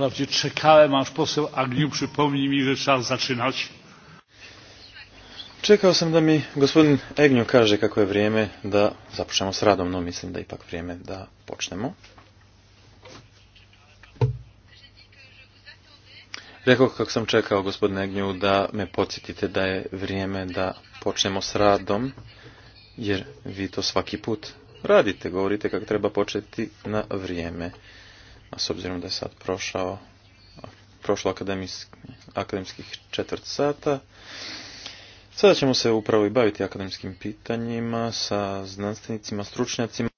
Wprawdzie czekałem, aż poseł Agniu przypomni mi, że trzeba zaczynać. Čekao sam da mi gospodin Egnju kaže kako je vrijeme da započnemo s radom, no mislim da je ipak vrijeme da počnemo. Rekao kako sam čekao gospodine Egnju da me podsjetite da je vrijeme da počnemo s radom, jer vi to svaki put radite, govorite kako treba početi na vrijeme a s obzirom da je sad prošao prošlo akademskih četvrt sata. Sada ćemo se upravo i baviti akademskim pitanjima sa znanstvenicima, stručnjacima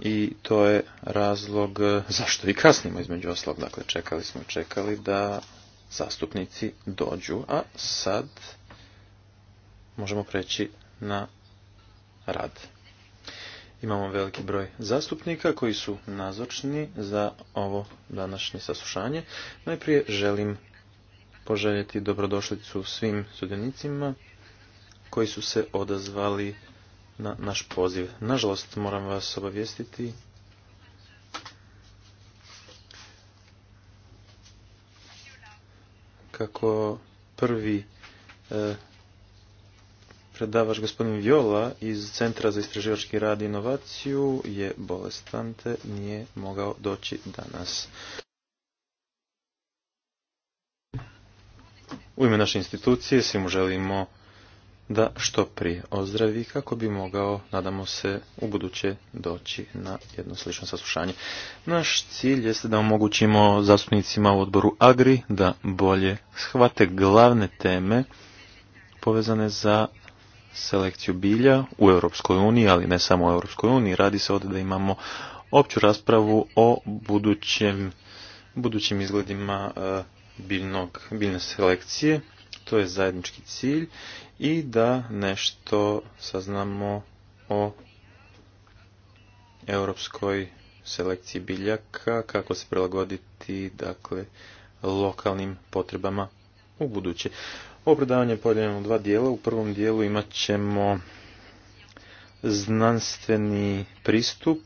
i to je razlog eh, zašto i kasnimo između oslog. Dakle, čekali smo, čekali da zastupnici dođu, a sad možemo preći na rad. Imamo veliki broj zastupnika koji su nazočni za ovo današnje saslušanje. Najprije želim poželjeti dobrodošlicu svim sudionicima koji su se odazvali na naš poziv. Nažalost, moram vas obavijestiti kako prvi eh, predavač gospodin Viola iz Centra za istraživački rad i inovaciju je bolestan te nije mogao doći danas. U ime naše institucije svim želimo da što prije ozdravi kako bi mogao, nadamo se, u buduće doći na jedno slično saslušanje. Naš cilj jeste da omogućimo zastupnicima u odboru Agri da bolje shvate glavne teme povezane za selekciju bilja u Europskoj uniji, ali ne samo u Europskoj uniji. Radi se ovdje da imamo opću raspravu o budućem, budućim izgledima e, biljnog, biljne selekcije. To je zajednički cilj i da nešto saznamo o europskoj selekciji biljaka, kako se prilagoditi dakle, lokalnim potrebama u buduće. Ovo predavanje je podijeljeno u dva dijela. U prvom dijelu imat ćemo znanstveni pristup,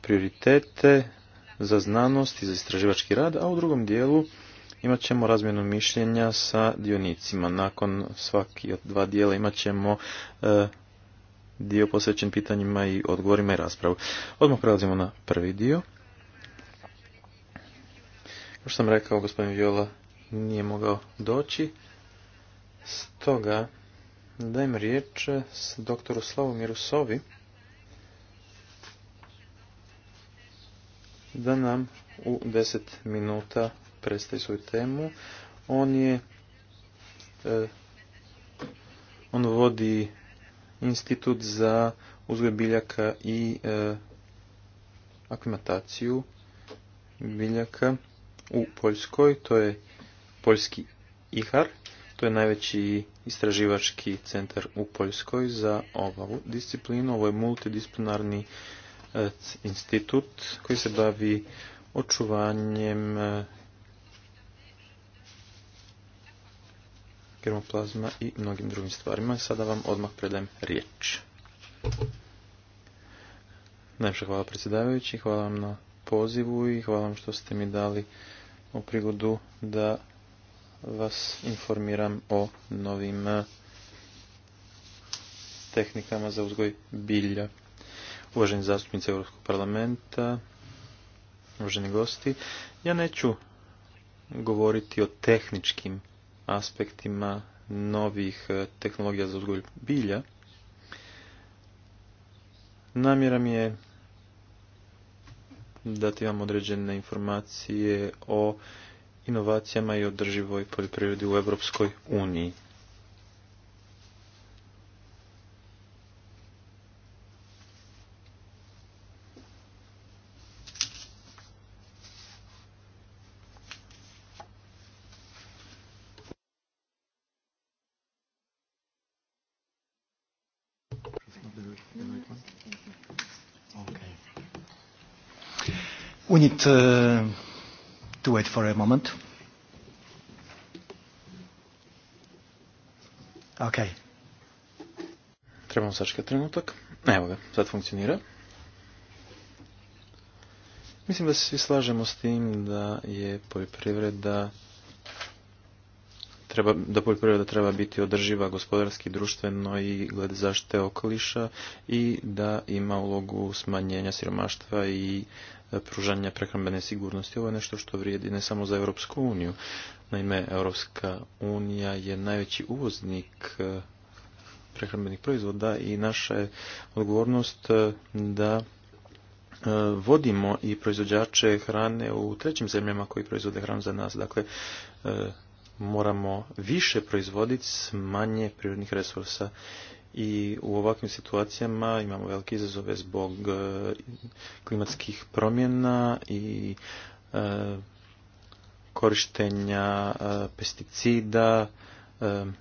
prioritete za znanost i za istraživački rad, a u drugom dijelu imat ćemo razmjenu mišljenja sa dionicima. Nakon svaki od dva dijela imat ćemo e, dio posvećen pitanjima i odgovorima i raspravu. Odmah prelazimo na prvi dio. Kao što sam rekao, gospodin Viola nije mogao doći. Stoga dajem riječ s doktoru Slavomiru Sovi da nam u deset minuta predstavi svoju temu. On je e, on vodi institut za uzgoj biljaka i eh, aklimataciju biljaka u Poljskoj. To je poljski IHAR, to je najveći istraživački centar u Poljskoj za ovu disciplinu. Ovo je multidisciplinarni e, institut koji se bavi očuvanjem e, germoplazma i mnogim drugim stvarima. Sada vam odmah predajem riječ. Najpša hvala predsjedavajući, hvala vam na pozivu i hvala vam što ste mi dali u prigodu da vas informiram o novim e, tehnikama za uzgoj bilja. Uvaženi zastupnici Europskog parlamenta, uvaženi gosti, ja neću govoriti o tehničkim aspektima novih e, tehnologija za uzgoj bilja. Namjera mi je dati vam određene informacije o inovacijama i održivoj poljoprivredi u Europskoj uniji. Unit uh, to wait for a moment. Ok. Trebamo sačekati trenutak. Evo ga, sad funkcionira. Mislim da se svi slažemo s tim da je poljoprivreda treba, da poljoprivreda treba biti održiva gospodarski, društveno i glede zaštite okoliša i da ima ulogu smanjenja siromaštva i e, pružanja prehrambene sigurnosti. Ovo je nešto što vrijedi ne samo za Europsku uniju. Naime, Europska unija je najveći uvoznik e, prehrambenih proizvoda i naša je odgovornost e, da vodimo i proizvođače hrane u trećim zemljama koji proizvode hranu za nas. Dakle, moramo više proizvoditi s manje prirodnih resursa i u ovakvim situacijama imamo velike izazove zbog e, klimatskih promjena i e, korištenja e, pesticida, gnojiva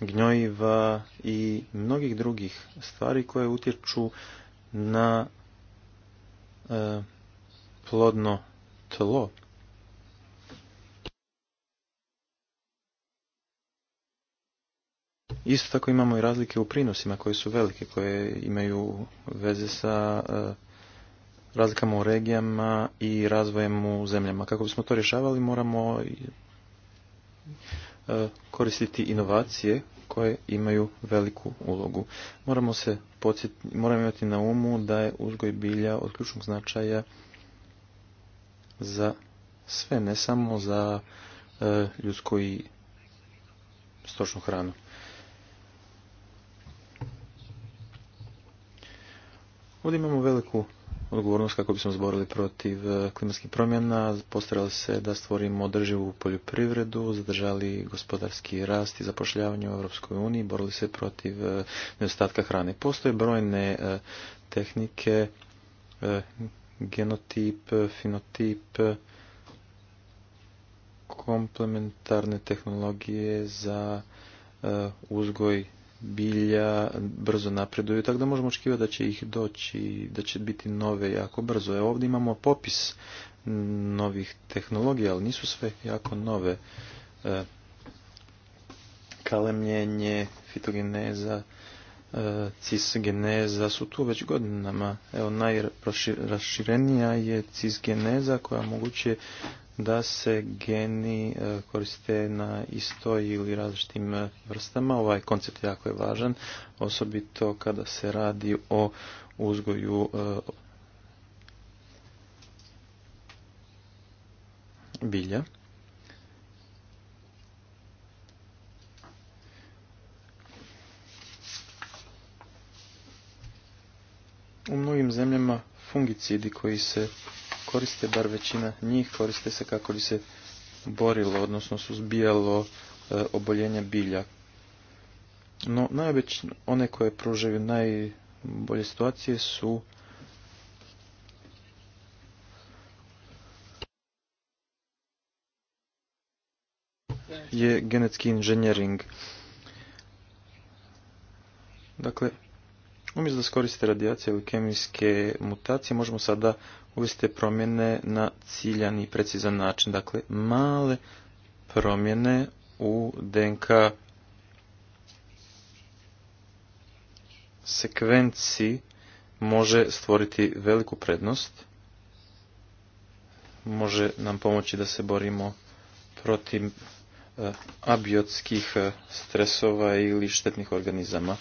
gnjojiva i mnogih drugih stvari koje utječu na plodno tlo Isto tako imamo i razlike u prinosima koje su velike, koje imaju veze sa e, razlikama u regijama i razvojem u zemljama. Kako bismo to rješavali moramo e, koristiti inovacije koje imaju veliku ulogu. Moramo se podsjetiti, moramo imati na umu da je uzgoj bilja od ključnog značaja za sve, ne samo za e, ljudsku i stočnu hranu. Ovdje imamo veliku odgovornost kako bismo zborili protiv e, klimatskih promjena, postarali se da stvorimo održivu poljoprivredu, zadržali gospodarski rast i zapošljavanje u Europskoj uniji, borili se protiv e, nedostatka hrane. Postoje brojne e, tehnike, genotip, finotip, komplementarne tehnologije za uzgoj bilja brzo napreduju, tako da možemo očekivati da će ih doći, da će biti nove jako brzo. Evo ovdje imamo popis novih tehnologija, ali nisu sve jako nove. E, kalemljenje, fitogeneza, e, cisgeneza su tu već godinama. Evo najraširenija je cisgeneza koja omogućuje da se geni e, koriste na istoj ili različitim e, vrstama. Ovaj koncept jako je važan, osobito kada se radi o uzgoju e, bilja. U mnogim zemljama fungicidi koji se koriste, bar većina njih koriste se kako bi se borilo, odnosno suzbijalo e, oboljenja bilja. No, najobično, one koje pružaju najbolje situacije su je genetski inženjering. Dakle, umjesto da skoriste radijacije ili kemijske mutacije, možemo sada uvesti promjene na ciljan i precizan način. Dakle, male promjene u DNK sekvenci može stvoriti veliku prednost, može nam pomoći da se borimo protiv e, abiotskih e, stresova ili štetnih organizama.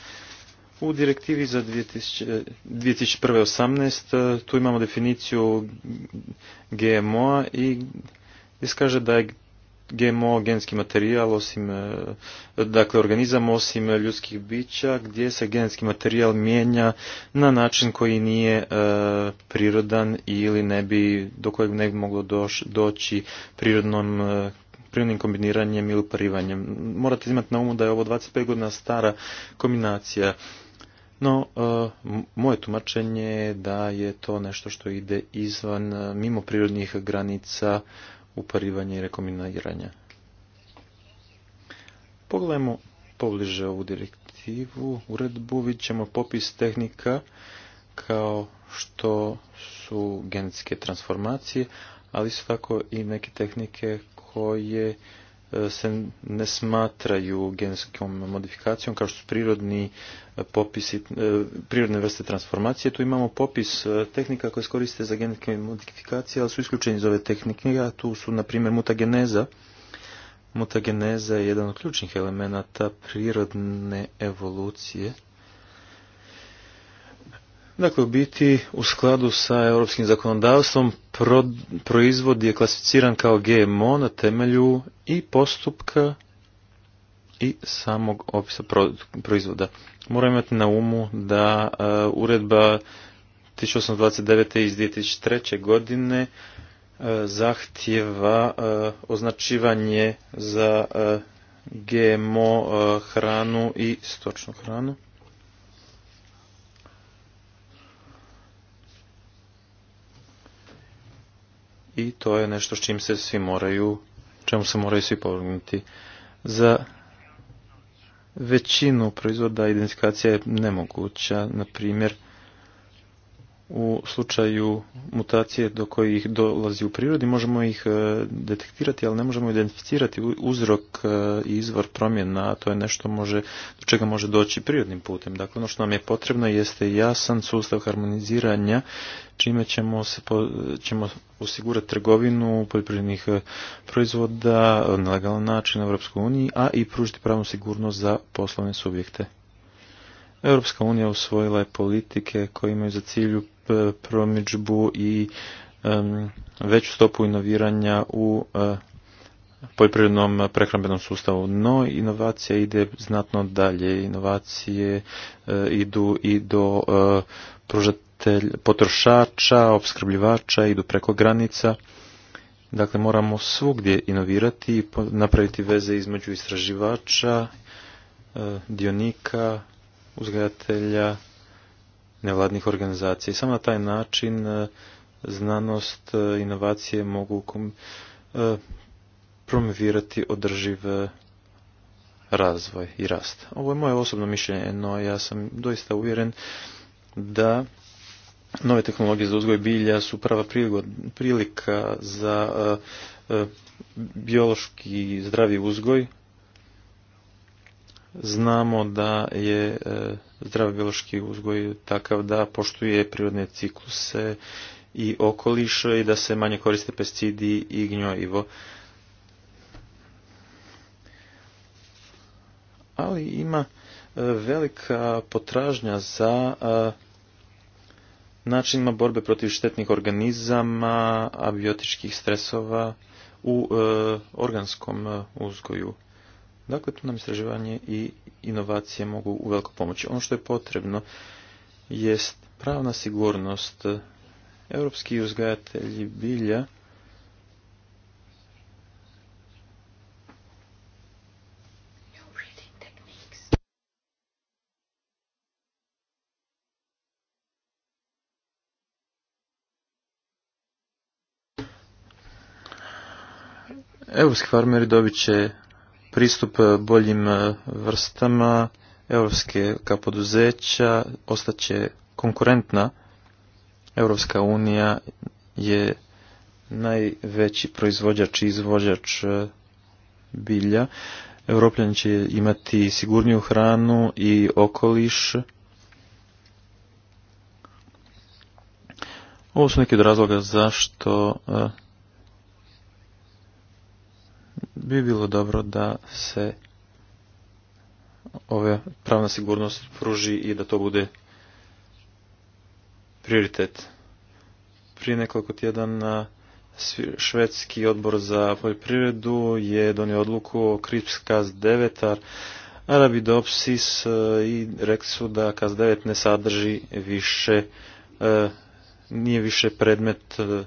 U direktivi za 2001.18 e, tu imamo definiciju GMO-a i gdje se kaže da je GMO genski materijal osim e, dakle organizam osim ljudskih bića gdje se genski materijal mijenja na način koji nije e, prirodan ili ne bi do kojeg ne bi moglo doći prirodnom prirodnim kombiniranjem ili parivanjem. Morate imati na umu da je ovo 25 godina stara kombinacija no, e, moje tumačenje je da je to nešto što ide izvan e, mimo prirodnih granica uparivanja i rekombiniranja. Pogledajmo pobliže ovu direktivu, uredbu, vidjet ćemo popis tehnika kao što su genetske transformacije, ali su tako i neke tehnike koje e, se ne smatraju genetskom modifikacijom kao što su prirodni popisi, e, prirodne vrste transformacije. Tu imamo popis e, tehnika koje koriste za genetike modifikacije, ali su isključeni iz ove tehnike, a tu su, na primjer, mutageneza. Mutageneza je jedan od ključnih elemenata prirodne evolucije. Dakle, u biti, u skladu sa europskim zakonodavstvom, proizvod je klasificiran kao GMO na temelju i postupka i samog opisa proizvoda. Moramo imati na umu da e, uredba 1829. iz 2003. godine e, zahtjeva e, označivanje za GMO hranu i stočnu hranu. I to je nešto s čim se svi moraju, čemu se moraju svi povrgnuti. Za većinu proizvoda identifikacija je nemoguća, na primjer u slučaju mutacije do kojih dolazi u prirodi, možemo ih e, detektirati, ali ne možemo identificirati uzrok e, i izvor promjena, a to je nešto može, do čega može doći prirodnim putem. Dakle, ono što nam je potrebno jeste jasan sustav harmoniziranja, čime ćemo, se, ćemo osigurati trgovinu poljoprivrednih e, proizvoda na legalan način u Europskoj a i pružiti pravnu sigurnost za poslovne subjekte. Europska unija usvojila je politike koje imaju za cilju E, promičbu i veću stopu inoviranja u e, poljoprivrednom prehrambenom sustavu. No, inovacija ide znatno dalje. Inovacije e, idu i do potrošača, opskrbljivača, idu preko granica. Dakle, moramo svugdje inovirati i napraviti veze između istraživača, dionika, uzgajatelja, nevladnih organizacija. Samo na taj način e, znanost, e, inovacije mogu e, promovirati održiv razvoj i rast. Ovo je moje osobno mišljenje, no ja sam doista uvjeren da nove tehnologije za uzgoj bilja su prava prilika za biološki zdravi uzgoj. Znamo da je zdrav biološki uzgoj takav da poštuje prirodne cikluse i okoliš i da se manje koriste pesticidi i gnjojivo. Ali ima e, velika potražnja za e, načinima borbe protiv štetnih organizama, abiotičkih stresova u e, organskom uzgoju. Dakle, tu nam istraživanje i inovacije mogu veliko pomoći. Ono što je potrebno je pravna sigurnost. Europski uzgajatelji bilja Evropski farmeri dobit će pristup e, boljim e, vrstama europske ka poduzeća ostaće konkurentna. Europska unija je najveći proizvođač i izvođač e, bilja. Europljani će imati sigurniju hranu i okoliš. Ovo su neki od razloga zašto bi bilo dobro da se ove pravna sigurnost pruži i da to bude prioritet. Prije nekoliko tjedana švedski odbor za poljoprivredu je donio odluku o Kaz 9, Arabidopsis e, i rekli su da Kaz 9 ne sadrži više, e, nije više predmet e,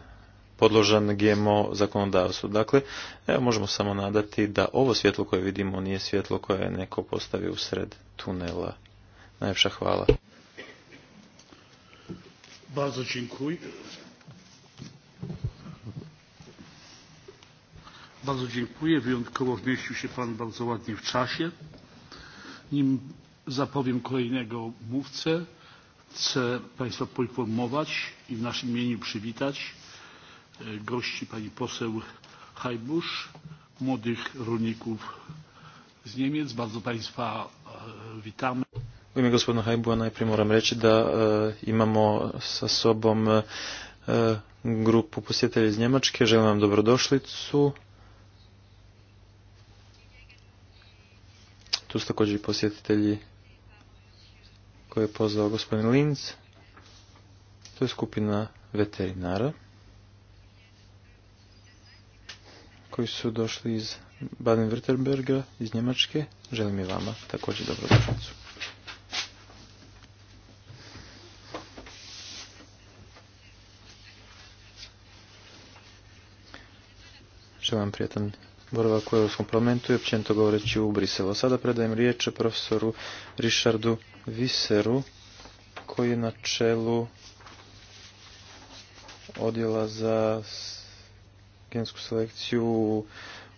podložan GMO zakonodavstvu. Dakle, evo možemo samo nadati da ovo svjetlo koje vidimo nije svjetlo koje je neko postavio u sred tunela. Najljepša hvala. Bardzo dziękuję. Bardzo dziękuję. Wyjątkowo wmieścił się Pan bardzo ładnie w czasie. Nim zapowiem kolejnego mówcę, chcę Państwa poinformować i w naszym imieniu przywitać gości pani poseł Hajbusz, młodych rolników z Niemiec. Bardzo Państwa e, witamy. U ime gospodina hajbua najprije moram reći da e, imamo sa sobom e, grupu posjetelji iz Njemačke. Želim vam dobrodošlicu. Tu su također i posjetitelji koje je pozvao gospodin Linz. To je skupina veterinara. koji su došli iz Baden-Württemberga, iz Njemačke. Želim i vama također dobrodošlicu. Želim vam prijatan boravak u Europskom parlamentu i općenito govoreći u Briselu. Sada predajem riječ profesoru Richardu Viseru koji je na čelu odjela za gensku selekciju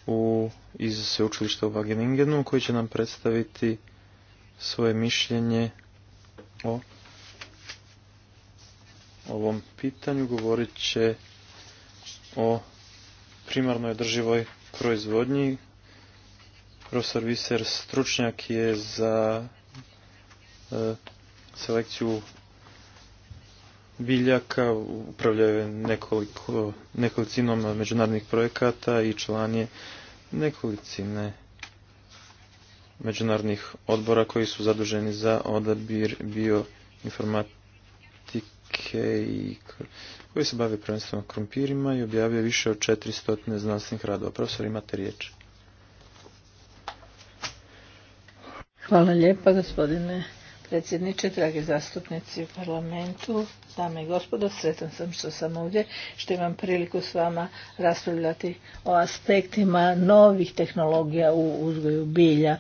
u, iz sveučilišta u Wageningenu koji će nam predstaviti svoje mišljenje o ovom pitanju. Govorit će o primarnoj drživoj proizvodnji. Profesor Viser stručnjak je za e, selekciju biljaka, upravljaju nekoliko, nekolicinom međunarodnih projekata i član je nekolicine međunarodnih odbora koji su zaduženi za odabir bioinformatike i koji se bave prvenstveno krompirima i objavio više od 400 znanstvenih radova. Profesor, imate riječ. Hvala lijepa gospodine predsjedniče, dragi zastupnici u parlamentu, dame i gospodo, sretan sam što sam ovdje, što imam priliku s vama raspravljati o aspektima novih tehnologija u uzgoju bilja.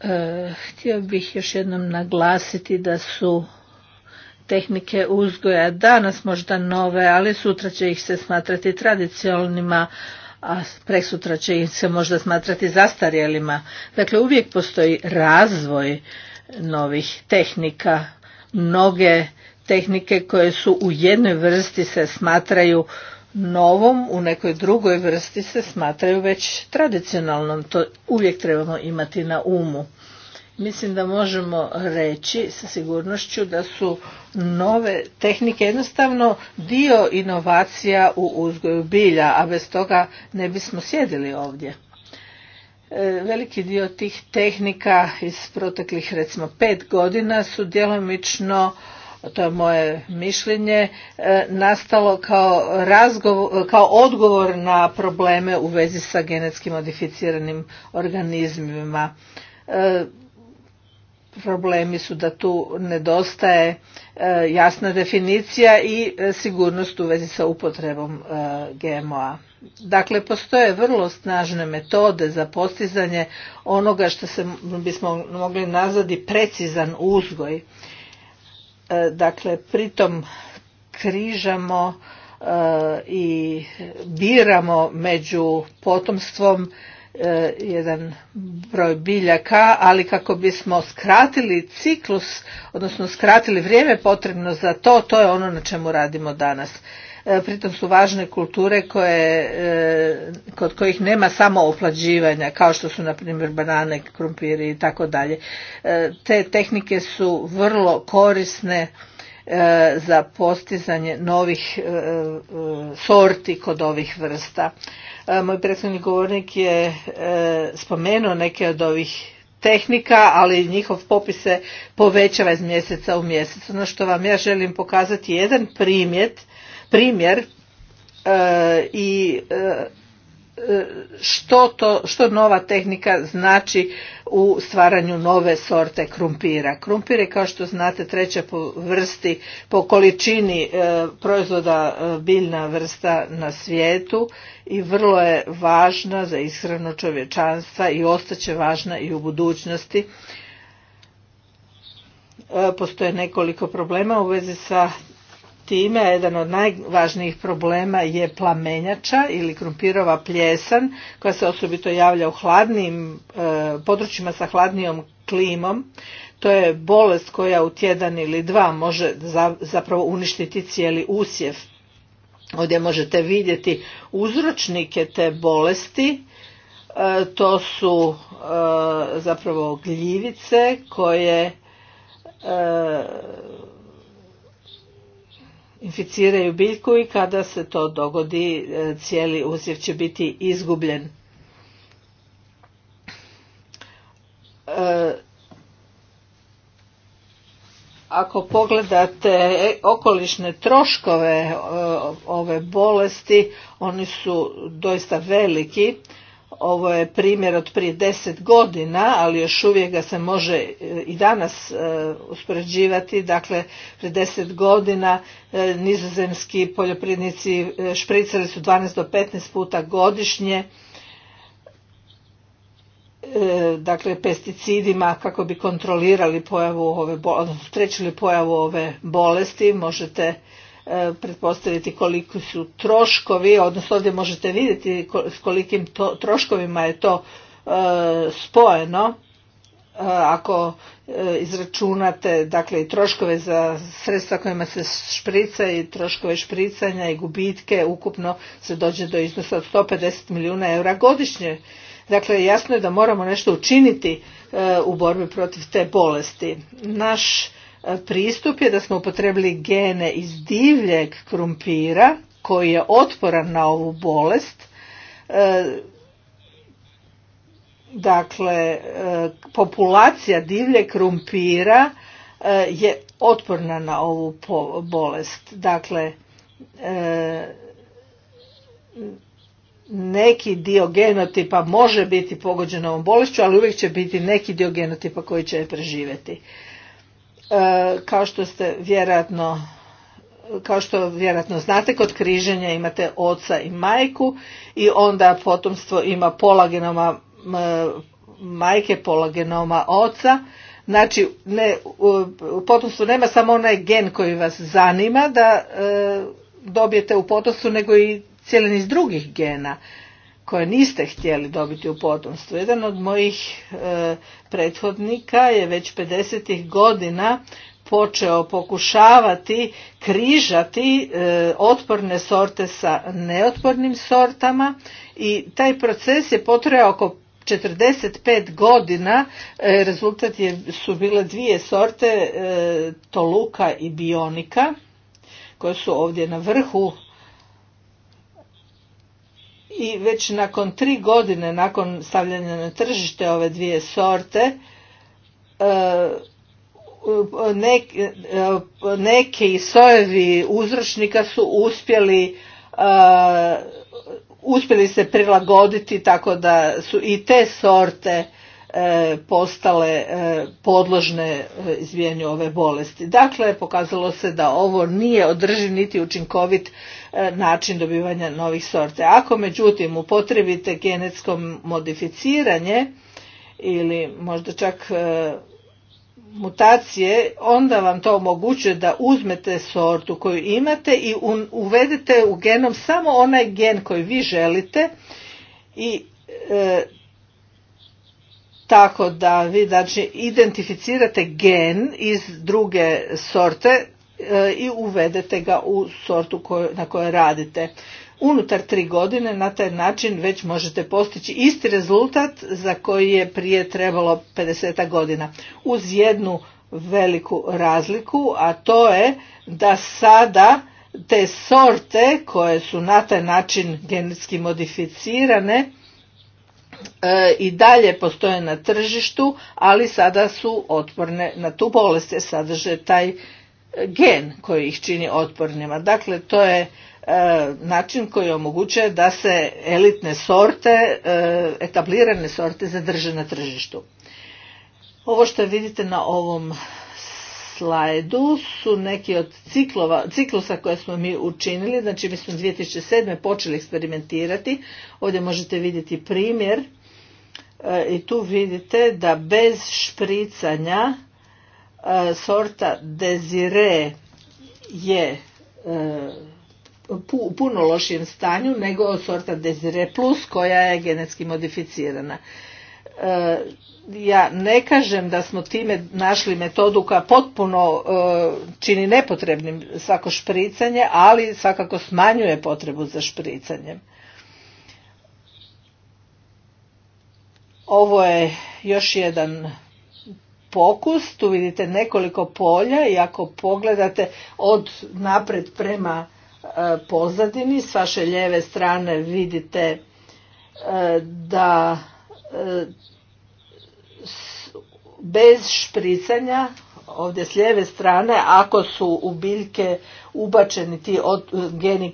E, htio bih još jednom naglasiti da su tehnike uzgoja danas možda nove, ali sutra će ih se smatrati tradicionalnima a presutra će se možda smatrati zastarjelima. Dakle, uvijek postoji razvoj novih tehnika. Mnoge tehnike koje su u jednoj vrsti se smatraju novom, u nekoj drugoj vrsti se smatraju već tradicionalnom. To uvijek trebamo imati na umu mislim da možemo reći sa sigurnošću da su nove tehnike jednostavno dio inovacija u uzgoju bilja, a bez toga ne bismo sjedili ovdje. E, veliki dio tih tehnika iz proteklih recimo pet godina su djelomično to je moje mišljenje, e, nastalo kao, razgovor, kao odgovor na probleme u vezi sa genetski modificiranim organizmima. E, problemi su da tu nedostaje e, jasna definicija i e, sigurnost u vezi sa upotrebom e, GMO-a. Dakle, postoje vrlo snažne metode za postizanje onoga što se bismo mogli nazvati precizan uzgoj. Dakle, pritom križamo i biramo među potomstvom E, jedan broj biljaka, ali kako bismo skratili ciklus, odnosno skratili vrijeme potrebno za to, to je ono na čemu radimo danas. E, pritom su važne kulture koje, e, kod kojih nema samo oplađivanja, kao što su na primjer banane, krumpiri i tako dalje. Te tehnike su vrlo korisne za postizanje novih sorti kod ovih vrsta. E, moj prethodni govornik je e, spomenuo neke od ovih tehnika, ali njihov popis se povećava iz mjeseca u mjesec. Ono što vam ja želim pokazati jedan primjet, primjer e, i što, što nova tehnika znači u stvaranju nove sorte krumpira. Krumpir je kao što znate treća po vrsti, po količini e, proizvoda e, biljna vrsta na svijetu i vrlo je važna za ishranu čovječanstva i ostaće važna i u budućnosti. E, postoje nekoliko problema u vezi sa time, a jedan od najvažnijih problema je plamenjača ili krumpirova pljesan koja se osobito javlja u hladnim e, područjima sa hladnijom klimom. To je bolest koja u tjedan ili dva može zapravo uništiti cijeli usjev. Ovdje možete vidjeti uzročnike te bolesti. E, to su e, zapravo gljivice koje inficiraju biljku i kada se to dogodi e, cijeli usjev će biti izgubljen. E, ako pogledate okolišne troškove e, ove bolesti, oni su doista veliki. Ovo je primjer od prije deset godina, ali još uvijek ga se može e, i danas e, uspoređivati. Dakle, prije deset godina e, nizozemski poljoprivrednici špricali su 12 do 15 puta godišnje dakle pesticidima kako bi kontrolirali pojavu ove bolesti, pojavu ove bolesti možete E, pretpostaviti koliki su troškovi, odnosno ovdje možete vidjeti s kolikim troškovima je to e, spojeno e, ako izračunate dakle i troškove za sredstva kojima se šprica i troškove špricanja i gubitke ukupno se dođe do iznosa od 150 milijuna eura godišnje. Dakle jasno je da moramo nešto učiniti u borbi protiv te bolesti. Naš pristup je da smo upotrebili gene iz divljeg krumpira koji je otporan na ovu bolest. E, dakle, e, populacija divljeg krumpira e, je otporna na ovu bolest. Dakle, neki dio genotipa može biti pogođen ovom bolešću, ali uvijek će biti neki dio genotipa koji će je preživjeti. E, kao što ste vjerojatno kao što vjerojatno znate, kod križenja imate oca i majku i onda potomstvo ima polagenoma majke, polagenoma oca. Znači, ne, u potomstvu nema samo onaj gen koji vas zanima da e, dobijete u potomstvu, nego i cijeli niz drugih gena koje niste htjeli dobiti u potomstvu. Jedan od mojih e, prethodnika je već 50. godina počeo pokušavati križati e, otporne sorte sa neotpornim sortama i taj proces je potrajao oko 45 godina, e, rezultat je, su bile dvije sorte e, Toluka i Bionika koje su ovdje na vrhu i već nakon tri godine nakon stavljanja na tržište ove dvije sorte e, neki, e, neki sojevi uzročnika su uspjeli e, uspjeli se prilagoditi tako da su i te sorte E, postale e, podložne e, izvijenju ove bolesti. Dakle, pokazalo se da ovo nije održiv niti učinkovit način dobivanja novih sorte. Ako međutim upotrebite genetsko modificiranje ili možda čak mutacije, onda vam to omogućuje da uzmete sortu koju imate i uvedete u genom samo onaj gen koji vi želite i tako da vi znači identificirate gen iz druge sorte e, i uvedete ga u sortu na kojoj radite. Unutar tri godine na taj način već možete postići isti rezultat za koji je prije trebalo 50 godina. Uz jednu veliku razliku, a to je da sada te sorte koje su na taj način genetski modificirane E, i dalje postoje na tržištu, ali sada su otporne na tu bolest jer sadrže taj gen koji ih čini otpornima. Dakle, to je e, način koji omogućuje da se elitne sorte, e, etablirane sorte zadrže na tržištu. Ovo što vidite na ovom slajdu su neki od ciklova, ciklusa koje smo mi učinili. Znači mi smo 2007. počeli eksperimentirati. Ovdje možete vidjeti primjer e, i tu vidite da bez špricanja e, sorta Desire je e, u puno lošijem stanju nego sorta Desire Plus koja je genetski modificirana ja ne kažem da smo time našli metodu koja potpuno e, čini nepotrebnim svako špricanje, ali svakako smanjuje potrebu za špricanjem. Ovo je još jedan pokus, tu vidite nekoliko polja i ako pogledate od napred prema e, pozadini, s vaše lijeve strane vidite e, da bez špricanja ovdje s lijeve strane ako su u biljke ubačeni ti geni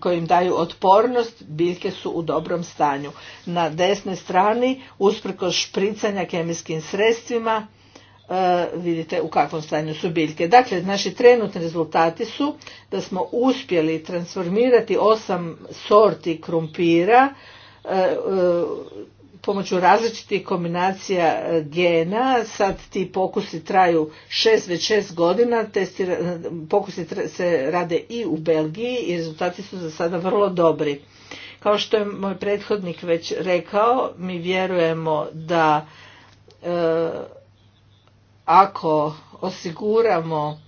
koji im daju otpornost biljke su u dobrom stanju na desnoj strani usprkos špricanja kemijskim sredstvima e, vidite u kakvom stanju su biljke dakle naši trenutni rezultati su da smo uspjeli transformirati osam sorti krumpira e, e, pomoću različitih kombinacija e, gena. Sad ti pokusi traju 6 već 6 godina, e, pokusi se rade i u Belgiji i rezultati su za sada vrlo dobri. Kao što je moj prethodnik već rekao, mi vjerujemo da e, ako osiguramo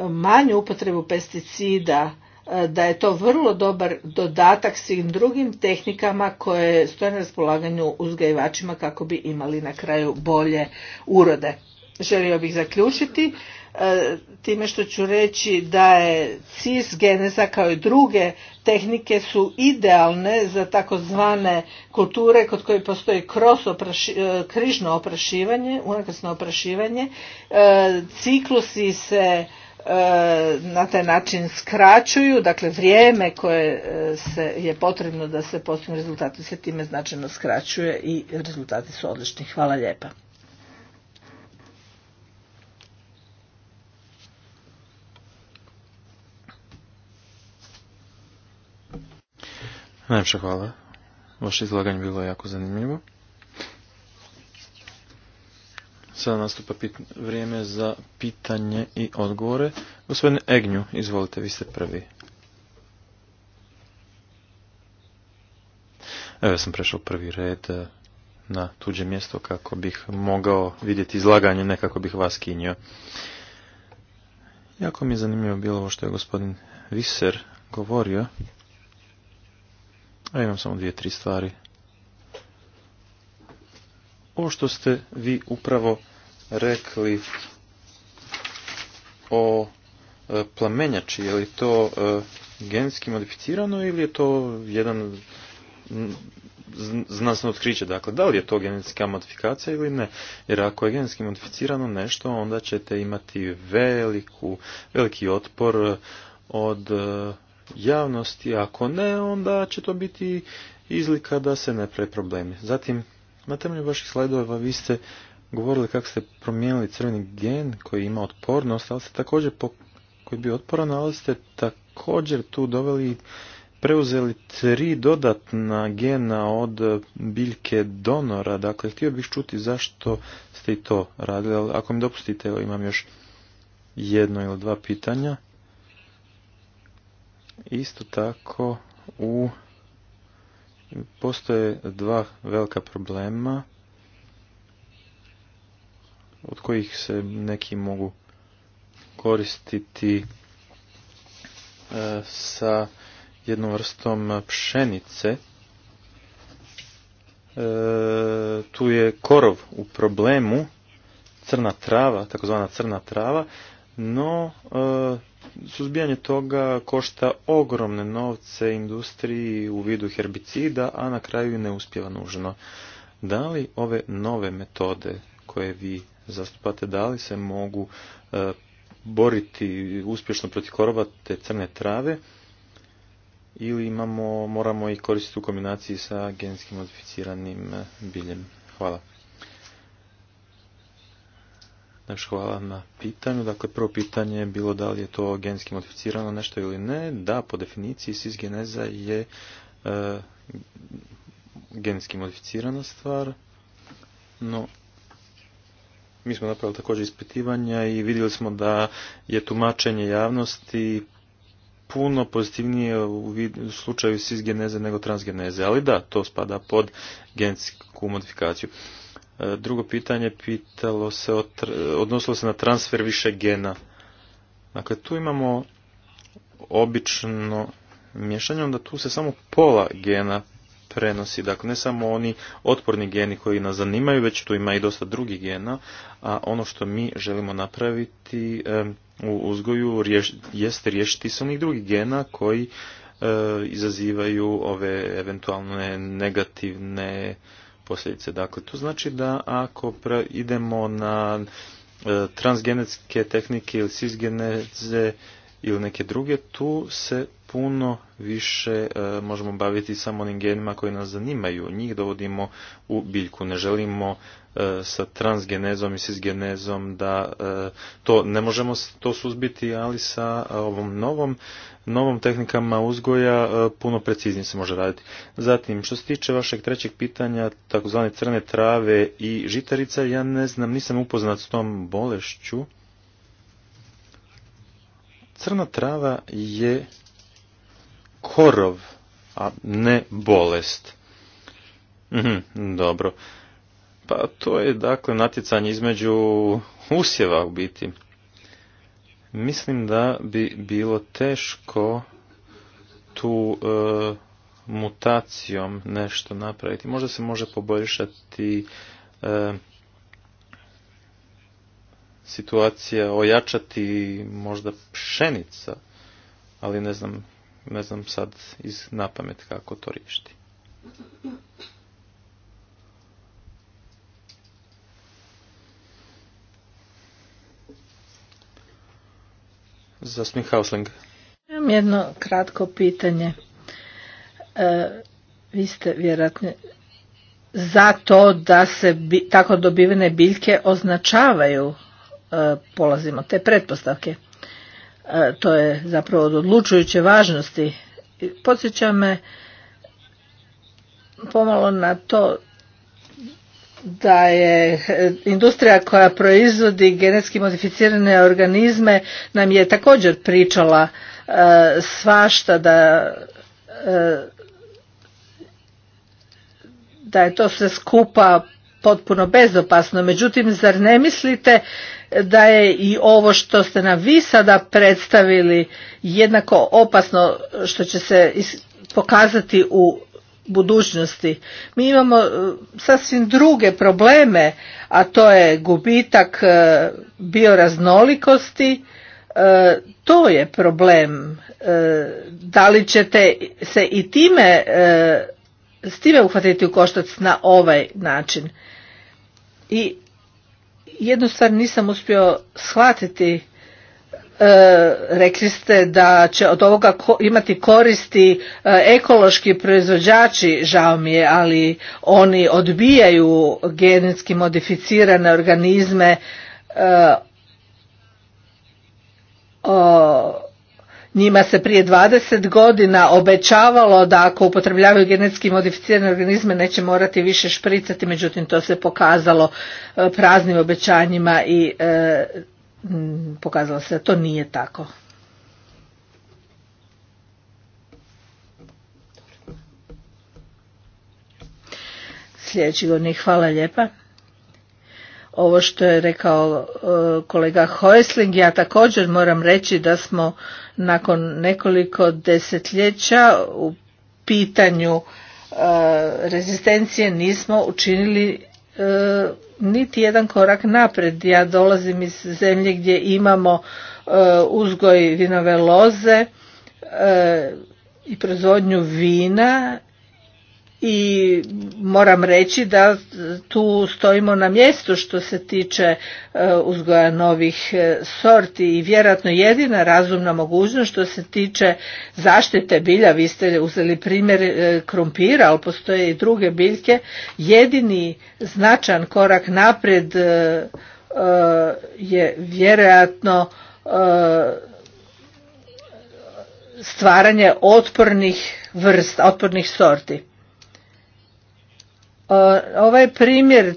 manju upotrebu pesticida E, da je to vrlo dobar dodatak svim drugim tehnikama koje stoje na raspolaganju uzgajivačima kako bi imali na kraju bolje urode. Želio bih zaključiti e, time što ću reći da je cis geneza kao i druge tehnike su idealne za takozvane kulture kod koje postoji kroz e, križno oprašivanje, unakrsno oprašivanje. Ciklusi se E, na taj način skraćuju, dakle vrijeme koje e, se je potrebno da se postignu rezultati se time značajno skraćuje i rezultati su odlični. Hvala lijepa. Najpša hvala. Vaše izlaganje bilo jako zanimljivo. Sada nastupa vrijeme za pitanje i odgovore. Gospodine Egnju, izvolite, vi ste prvi. Evo ja sam prešao prvi red eh, na tuđe mjesto kako bih mogao vidjeti izlaganje, nekako bih vas kinio. Jako mi je zanimljivo bilo ovo što je gospodin Viser govorio. A imam samo dvije, tri stvari o što ste vi upravo rekli o e, plamenjači, je li to e, genetski modificirano ili je to jedan znanstveno otkriće, dakle, da li je to genetska modifikacija ili ne, jer ako je genetski modificirano nešto, onda ćete imati veliku, veliki otpor e, od javnosti, ako ne, onda će to biti izlika da se ne pre problemi. Zatim, na temelju vaših slajdova vi ste govorili kako ste promijenili crveni gen koji ima otpornost, ali ste također po, koji bi bio otporan, ali ste također tu doveli preuzeli tri dodatna gena od biljke donora. Dakle, htio bih čuti zašto ste i to radili, ali ako mi dopustite, evo, imam još jedno ili dva pitanja. Isto tako u Postoje dva velika problema od kojih se neki mogu koristiti e, sa jednom vrstom pšenice. E, tu je korov u problemu, crna trava, takozvana crna trava, no, e, suzbijanje toga košta ogromne novce industriji u vidu herbicida, a na kraju i ne uspjeva nužno. Da li ove nove metode koje vi zastupate, da li se mogu e, boriti uspješno protiv korova crne trave ili imamo, moramo ih koristiti u kombinaciji sa genetski modificiranim biljem? Hvala hvala na pitanju. Dakle, prvo pitanje je bilo da li je to genski modificirano nešto ili ne. Da, po definiciji geneza je e, genski modificirana stvar, no mi smo napravili također ispitivanja i vidjeli smo da je tumačenje javnosti puno pozitivnije u slučaju cisgeneze nego transgeneze, ali da, to spada pod gensku modifikaciju. Drugo pitanje pitalo se, odnosilo se na transfer više gena. Dakle, tu imamo obično miješanje, onda tu se samo pola gena prenosi. Dakle, ne samo oni otporni geni koji nas zanimaju, već tu ima i dosta drugih gena, a ono što mi želimo napraviti u uzgoju jeste riješiti se onih drugih gena koji e, izazivaju ove eventualne negativne posljedice. Dakle, to znači da ako idemo na e, transgenetske tehnike ili cisgeneze ili neke druge, tu se puno više e, možemo baviti samo onim genima koji nas zanimaju. Njih dovodimo u biljku. Ne želimo E, sa transgenezom i cisgenezom da e, to ne možemo to suzbiti, ali sa e, ovom novom novom tehnikama uzgoja puno preciznije se može raditi. Zatim, što se tiče vašeg trećeg pitanja, takozvane crne trave i žitarica, ja ne znam, nisam upoznat s tom bolešću. Crna trava je korov, a ne bolest. Mhm, dobro. Pa to je dakle natjecanje između usjeva u biti. Mislim da bi bilo teško tu e, mutacijom nešto napraviti. Možda se može poboljšati e, situacija, ojačati možda pšenica, ali ne znam, ne znam sad iz napamet kako to riješiti. Zastupnik Imam jedno kratko pitanje. E, vi ste vjerojatno za to da se tako dobivene biljke označavaju, e, polazimo te pretpostavke. E, to je zapravo od odlučujuće važnosti. Podsjeća me pomalo na to da je eh, industrija koja proizvodi genetski modificirane organizme nam je također pričala eh, svašta da eh, da je to sve skupa potpuno bezopasno. Međutim, zar ne mislite da je i ovo što ste nam vi sada predstavili jednako opasno što će se pokazati u budućnosti. Mi imamo e, sasvim druge probleme, a to je gubitak e, bioraznolikosti. E, to je problem. Da li ćete se i time s time uhvatiti u koštac na ovaj način? I jednu stvar nisam uspio shvatiti E, rekli ste da će od ovoga imati koristi e, ekološki proizvođači, žao mi je, ali oni odbijaju genetski modificirane organizme e, njima se prije 20 godina obećavalo da ako upotrebljavaju genetski modificirane organizme neće morati više špricati, međutim to se pokazalo praznim obećanjima i Mm, pokazalo se da to nije tako. Sljedeći godini, hvala lijepa. Ovo što je rekao e, kolega Hoesling, ja također moram reći da smo nakon nekoliko desetljeća u pitanju e, rezistencije nismo učinili E, niti jedan korak napred. Ja dolazim iz zemlje gdje imamo e, uzgoj vinove loze e, i proizvodnju vina i moram reći da tu stojimo na mjestu što se tiče e, uzgoja novih e, sorti i vjerojatno jedina razumna mogućnost što se tiče zaštite bilja, vi ste uzeli primjer e, krumpira, ali postoje i druge biljke, jedini značan korak naprijed je vjerojatno stvaranje otpornih vrsta, otpornih sorti. Ovaj primjer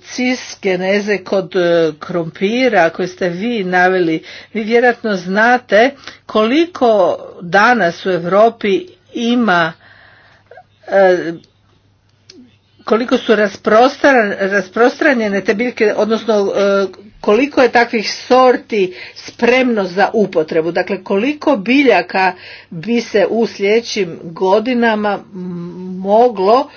geneze kod e, krompira koje ste vi naveli, vi vjerojatno znate koliko danas u Europi ima e, koliko su rasprostranjene te biljke, odnosno e, koliko je takvih sorti spremno za upotrebu. Dakle, koliko biljaka bi se u sljedećim godinama moglo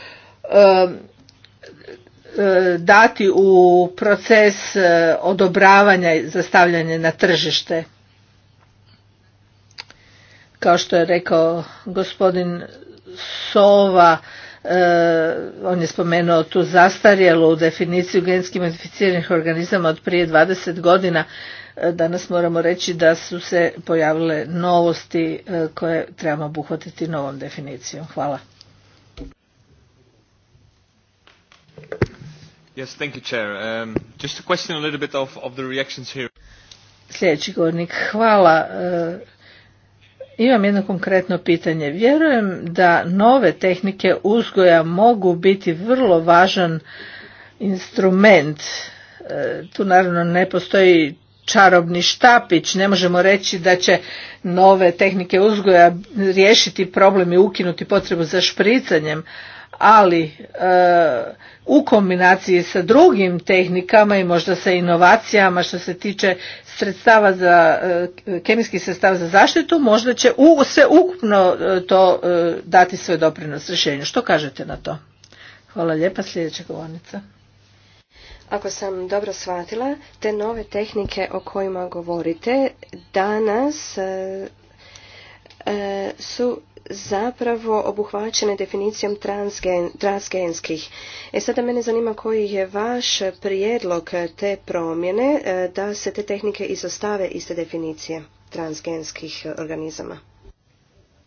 E, dati u proces e, odobravanja i zastavljanja na tržište. Kao što je rekao gospodin Sova, e, on je spomenuo tu zastarjelu definiciju genski modificiranih organizama od prije 20 godina. Danas moramo reći da su se pojavile novosti koje trebamo obuhvatiti novom definicijom. Hvala. Yes, thank you, Chair. Um, just a question a little bit of, the reactions here. Sljedeći govornik, hvala. Uh, imam jedno konkretno pitanje. Vjerujem da nove tehnike uzgoja mogu biti vrlo važan instrument. Uh, tu naravno ne postoji čarobni štapić, ne možemo reći da će nove tehnike uzgoja riješiti problem i ukinuti potrebu za špricanjem, ali e, u kombinaciji sa drugim tehnikama i možda sa inovacijama što se tiče sredstava za e, kemijskih sredstava za zaštitu možda će u, se ukupno e, to e, dati svoj doprinos rješenju. Što kažete na to? Hvala lijepa, sljedeća govornica. Ako sam dobro shvatila, te nove tehnike o kojima govorite danas su zapravo obuhvaćene definicijom transgen, transgenskih. E sada mene zanima koji je vaš prijedlog te promjene e, da se te tehnike izostave iz te definicije transgenskih organizama.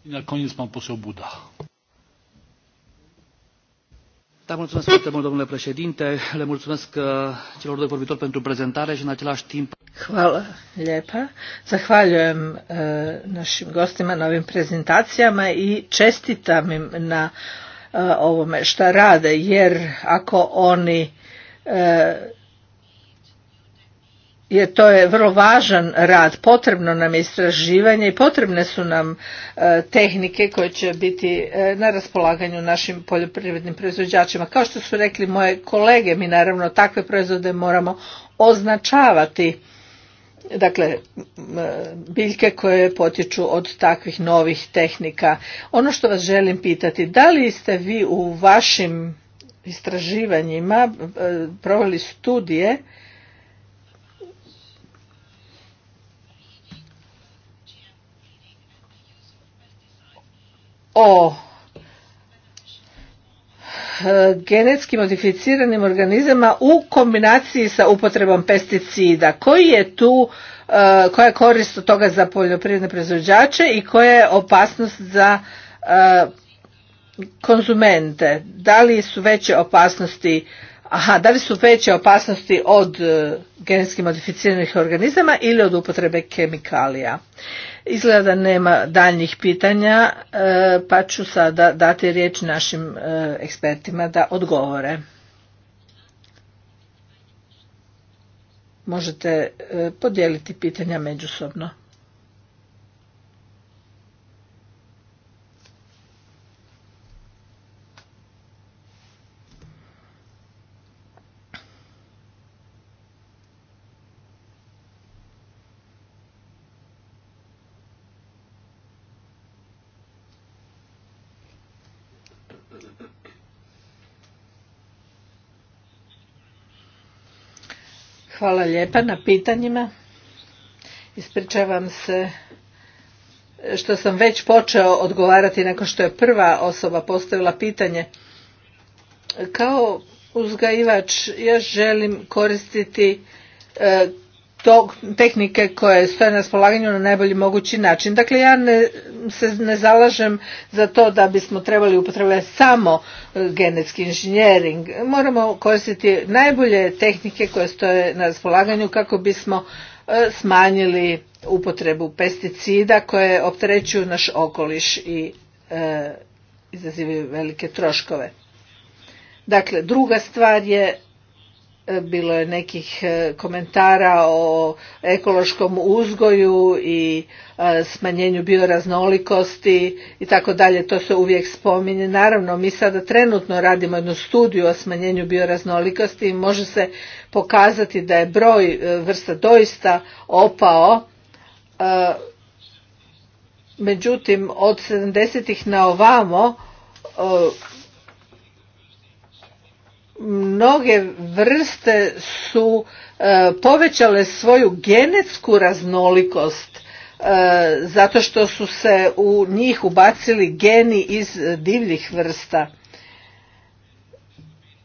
I na konju smo Buda. Da, mulțumesc foarte mult, domnule președinte. Le mulțumesc uh, celor doi vorbitori pentru prezentare și în același timp... Hvala lijepa. Zahvaljujem uh, našim gostima na ovim prezentacijama i čestitam im na e, ovome šta rade, jer ako oni jer to je vrlo važan rad, potrebno nam je istraživanje i potrebne su nam e, tehnike koje će biti e, na raspolaganju našim poljoprivrednim proizvođačima. Kao što su rekli moje kolege, mi naravno takve proizvode moramo označavati, dakle biljke koje potiču od takvih novih tehnika. Ono što vas želim pitati, da li ste vi u vašim istraživanjima e, proveli studije o e, genetski modificiranim organizama u kombinaciji sa upotrebom pesticida. Koji je tu, e, koja je korist od toga za poljoprivredne proizvođače i koja je opasnost za e, konzumente? Da li su veće opasnosti Aha, da li su veće opasnosti od e, genetski modificiranih organizama ili od upotrebe kemikalija? Izgleda da nema daljnjih pitanja, e, pa ću sada dati riječ našim e, ekspertima da odgovore. Možete podijeliti pitanja međusobno. Hvala lijepa na pitanjima. Ispričavam se što sam već počeo odgovarati nakon što je prva osoba postavila pitanje. Kao uzgajivač ja želim koristiti e, tehnike koje stoje na raspolaganju na najbolji mogući način. Dakle, ja ne, se ne zalažem za to da bismo trebali upotrebljati samo e, genetski inženjering. Moramo koristiti najbolje tehnike koje stoje na raspolaganju kako bismo e, smanjili upotrebu pesticida koje opterećuju naš okoliš i e, izazivaju velike troškove. Dakle, druga stvar je bilo je nekih e, komentara o ekološkom uzgoju i e, smanjenju bioraznolikosti i tako dalje, to se uvijek spominje. Naravno, mi sada trenutno radimo jednu studiju o smanjenju bioraznolikosti i može se pokazati da je broj e, vrsta doista opao. Međutim, od 70 na ovamo mnoge vrste su e, povećale svoju genetsku raznolikost e, zato što su se u njih ubacili geni iz divljih vrsta.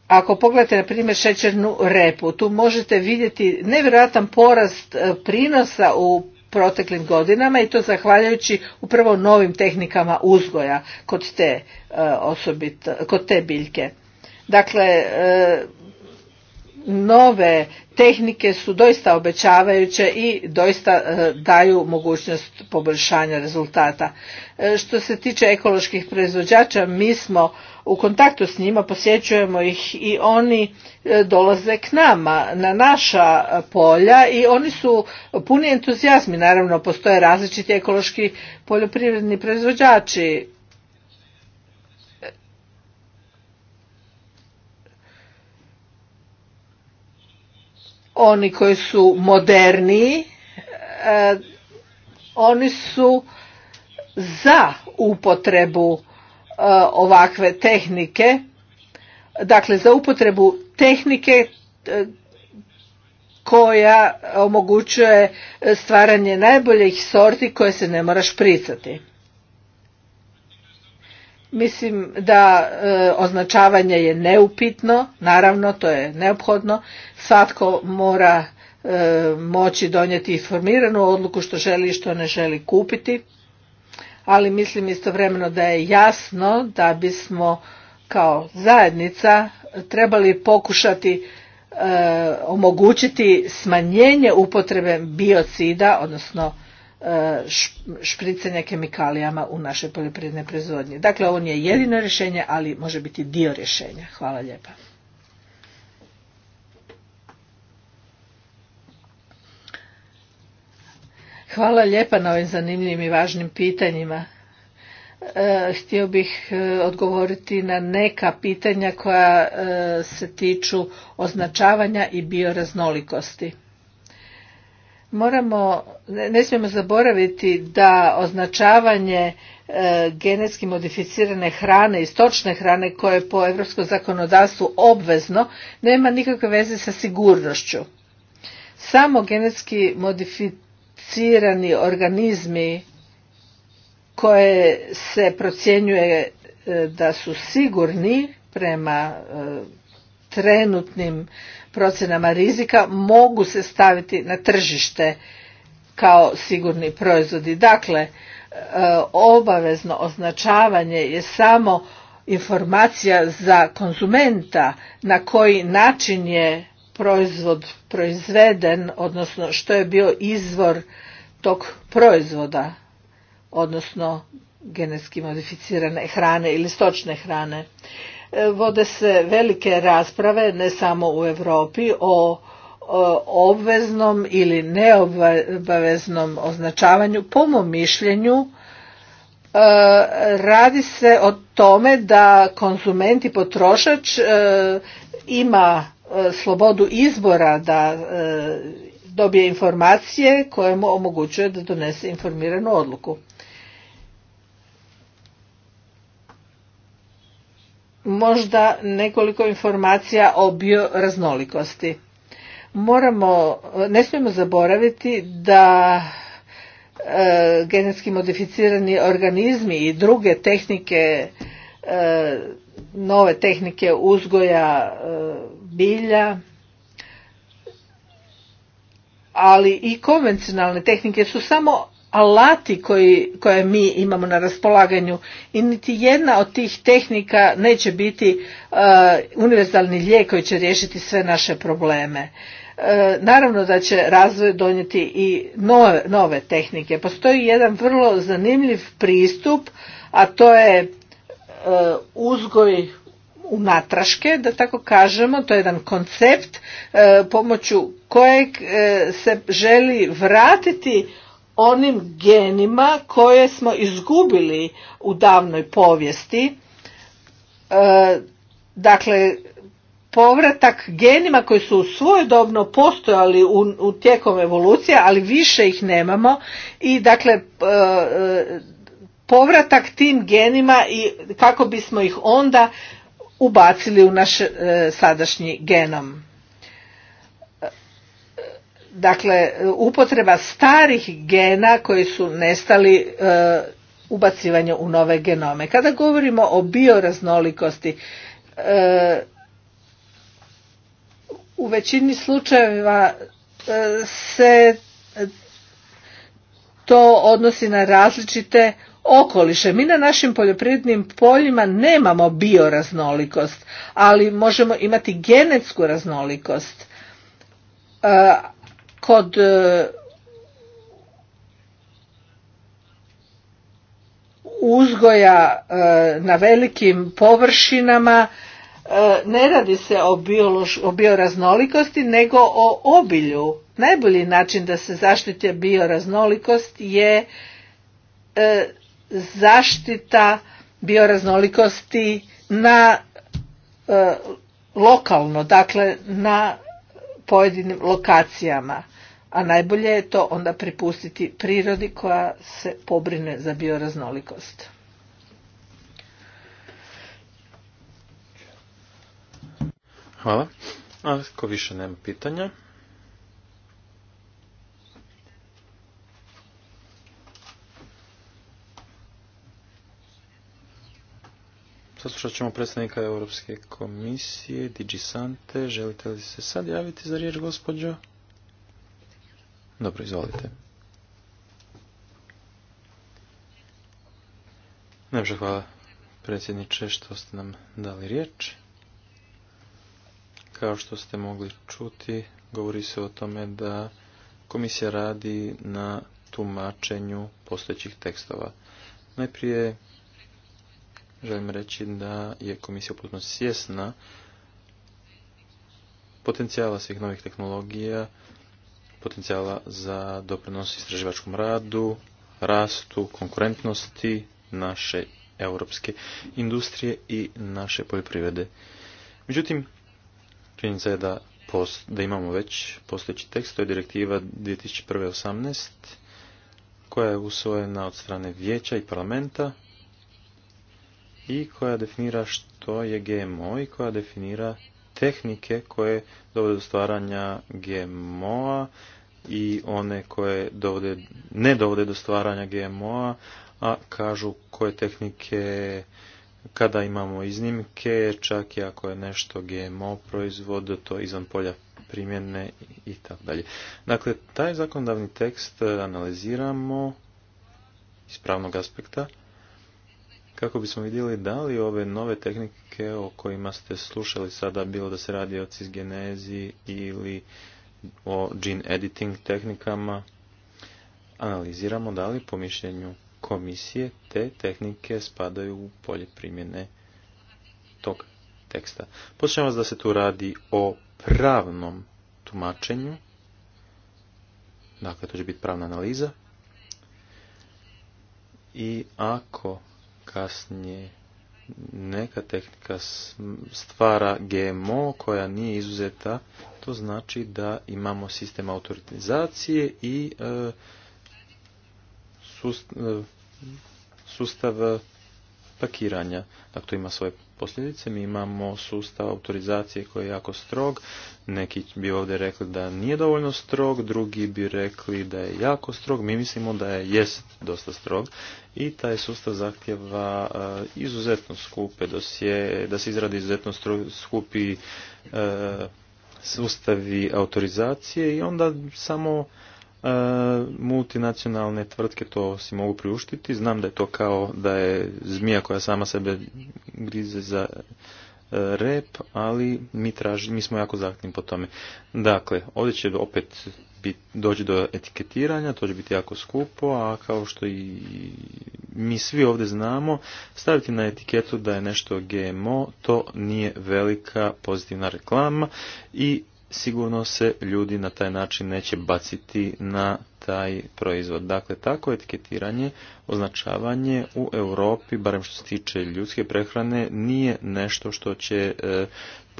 Ako pogledate na primjer šećernu repu, tu možete vidjeti nevjerojatan porast e, prinosa u proteklim godinama i to zahvaljujući upravo novim tehnikama uzgoja kod te, osobit kod te biljke. Dakle, e, nove tehnike su doista obećavajuće i doista e, daju mogućnost poboljšanja rezultata. E, što se tiče ekoloških proizvođača, mi smo u kontaktu s njima, posjećujemo ih i oni dolaze k nama, na naša polja i oni su puni entuzijazmi. Naravno, postoje različiti ekološki poljoprivredni proizvođači oni koji su moderniji, e, oni su za upotrebu e, ovakve tehnike, dakle za upotrebu tehnike e, koja omogućuje stvaranje najboljih sorti koje se ne mora špricati. Mislim da e, označavanje je neupitno, naravno to je neophodno, svatko mora e, moći donijeti informiranu odluku što želi i što ne želi kupiti, ali mislim istovremeno da je jasno da bismo kao zajednica trebali pokušati e, omogućiti smanjenje upotrebe biocida, odnosno E, špricanja kemikalijama u našoj poljoprivrednoj proizvodnji. Dakle, ovo nije jedino rješenje, ali može biti dio rješenja. Hvala lijepa. Hvala lijepa na ovim zanimljivim i važnim pitanjima. E, htio bih e, odgovoriti na neka pitanja koja se tiču označavanja i bioraznolikosti moramo, ne smijemo zaboraviti da označavanje e, genetski modificirane hrane i stočne hrane koje je po europskom zakonodavstvu obvezno nema nikakve veze sa sigurnošću. Samo genetski modificirani organizmi koje se procjenjuje e, da su sigurni prema e, trenutnim procjenama rizika mogu se staviti na tržište kao sigurni proizvodi. Dakle, e, obavezno označavanje je samo informacija za konzumenta na koji način je proizvod proizveden, odnosno što je bio izvor tog proizvoda, odnosno genetski modificirane hrane ili stočne hrane. E, vode se velike rasprave ne samo u Europi o obveznom ili neobaveznom označavanju po mom mišljenju e, radi se o tome da konzument i potrošač e, ima slobodu izbora da dobije informacije koje mu omogućuje da donese informiranu odluku. možda nekoliko informacija o bioraznolikosti. Moramo, ne smijemo zaboraviti da e, genetski modificirani organizmi i druge tehnike, e, nove tehnike uzgoja e, bilja, ali i konvencionalne tehnike su samo alati koji, koje mi imamo na raspolaganju i niti jedna od tih tehnika neće biti e, univerzalni lijek koji će riješiti sve naše probleme. E, naravno da će razvoj donijeti i nove, nove tehnike. Postoji jedan vrlo zanimljiv pristup, a to je e, uzgoj unatraške, da tako kažemo, to je jedan koncept pomoću kojeg se želi vratiti onim genima koje smo izgubili u davnoj povijesti. E, dakle, povratak genima koji su svojedobno postojali u, u tijekom evolucije, ali više ih nemamo i dakle e, e, povratak tim genima i kako bismo ih onda ubacili u naš sadašnji genom dakle upotreba starih gena koji su nestali e, ubacivanje u nove genome. Kada govorimo o bioraznolikosti, e, u većini slučajeva e, se to odnosi na različite okoliše. Mi na našim poljoprivrednim poljima nemamo bioraznolikost, ali možemo imati genetsku raznolikost. E, kod e, uzgoja e, na velikim površinama e, ne radi se o, o bioraznolikosti nego o obilju. Najbolji način da se zaštite bioraznolikost je zaštita bioraznolikosti na lokalno, dakle na pojedinim lokacijama a najbolje je to onda prepustiti prirodi koja se pobrine za bioraznolikost. Hvala. Ako više nema pitanja. Saslušat ćemo predstavnika Europske komisije, Digi Sante. Želite li se sad javiti za riječ, gospođo? Dobro, izvolite. Najbolje hvala predsjedniče što ste nam dali riječ. Kao što ste mogli čuti, govori se o tome da komisija radi na tumačenju postojećih tekstova. Najprije želim reći da je komisija uputno svjesna potencijala svih novih tehnologija potencijala za doprinos istraživačkom radu, rastu, konkurentnosti naše europske industrije i naše poljoprivrede. Međutim, činjenica je da, da imamo već postojeći tekst, to je direktiva 2001.18 koja je usvojena od strane vijeća i parlamenta i koja definira što je GMO i koja definira tehnike koje dovode do stvaranja GMO-a i one koje dovode, ne dovode do stvaranja GMO-a, a kažu koje tehnike kada imamo iznimke, čak i ako je nešto GMO proizvod, to izvan polja primjene i tako dalje. Dakle, taj zakonodavni tekst analiziramo iz pravnog aspekta kako bismo vidjeli da li ove nove tehnike o kojima ste slušali sada, bilo da se radi o cisgenezi ili o gene editing tehnikama, analiziramo da li po mišljenju komisije te tehnike spadaju u polje primjene tog teksta. Počnemo vas da se tu radi o pravnom tumačenju, dakle to će biti pravna analiza, i ako kasnije neka tehnika stvara GMO koja nije izuzeta, to znači da imamo sistem autorizacije i e, sustav, e, sustav pakiranja. Dakle, to ima svoje posljedice. Mi imamo sustav autorizacije koji je jako strog. Neki bi ovdje rekli da nije dovoljno strog, drugi bi rekli da je jako strog. Mi mislimo da je jest dosta strog i taj sustav zahtjeva eh, izuzetno skupe dosije, da se izradi izuzetno skupi eh, sustavi autorizacije i onda samo E, multinacionalne tvrtke to si mogu priuštiti. Znam da je to kao da je zmija koja sama sebe grize za e, rep, ali mi, traži, mi smo jako zahtjevni po tome. Dakle, ovdje će opet doći do etiketiranja, to će biti jako skupo, a kao što i mi svi ovdje znamo, staviti na etiketu da je nešto GMO, to nije velika pozitivna reklama i sigurno se ljudi na taj način neće baciti na taj proizvod. Dakle, tako etiketiranje, označavanje u Europi, barem što se tiče ljudske prehrane, nije nešto što će e,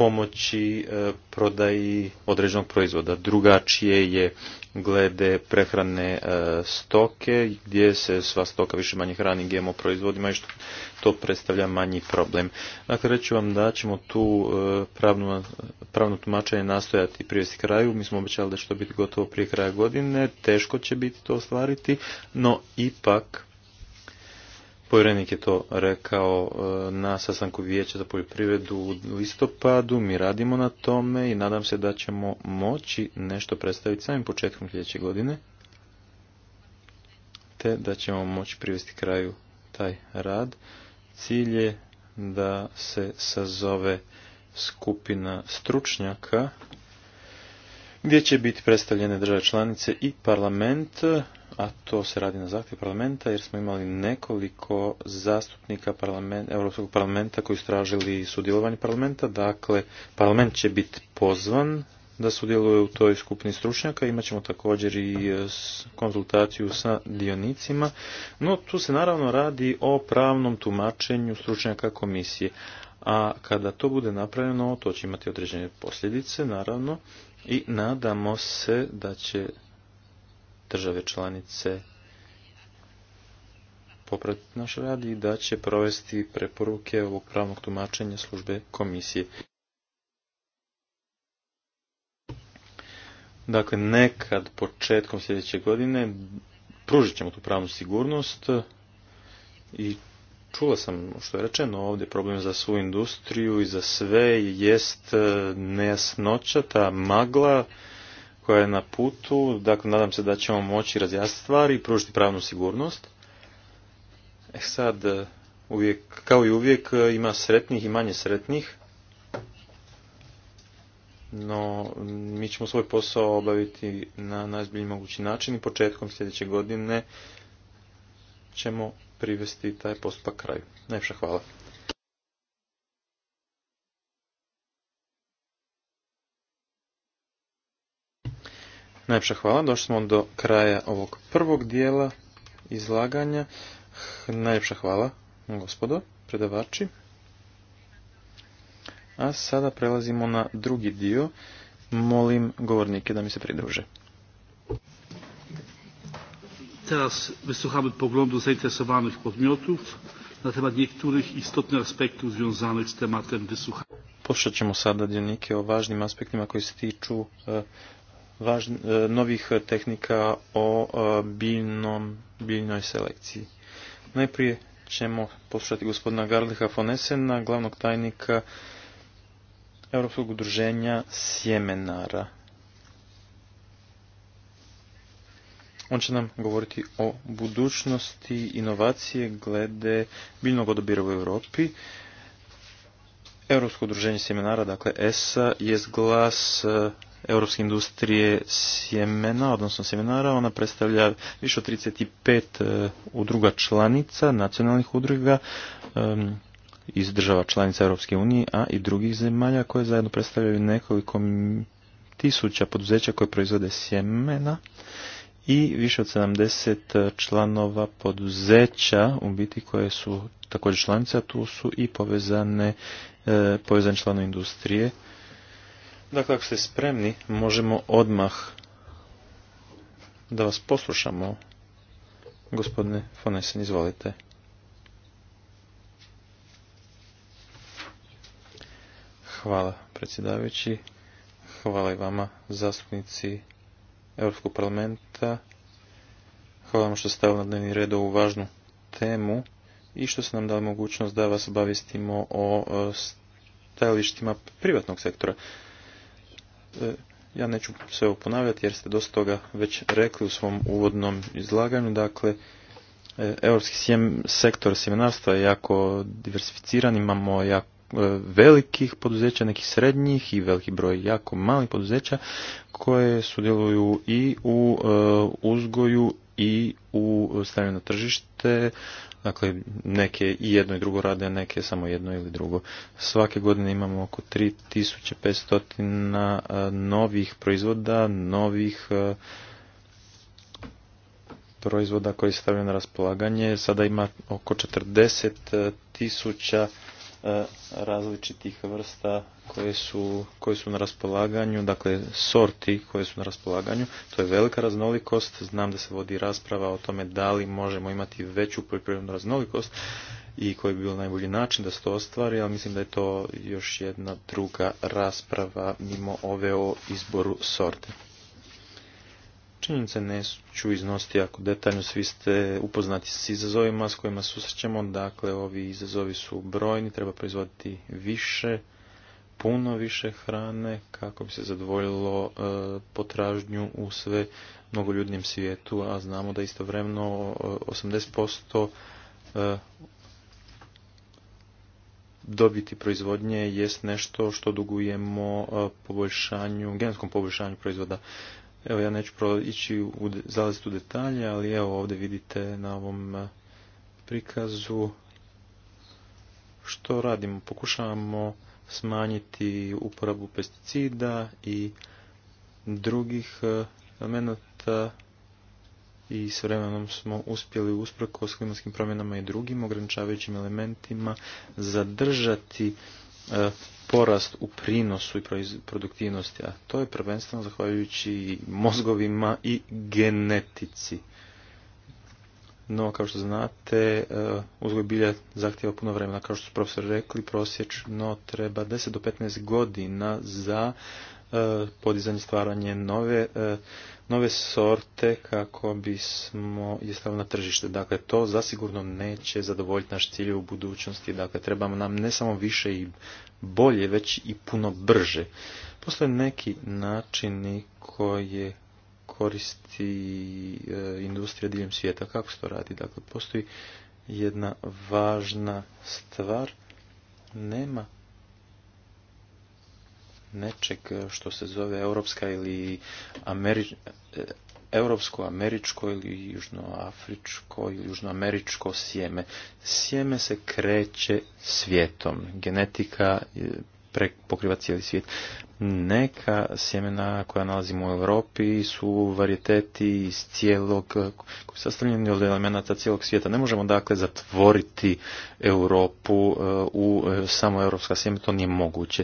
pomoći e, prodaji određenog proizvoda. Drugačije je glede prehrane e, stoke, gdje se sva stoka više manje hrani GMO proizvodima i što to predstavlja manji problem. Dakle, reću vam da ćemo tu e, pravno, pravno tumačenje nastojati privesti kraju. Mi smo obećali da će to biti gotovo prije kraja godine. Teško će biti to ostvariti, no ipak Povjerenik je to rekao e, na sastanku vijeća za poljoprivredu u listopadu. Mi radimo na tome i nadam se da ćemo moći nešto predstaviti samim početkom sljedeće godine. Te da ćemo moći privesti kraju taj rad. Cilj je da se sazove skupina stručnjaka gdje će biti predstavljene države članice i parlament a to se radi na zahtjev parlamenta jer smo imali nekoliko zastupnika parlament, Europskog parlamenta koji su tražili sudjelovanje parlamenta. Dakle, parlament će biti pozvan da sudjeluje u toj skupini stručnjaka. imat ćemo također i e, konzultaciju sa dionicima. No, tu se naravno radi o pravnom tumačenju stručnjaka komisije. A kada to bude napravljeno, to će imati određene posljedice, naravno, i nadamo se da će države članice popratiti naš rad i da će provesti preporuke ovog pravnog tumačenja službe komisije. Dakle, nekad početkom sljedeće godine pružit ćemo tu pravnu sigurnost i čula sam što je rečeno ovdje, problem za svu industriju i za sve jest e, nejasnoća, ta magla koja je na putu. Dakle, nadam se da ćemo moći razjasniti stvari i pružiti pravnu sigurnost. E sad, eh, uvijek, kao i uvijek, eh, ima sretnih i manje sretnih. No, mi ćemo svoj posao obaviti na najzbilji mogući način i početkom sljedeće godine ćemo privesti taj postupak kraju. Najpša hvala. Najpša hvala, došli smo do kraja ovog prvog dijela izlaganja. Najljepša hvala, gospodo, predavači. A sada prelazimo na drugi dio. Molim govornike da mi se pridruže. Teraz wysłuchamy poglądu zainteresowanych podmiotów na temat niektórych istotnych aspektów związanych z tematem wysłuchania. Poslušat ćemo sada dionike o važnim aspektima koji se tiču E, novih tehnika o e, biljnom, biljnoj selekciji. Najprije ćemo poslušati gospodina Garliha Fonesena, glavnog tajnika Europskog udruženja sjemenara. On će nam govoriti o budućnosti inovacije glede biljnog odabira u Europi. Europsko udruženje sjemenara, dakle ESA, je glas e, europske industrije sjemena, odnosno seminara, Ona predstavlja više od 35 e, udruga članica, nacionalnih udruga iz država članica Europske unije, a i drugih zemalja koje zajedno predstavljaju nekoliko tisuća poduzeća koje proizvode sjemena i više od 70 članova poduzeća u biti koje su također članice, a tu su i povezane, e, povezani članovi industrije Dakle, ako ste spremni, možemo odmah da vas poslušamo. Gospodine Fonesen, izvolite. Hvala, predsjedavajući. Hvala i vama, zastupnici Europskog parlamenta. Hvala vam što ste stavili na dnevni red ovu važnu temu i što ste nam dali mogućnost da vas obavistimo o e, stajalištima privatnog sektora. E, ja neću sve ovo ponavljati jer ste dosta toga već rekli u svom uvodnom izlaganju. Dakle, e, europski sektor sjemenarstva je jako diversificiran, imamo jako e, velikih poduzeća, nekih srednjih i veliki broj jako malih poduzeća koje sudjeluju i u uzgoju i u stavljanju tržište, dakle neke i jedno i drugo rade, a neke samo jedno ili drugo. Svake godine imamo oko 3500 e, novih proizvoda, novih e, proizvoda koji se stavljaju na raspolaganje. Sada ima oko 40 e, tisuća E, različitih vrsta koje su, su na raspolaganju, dakle sorti koje su na raspolaganju. To je velika raznolikost. Znam da se vodi rasprava o tome da li možemo imati veću poljoprivrednu raznolikost i koji bi bio najbolji način da se to ostvari, ali mislim da je to još jedna druga rasprava mimo ove o izboru sorte. Činjenice neću iznositi ako detaljno, svi ste upoznati s izazovima s kojima susrećemo, dakle ovi izazovi su brojni, treba proizvoditi više, puno više hrane kako bi se zadovoljilo e, potražnju u sve mnogoljudnijem svijetu, a znamo da istovremeno 80% e, e, dobiti proizvodnje jest nešto što dugujemo poboljšanju, genetskom poboljšanju proizvoda. Evo ja neću ići u, zalaziti u detalje, ali evo ovdje vidite na ovom eh, prikazu što radimo. Pokušavamo smanjiti uporabu pesticida i drugih eh, elemenata i s vremenom smo uspjeli usprkos klimatskim promjenama i drugim ograničavajućim elementima zadržati E, porast u prinosu i produktivnosti, a to je prvenstveno zahvaljujući mozgovima i genetici. No, kao što znate, e, uzgoj bilja zahtjeva puno vremena. Kao što su profesori rekli, prosječno treba 10 do 15 godina za e, podizanje stvaranje nove nove sorte kako bismo je na tržište. Dakle, to zasigurno neće zadovoljiti naš cilj u budućnosti. Dakle, trebamo nam ne samo više i bolje, već i puno brže. Postoje neki načini koje koristi e, industrija diljem svijeta. Kako se to radi? Dakle, postoji jedna važna stvar. Nema nečeg eh, što se zove europska ili Ameri... Eh, europsko, američko ili južnoafričko ili južnoameričko sjeme. Sjeme se kreće svijetom. Genetika eh, pokriva cijeli svijet. Neka sjemena koja nalazimo u Europi su varijeteti iz cijelog, koji su sastavljeni od elemenata cijelog svijeta. Ne možemo dakle zatvoriti Europu u samo europska sjeme, to nije moguće.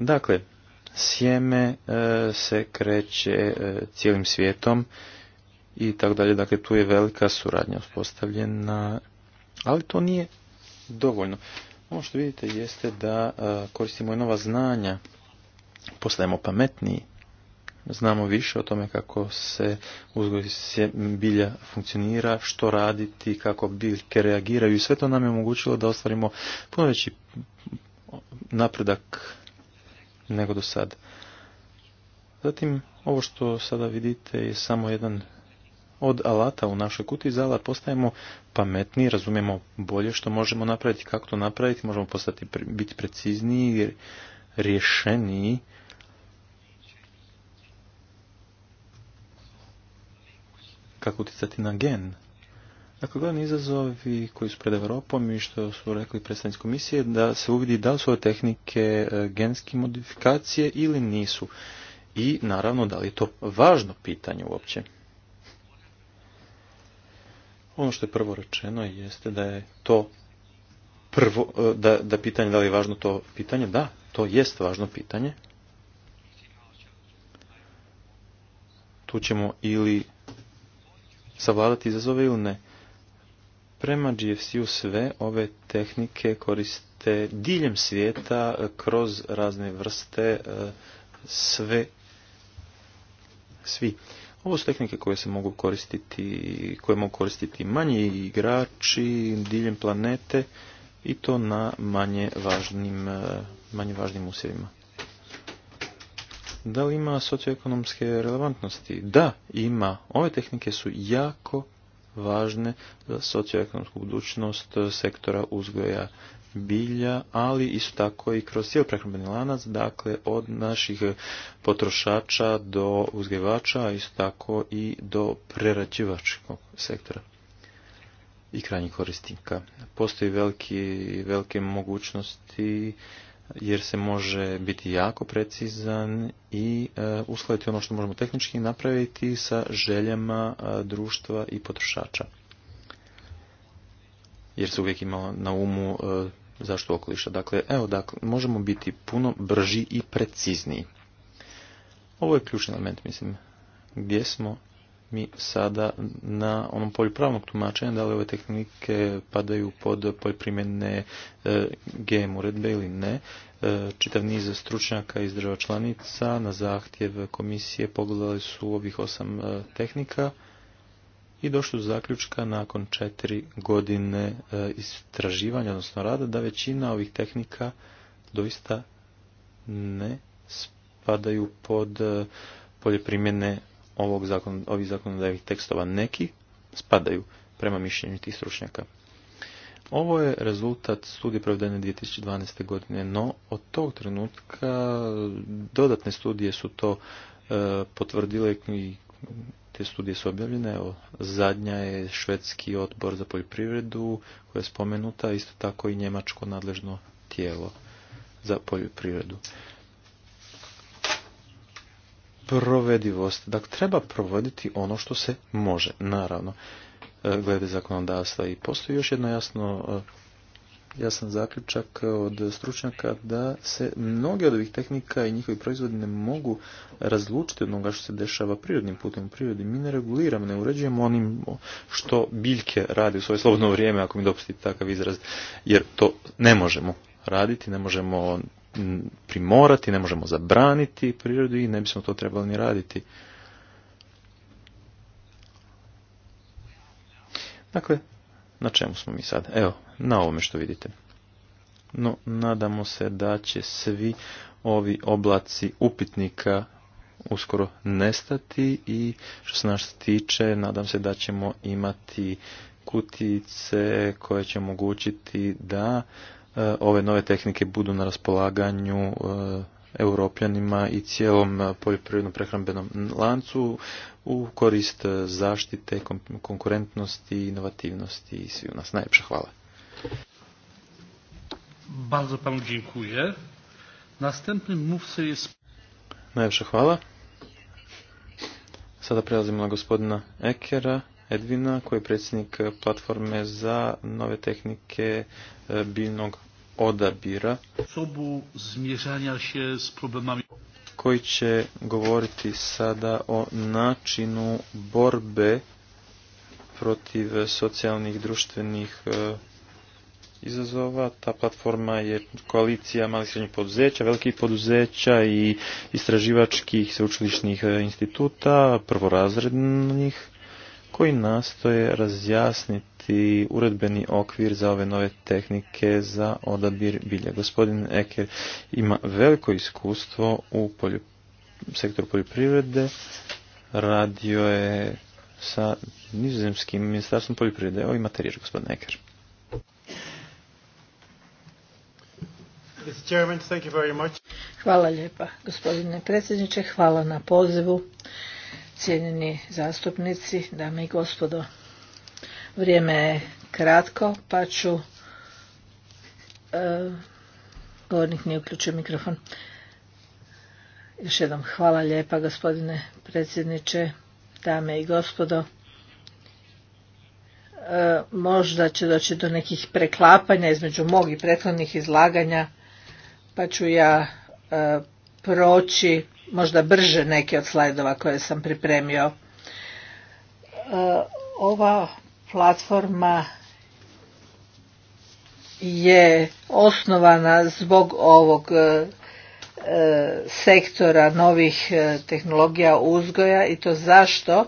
Dakle, sjeme e, se kreće e, cijelim svijetom i tako dalje. Dakle, tu je velika suradnja uspostavljena, ali to nije dovoljno. Ono što vidite jeste da e, koristimo i nova znanja, postajemo pametniji, znamo više o tome kako se uzgoj bilja funkcionira, što raditi, kako biljke reagiraju i sve to nam je omogućilo da ostvarimo puno veći napredak nego do sad. Zatim, ovo što sada vidite je samo jedan od alata u našoj kuti za alat postajemo pametniji, razumijemo bolje što možemo napraviti, kako to napraviti, možemo postati, biti precizniji, rješeniji. Kako utjecati na gen, Dakle, glavni izazovi koji su pred Europom i što su rekli predstavnici komisije, da se uvidi da li su ove tehnike e, genske modifikacije ili nisu. I naravno, da li je to važno pitanje uopće. Ono što je prvo rečeno jeste da je to prvo, e, da, da pitanje da li je važno to pitanje, da, to jest važno pitanje. Tu ćemo ili savladati izazove ili ne. Prema GFC-u sve ove tehnike koriste diljem svijeta e, kroz razne vrste e, sve svi. Ovo su tehnike koje se mogu koristiti, koje mogu koristiti manji igrači diljem planete i to na manje važnim, e, manje važnim usjevima. Da li ima socioekonomske relevantnosti? Da, ima. Ove tehnike su jako važne za socioekonomsku budućnost eh, sektora uzgoja bilja, ali isto tako i kroz cijeli prehrambeni lanac, dakle od naših eh, potrošača do uzgajivača, a isto tako i do prerađivačkog sektora i krajnjih korisnika. Postoji velike mogućnosti jer se može biti jako precizan i e, uskladiti ono što možemo tehnički napraviti sa željama e, društva i potrošača. Jer se uvijek ima na umu e, zašto okoliša. Dakle, evo, dakle, možemo biti puno brži i precizniji. Ovo je ključni element, mislim, gdje smo mi sada na onom polju pravnog tumačenja, da li ove tehnike padaju pod poljprimjene e, GM uredbe ili ne. E, čitav niz stručnjaka iz država članica na zahtjev komisije pogledali su ovih osam e, tehnika i došli do zaključka nakon četiri godine istraživanja, odnosno rada, da većina ovih tehnika doista ne spadaju pod polje ovog zakon, ovih zakonodavih tekstova. Neki spadaju prema mišljenju tih stručnjaka. Ovo je rezultat studije provedene 2012. godine, no od tog trenutka dodatne studije su to e, potvrdile i te studije su objavljene. Evo, zadnja je Švedski odbor za poljoprivredu koja je spomenuta, isto tako i Njemačko nadležno tijelo za poljoprivredu provedivost. Dakle, treba provoditi ono što se može, naravno, e, glede zakonodavstva. I postoji još jedno jasno e, jasan zaključak od stručnjaka da se mnoge od ovih tehnika i njihovi proizvodi ne mogu razlučiti od onoga što se dešava prirodnim putem u prirodi. Mi ne reguliramo, ne uređujemo onim što biljke radi u svoje slobodno vrijeme, ako mi dopustite takav izraz, jer to ne možemo raditi, ne možemo primorati, ne možemo zabraniti prirodu i ne bismo to trebali ni raditi. Dakle, na čemu smo mi sad? Evo, na ovome što vidite. No, nadamo se da će svi ovi oblaci upitnika uskoro nestati i što se nas tiče, nadam se da ćemo imati kutice koje će omogućiti da E, ove nove tehnike budu na raspolaganju e, europljanima i cijelom e, poljoprivredno prehrambenom lancu u korist zaštite, konkurentnosti, inovativnosti i svi u nas. Najljepša hvala. Bardzo dziękuję. jest... hvala. Sada prelazimo na gospodina Ekera, Edvina, koji je predsjednik platforme za nove tehnike E, biljnog odabira koji će govoriti sada o načinu borbe protiv socijalnih društvenih e, izazova. Ta platforma je koalicija malih srednjih poduzeća, velikih poduzeća i istraživačkih sveučilišnih e, instituta, prvorazrednih koji nastoje razjasniti uredbeni okvir za ove nove tehnike za odabir bilja. Gospodin Eker ima veliko iskustvo u sektoru poljoprivrede, radio je sa nizozemskim ministarstvom poljoprivrede. Evo imate riječ, gospodin Eker. Hvala lijepa, gospodine predsjedniče. Hvala na pozivu cijenjeni zastupnici, dame i gospodo. Vrijeme je kratko, pa ću... E, govornik nije uključio mikrofon. Još jednom hvala lijepa gospodine predsjedniče, dame i gospodo. E, možda će doći do nekih preklapanja između mog i prethodnih izlaganja, pa ću ja e, proći možda brže neke od slajdova koje sam pripremio. E, ova platforma je osnovana zbog ovog e, e, sektora novih tehnologija uzgoja i to zašto?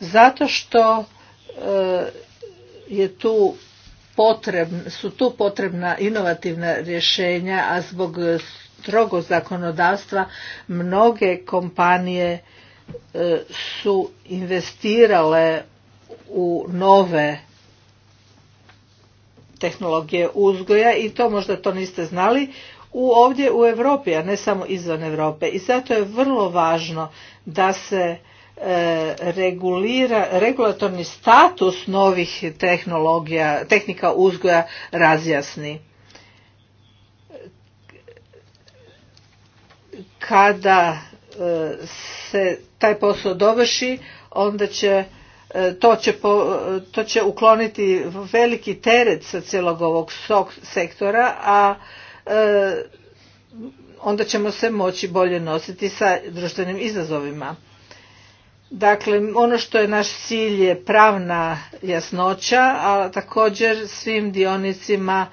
Zato što je tu potrebna, su tu potrebna inovativna rješenja, a zbog strogo zakonodavstva mnoge kompanije e, su investirale u nove tehnologije uzgoja i to možda to niste znali u ovdje u Europi a ne samo izvan Europe i zato je vrlo važno da se e, regulira regulatorni status novih tehnologija tehnika uzgoja razjasni kada e, se taj posao dovrši onda će e, to će, to će ukloniti veliki teret sa cijelog ovog sektora a e, onda ćemo se moći bolje nositi sa društvenim izazovima dakle ono što je naš cilj je pravna jasnoća a također svim dionicima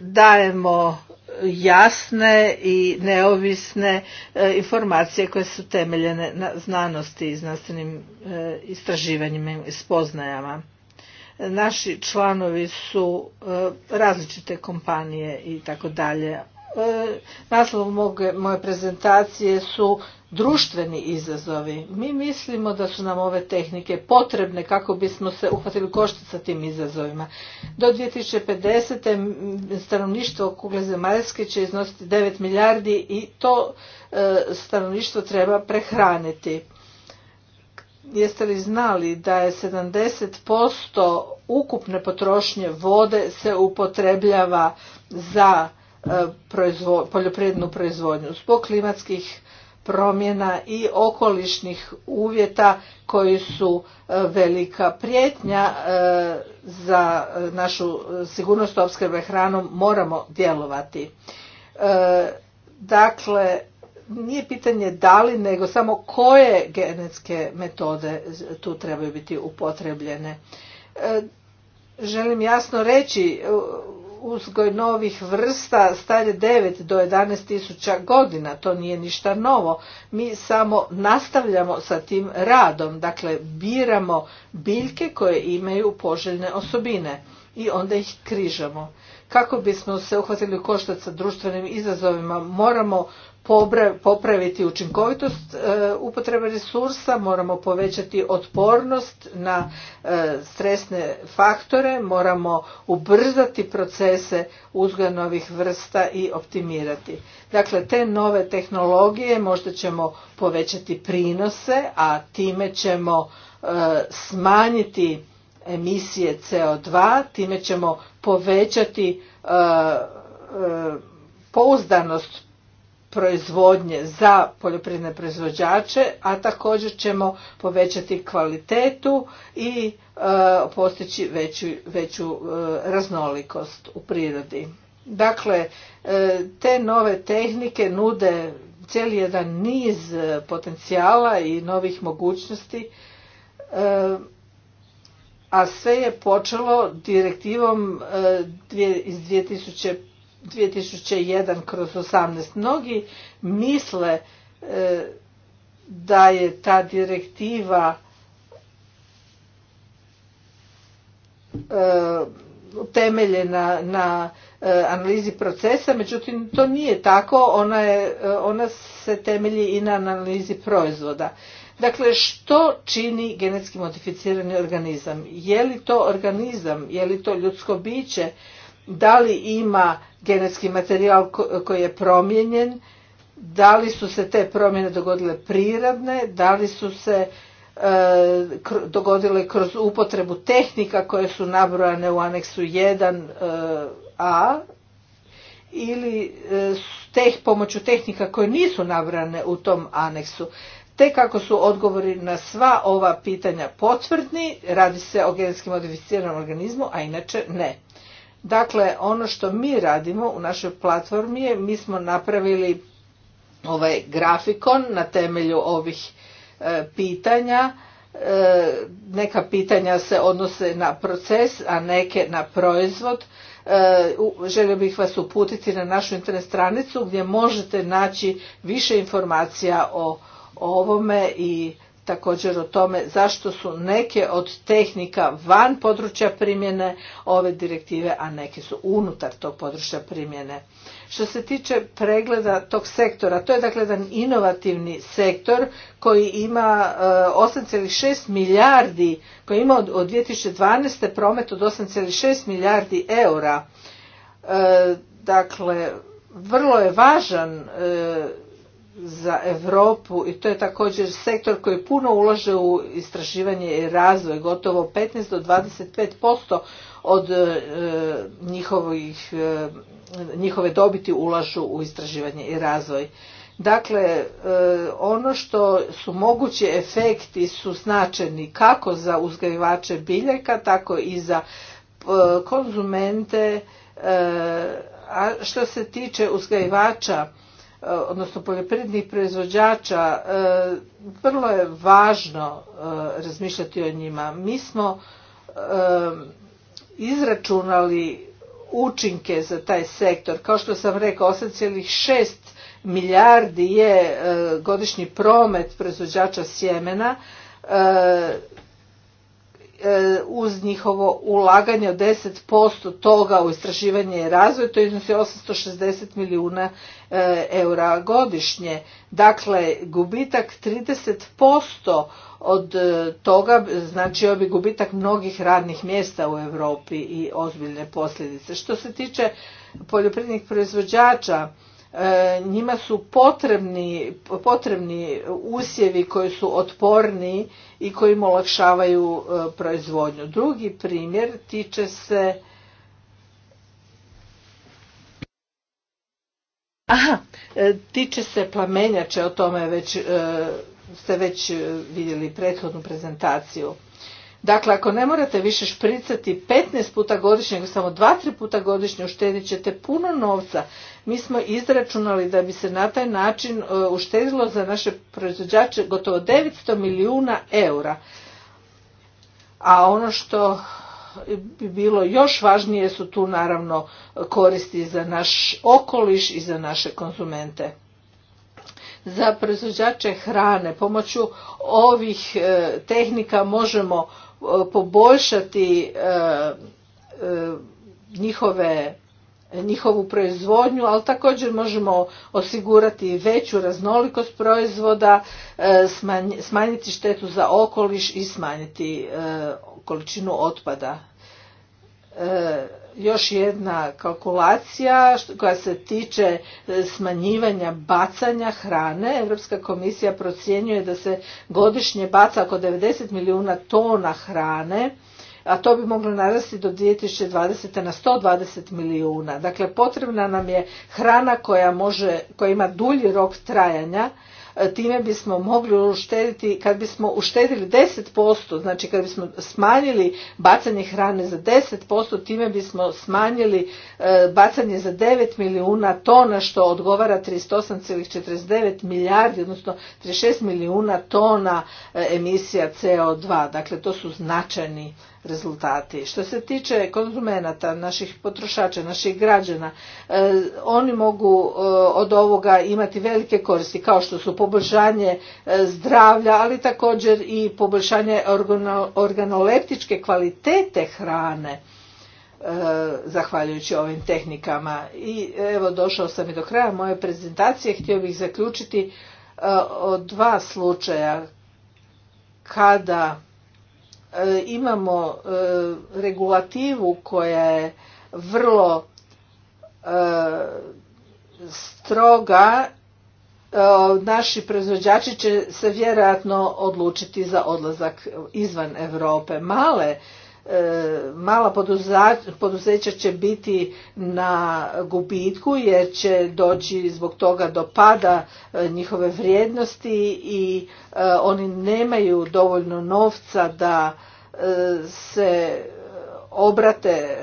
dajemo jasne i neovisne e, informacije koje su temeljene na znanosti i znanstvenim e, istraživanjima i spoznajama. Naši članovi su e, različite kompanije i tako dalje. Naslov moje prezentacije su društveni izazovi. Mi mislimo da su nam ove tehnike potrebne kako bismo se uhvatili koštac sa tim izazovima. Do 2050. stanovništvo kugle zemaljske će iznositi 9 milijardi i to e, stanovništvo treba prehraniti. Jeste li znali da je 70% ukupne potrošnje vode se upotrebljava za poljoprednu e, poljoprivrednu proizvodnju zbog klimatskih promjena i okolišnih uvjeta koji su e, velika prijetnja e, za našu sigurnost opskrbe hranom moramo djelovati. E, dakle, nije pitanje da li, nego samo koje genetske metode tu trebaju biti upotrebljene. Želim jasno reći, uzgoj novih vrsta stalje 9 do 11 tisuća godina, to nije ništa novo. Mi samo nastavljamo sa tim radom, dakle biramo biljke koje imaju poželjne osobine i onda ih križamo. Kako bismo se uhvatili u koštac sa društvenim izazovima, moramo popraviti učinkovitost e, upotrebe resursa, moramo povećati otpornost na e, stresne faktore, moramo ubrzati procese uzgoja novih vrsta i optimirati. Dakle, te nove tehnologije možda ćemo povećati prinose, a time ćemo e, smanjiti emisije CO2, time ćemo povećati pouzdanost proizvodnje za poljoprivredne proizvođače, a također ćemo povećati kvalitetu i e, postići veću, veću e, raznolikost u prirodi. Dakle, e, te nove tehnike nude cijeli jedan niz potencijala i novih mogućnosti, a sve je počelo direktivom iz 2005 2001 kroz 18. Mnogi misle e, da je ta direktiva e, temeljena na e, analizi procesa, međutim to nije tako, ona, je, ona se temelji i na analizi proizvoda. Dakle, što čini genetski modificirani organizam? Je li to organizam? Je li to ljudsko biće? da li ima genetski materijal koji je promijenjen, da li su se te promjene dogodile prirodne, da li su se e, dogodile kroz upotrebu tehnika koje su nabrojane u aneksu 1a e, ili e, teh, pomoću tehnika koje nisu nabrojane u tom aneksu. Te kako su odgovori na sva ova pitanja potvrdni, radi se o genetski modificiranom organizmu, a inače ne. Dakle, ono što mi radimo u našoj platformi je, mi smo napravili ovaj grafikon na temelju ovih e, pitanja. E, neka pitanja se odnose na proces, a neke na proizvod. E, želio bih vas uputiti na našu internet stranicu gdje možete naći više informacija o, o ovome i također o tome zašto su neke od tehnika van područja primjene ove direktive, a neke su unutar tog područja primjene. Što se tiče pregleda tog sektora, to je dakle jedan inovativni sektor koji ima 8,6 e, milijardi, koji ima od 2012. promet od 8,6 milijardi eura. E, dakle, vrlo je važan e, za Europu i to je također sektor koji puno ulaže u istraživanje i razvoj, gotovo 15 do 25% od e, njihovih, e, njihove dobiti ulažu u istraživanje i razvoj. Dakle, e, ono što su mogući efekti su značeni kako za uzgajivače biljaka, tako i za konzumente, a što se tiče uzgajivača E, odnosno poljoprivrednih proizvođača e, vrlo je važno e, razmišljati o njima. Mi smo izračunali učinke za taj sektor. Kao što sam rekao, 8,6 milijardi je godišnji promet proizvođača sjemena. E, uz njihovo ulaganje od 10% toga u istraživanje i razvoj, to iznosi 860 milijuna e, eura godišnje. Dakle, gubitak 30% od e, toga značio bi gubitak mnogih radnih mjesta u Europi i ozbiljne posljedice. Što se tiče poljoprivrednih proizvođača, E, njima su potrebni, potrebni usjevi koji su otporni i koji im olakšavaju e, proizvodnju. Drugi primjer tiče se Aha, e, tiče se plamenjače, o tome ste već vidjeli prethodnu prezentaciju. Dakle, ako ne morate više špricati 15 puta godišnje, nego samo 2-3 puta godišnje, uštedit ćete puno novca. Mi smo izračunali da bi se na taj način e, uštedilo za naše proizvođače gotovo 900 milijuna eura. A ono što bi bilo još važnije su tu naravno koristi za naš okoliš i za naše konzumente za proizvođače hrane pomoću ovih e, tehnika možemo poboljšati e, e, njihove njihovu proizvodnju, ali također možemo osigurati veću raznolikost proizvoda, e, smanjiti štetu za okoliš i smanjiti količinu otpada još jedna kalkulacija koja se tiče e, smanjivanja bacanja hrane. Europska komisija procjenjuje da se godišnje baca oko 90 milijuna tona hrane, a to bi moglo narasti do 2020. na 120 milijuna. Dakle, potrebna nam je hrana koja, može, koja ima dulji rok trajanja, time bismo mogli uštediti, kad bismo uštedili 10%, znači kad bismo smanjili bacanje hrane za 10%, time bismo smanjili e, bacanje za 9 milijuna tona, što odgovara 38,49 milijardi, odnosno 36 milijuna tona e, emisija CO2. Dakle, to su značajni rezultati. Što se tiče konzumenata, naših potrošača, naših građana, e, oni mogu e, od ovoga imati velike koristi kao što su poboljšanje e, zdravlja, ali također i poboljšanje organoleptičke kvalitete hrane zahvaljujući ovim tehnikama. I evo došao sam i do kraja moje prezentacije, htio bih zaključiti o dva slučaja kada E, imamo e, regulativu koja je vrlo e, stroga naši proizvođači će se vjerojatno odlučiti za odlazak izvan Europe. Male E, mala poduzeća će biti na gubitku jer će doći zbog toga do pada e, njihove vrijednosti i e, oni nemaju dovoljno novca da se obrate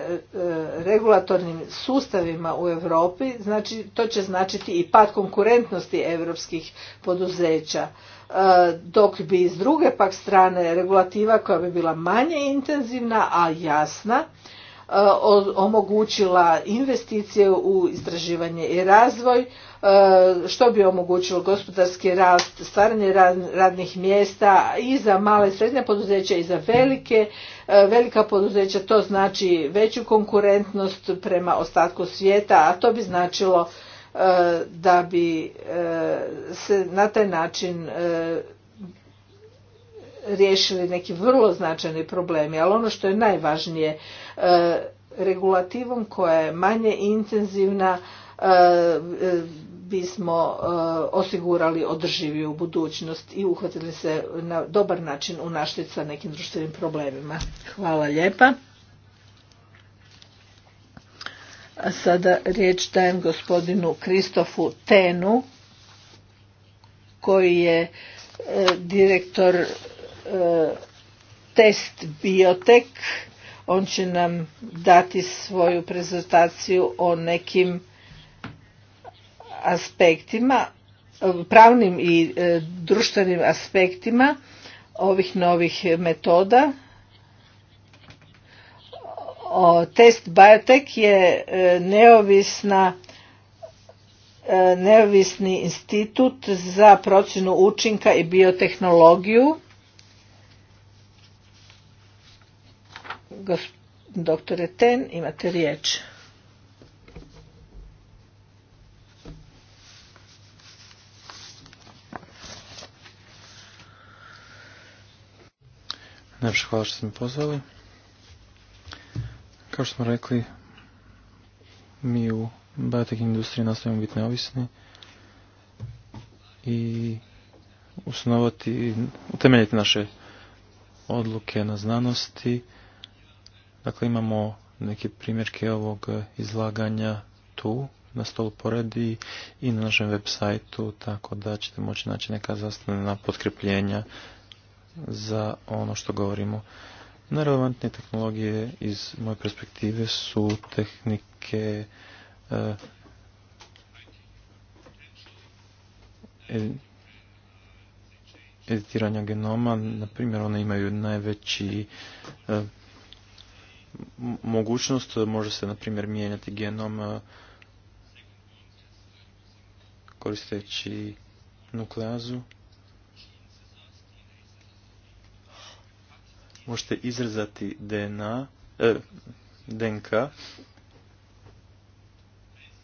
regulatornim sustavima u Europi, znači to će značiti i pad konkurentnosti europskih poduzeća. E, dok bi s druge pak strane regulativa koja bi bila manje intenzivna, a jasna, e, omogućila investicije u istraživanje i razvoj, e, što bi omogućilo gospodarski rast, stvaranje radnih mjesta i za male i srednje poduzeće i za velike, velika poduzeća, to znači veću konkurentnost prema ostatku svijeta, a to bi značilo E, da bi e, se na taj način e, riješili neki vrlo značajni problemi, ali ono što je najvažnije, regulativom koja je manje intenzivna bismo osigurali održiviju budućnost i uhvatili se na dobar način u sa nekim društvenim problemima. Hvala lijepa. A sada riječ dajem gospodinu Kristofu Tenu koji je e, direktor e, Test Biotek. On će nam dati svoju prezentaciju o nekim aspektima, pravnim i e, društvenim aspektima ovih novih metoda test Biotech je e, neovisna e, neovisni institut za procjenu učinka i biotehnologiju. Doktore Ten, imate riječ. Najprej hvala što ste me pozvali. Kao što smo rekli, mi u biotech industriji nastavimo biti neovisni i usnovati, utemeljiti naše odluke na znanosti. Dakle, imamo neke primjerke ovog izlaganja tu, na stolu poredi i na našem web sajtu, tako da ćete moći naći neka zastavljena potkrepljenja za ono što govorimo. Najrelevantnije tehnologije iz moje perspektive su tehnike eh, e, editiranja genoma. Naprimjer, one imaju najveći eh, mogućnost, može se na mijenjati genom eh, koristeći nukleazu. možete izrezati DNA, e, DNK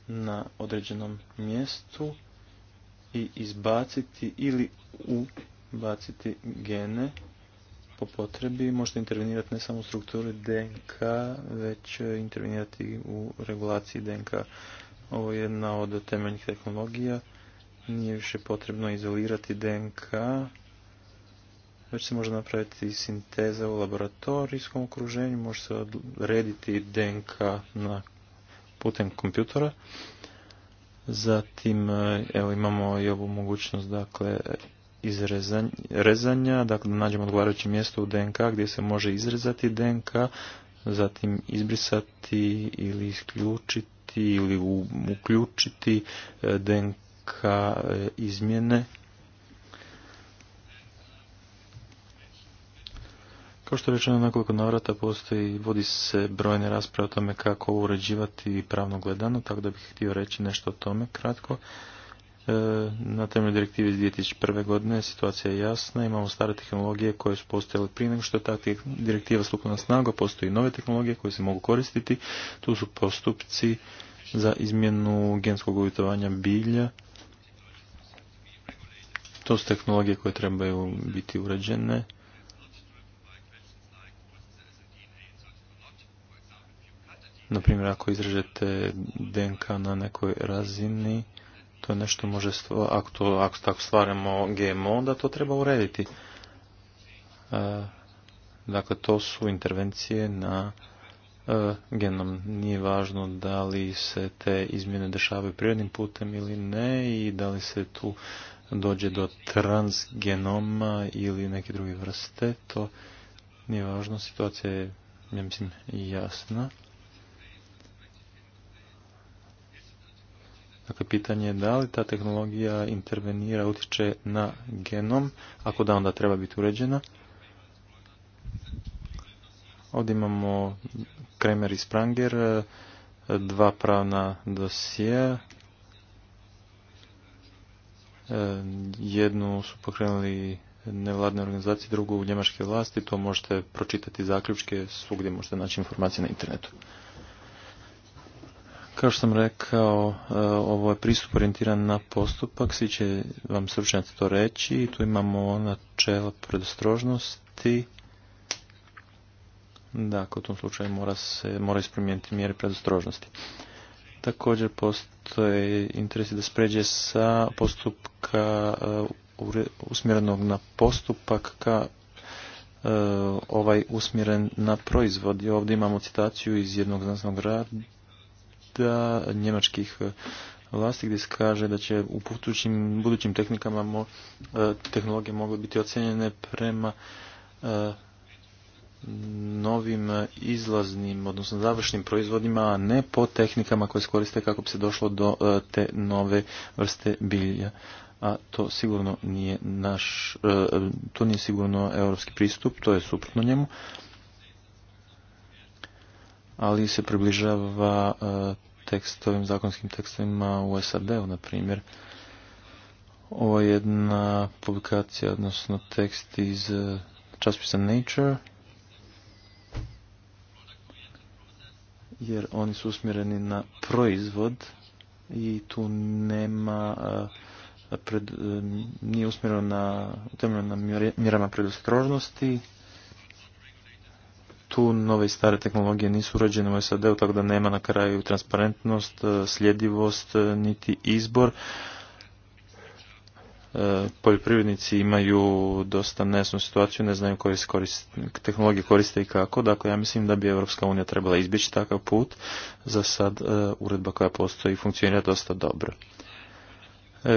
na određenom mjestu i izbaciti ili ubaciti gene po potrebi. Možete intervenirati ne samo u strukturi DNK, već intervenirati u regulaciji DNK. Ovo je jedna od temeljnih tehnologija. Nije više potrebno izolirati DNK, već znači, se može napraviti sinteza u laboratorijskom okruženju, može se odrediti DNK na putem kompjutora. Zatim, eh, evo imamo i ovu mogućnost, dakle, izrezanja, dakle da nađemo odgovarajuće mjesto u DNK gdje se može izrezati DNK, zatim izbrisati ili isključiti ili uključiti eh, DNK eh, izmjene Kao što je rečeno nekoliko navrata postoji, vodi se brojne rasprave o tome kako uređivati pravno gledano, tako da bih htio reći nešto o tome kratko. E, na temelju direktive iz 2001. godine situacija je jasna, imamo stare tehnologije koje su postojale prije nego što je ta direktiva stupila na snagu, postoji nove tehnologije koje se mogu koristiti, tu su postupci za izmjenu genskog uvjetovanja bilja, to su tehnologije koje trebaju biti uređene Na primjer, ako izražete DNK na nekoj razini, to je nešto može, ako, ako tako stvaramo GMO, onda to treba urediti. E, dakle, to su intervencije na e, genom. Nije važno da li se te izmjene dešavaju prirodnim putem ili ne i da li se tu dođe do transgenoma ili neke druge vrste. To nije važno, situacija je, ja mislim, jasna. Dakle, pitanje je da li ta tehnologija intervenira, utječe na genom, ako da, onda treba biti uređena. Ovdje imamo Kremer i Spranger, dva pravna dosije. Jednu su pokrenuli nevladne organizacije, drugu u njemačke vlasti. To možete pročitati zaključke, svugdje možete naći informacije na internetu. Kao što sam rekao, e, ovo je pristup orijentiran na postupak, svi će vam stručnjaci to reći. Tu imamo načela predostrožnosti. Da, dakle, u tom slučaju mora se mora ispromijeniti mjere predostrožnosti. Također postoje interesi da spređe sa postupka e, usmjerenog na postupak ka e, ovaj usmjeren na proizvod. I ovdje imamo citaciju iz jednog znanstvenog rada da njemačkih e, vlasti gdje se kaže da će u budućim, budućim tehnikama e, tehnologije mogu biti ocjenjene prema e, novim izlaznim, odnosno završnim proizvodima, a ne po tehnikama koje se koriste kako bi se došlo do te nove vrste bilja. A to sigurno nije naš, to nije sigurno europski pristup, to je suprotno njemu ali se približava e, tekstovim, zakonskim tekstovima u SAD-u, na primjer. Ovo je jedna publikacija, odnosno tekst iz e, časpisa Nature, jer oni su usmjereni na proizvod i tu nema e, pred, nije usmjereno na, na mjerama predostrožnosti, tu nove i stare tehnologije nisu urađene u SAD-u, tako da nema na kraju transparentnost, e, sljedivost, e, niti izbor. E, poljoprivrednici imaju dosta nesnu situaciju, ne znaju koje tehnologije koriste i kako, dakle ja mislim da bi Europska unija trebala izbjeći takav put. Za sad uredba koja postoji funkcionira dosta dobro.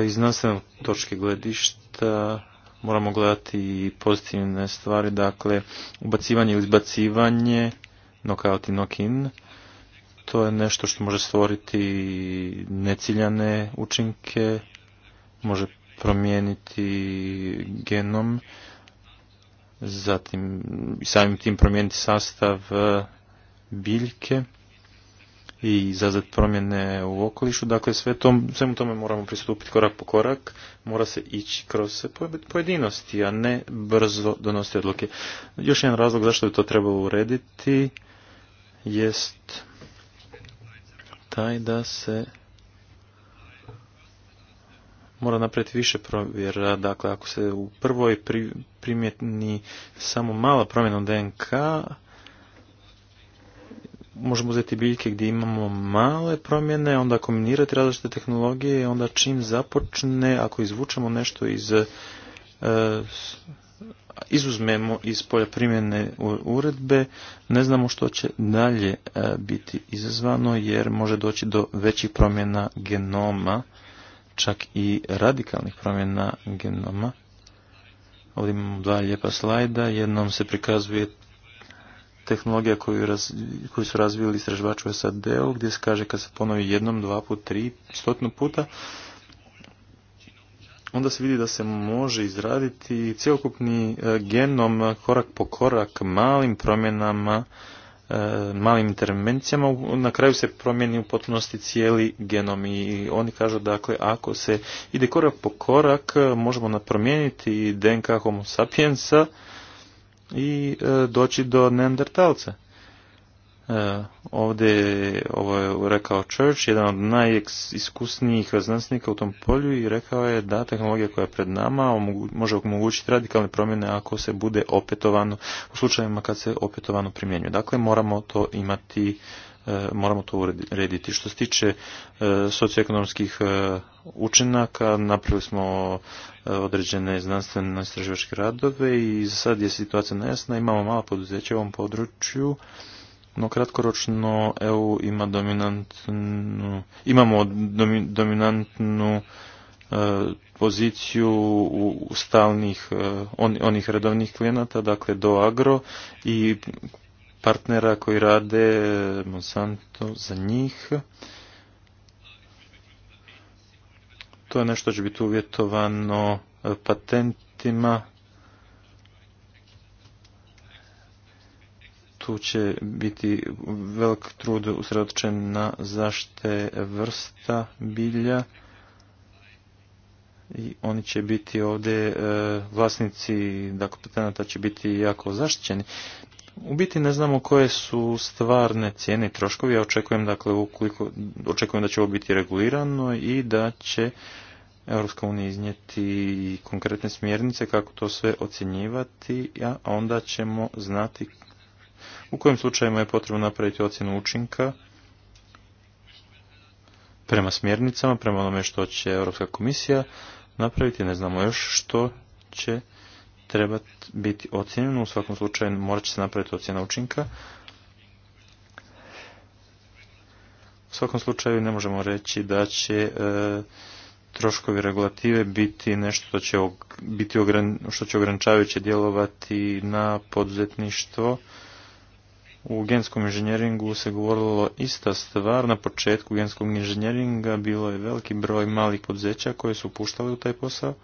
Iz nastavnog točke gledišta moramo gledati i pozitivne stvari, dakle ubacivanje ili izbacivanje, knockout i knock-in, to je nešto što može stvoriti neciljane učinke, može promijeniti genom, zatim samim tim promijeniti sastav eh, biljke i izazvati promjene u okolišu. Dakle, sve tom, svemu tome moramo pristupiti korak po korak, mora se ići kroz pojedinosti, a ne brzo donositi odluke. Još jedan razlog zašto bi to trebalo urediti jest taj da se mora napraviti više provjera. Dakle, ako se u prvoj primjetni samo mala promjena DNK, možemo uzeti biljke gdje imamo male promjene, onda kombinirati različite tehnologije i onda čim započne, ako izvučemo nešto iz e, izuzmemo iz primjene uredbe, ne znamo što će dalje e, biti izazvano jer može doći do većih promjena genoma, čak i radikalnih promjena genoma. Ovdje imamo dva lijepa slajda, jednom se prikazuje tehnologija koju, raz, koju su razvili istraživači u SAD-u, gdje se kaže kad se ponovi jednom, dva put, tri, stotinu puta, onda se vidi da se može izraditi cjelokupni e, genom korak po korak malim promjenama, e, malim intervencijama. Na kraju se promijeni u potpunosti cijeli genom i oni kažu dakle ako se ide korak po korak e, možemo napromijeniti DNK homo sapiensa i e, doći do neandertalca. E, ovdje ovo je rekao Church, jedan od najiskusnijih znanstvenika u tom polju i rekao je da tehnologija koja je pred nama može omogućiti radikalne promjene ako se bude opetovano, u slučajevima kad se opetovano primjenjuje. Dakle, moramo to imati E, moramo to urediti. Što se tiče e, socioekonomskih e, učinaka, napravili smo određene znanstvene istraživačke radove i za sad je situacija nejasna, imamo mala poduzeća u ovom području, no kratkoročno EU ima dominantnu, imamo dominantnu poziciju u, stalnih, onih redovnih klijenata, dakle do agro i partnera koji rade eh, Monsanto za njih. To je nešto će biti uvjetovano eh, patentima. Tu će biti velik trud usredočen na zašte vrsta bilja i oni će biti ovdje eh, vlasnici dakle patenata će biti jako zaštićeni u biti ne znamo koje su stvarne cijene i troškovi. Ja očekujem, dakle, ukoliko, očekujem da će ovo biti regulirano i da će Europska unija iznijeti konkretne smjernice kako to sve ocjenjivati, a onda ćemo znati u kojim slučajima je potrebno napraviti ocjenu učinka prema smjernicama, prema onome što će Europska komisija napraviti, ne znamo još što će treba biti ocjenjeno, u svakom slučaju morat će se napraviti ocjena učinka. U svakom slučaju ne možemo reći da će e, troškovi regulative biti nešto što će, biti što će ograničavajuće djelovati na poduzetništvo. U genskom inženjeringu se govorilo ista stvar. Na početku genskog inženjeringa bilo je veliki broj malih poduzeća koje su puštali u taj posao.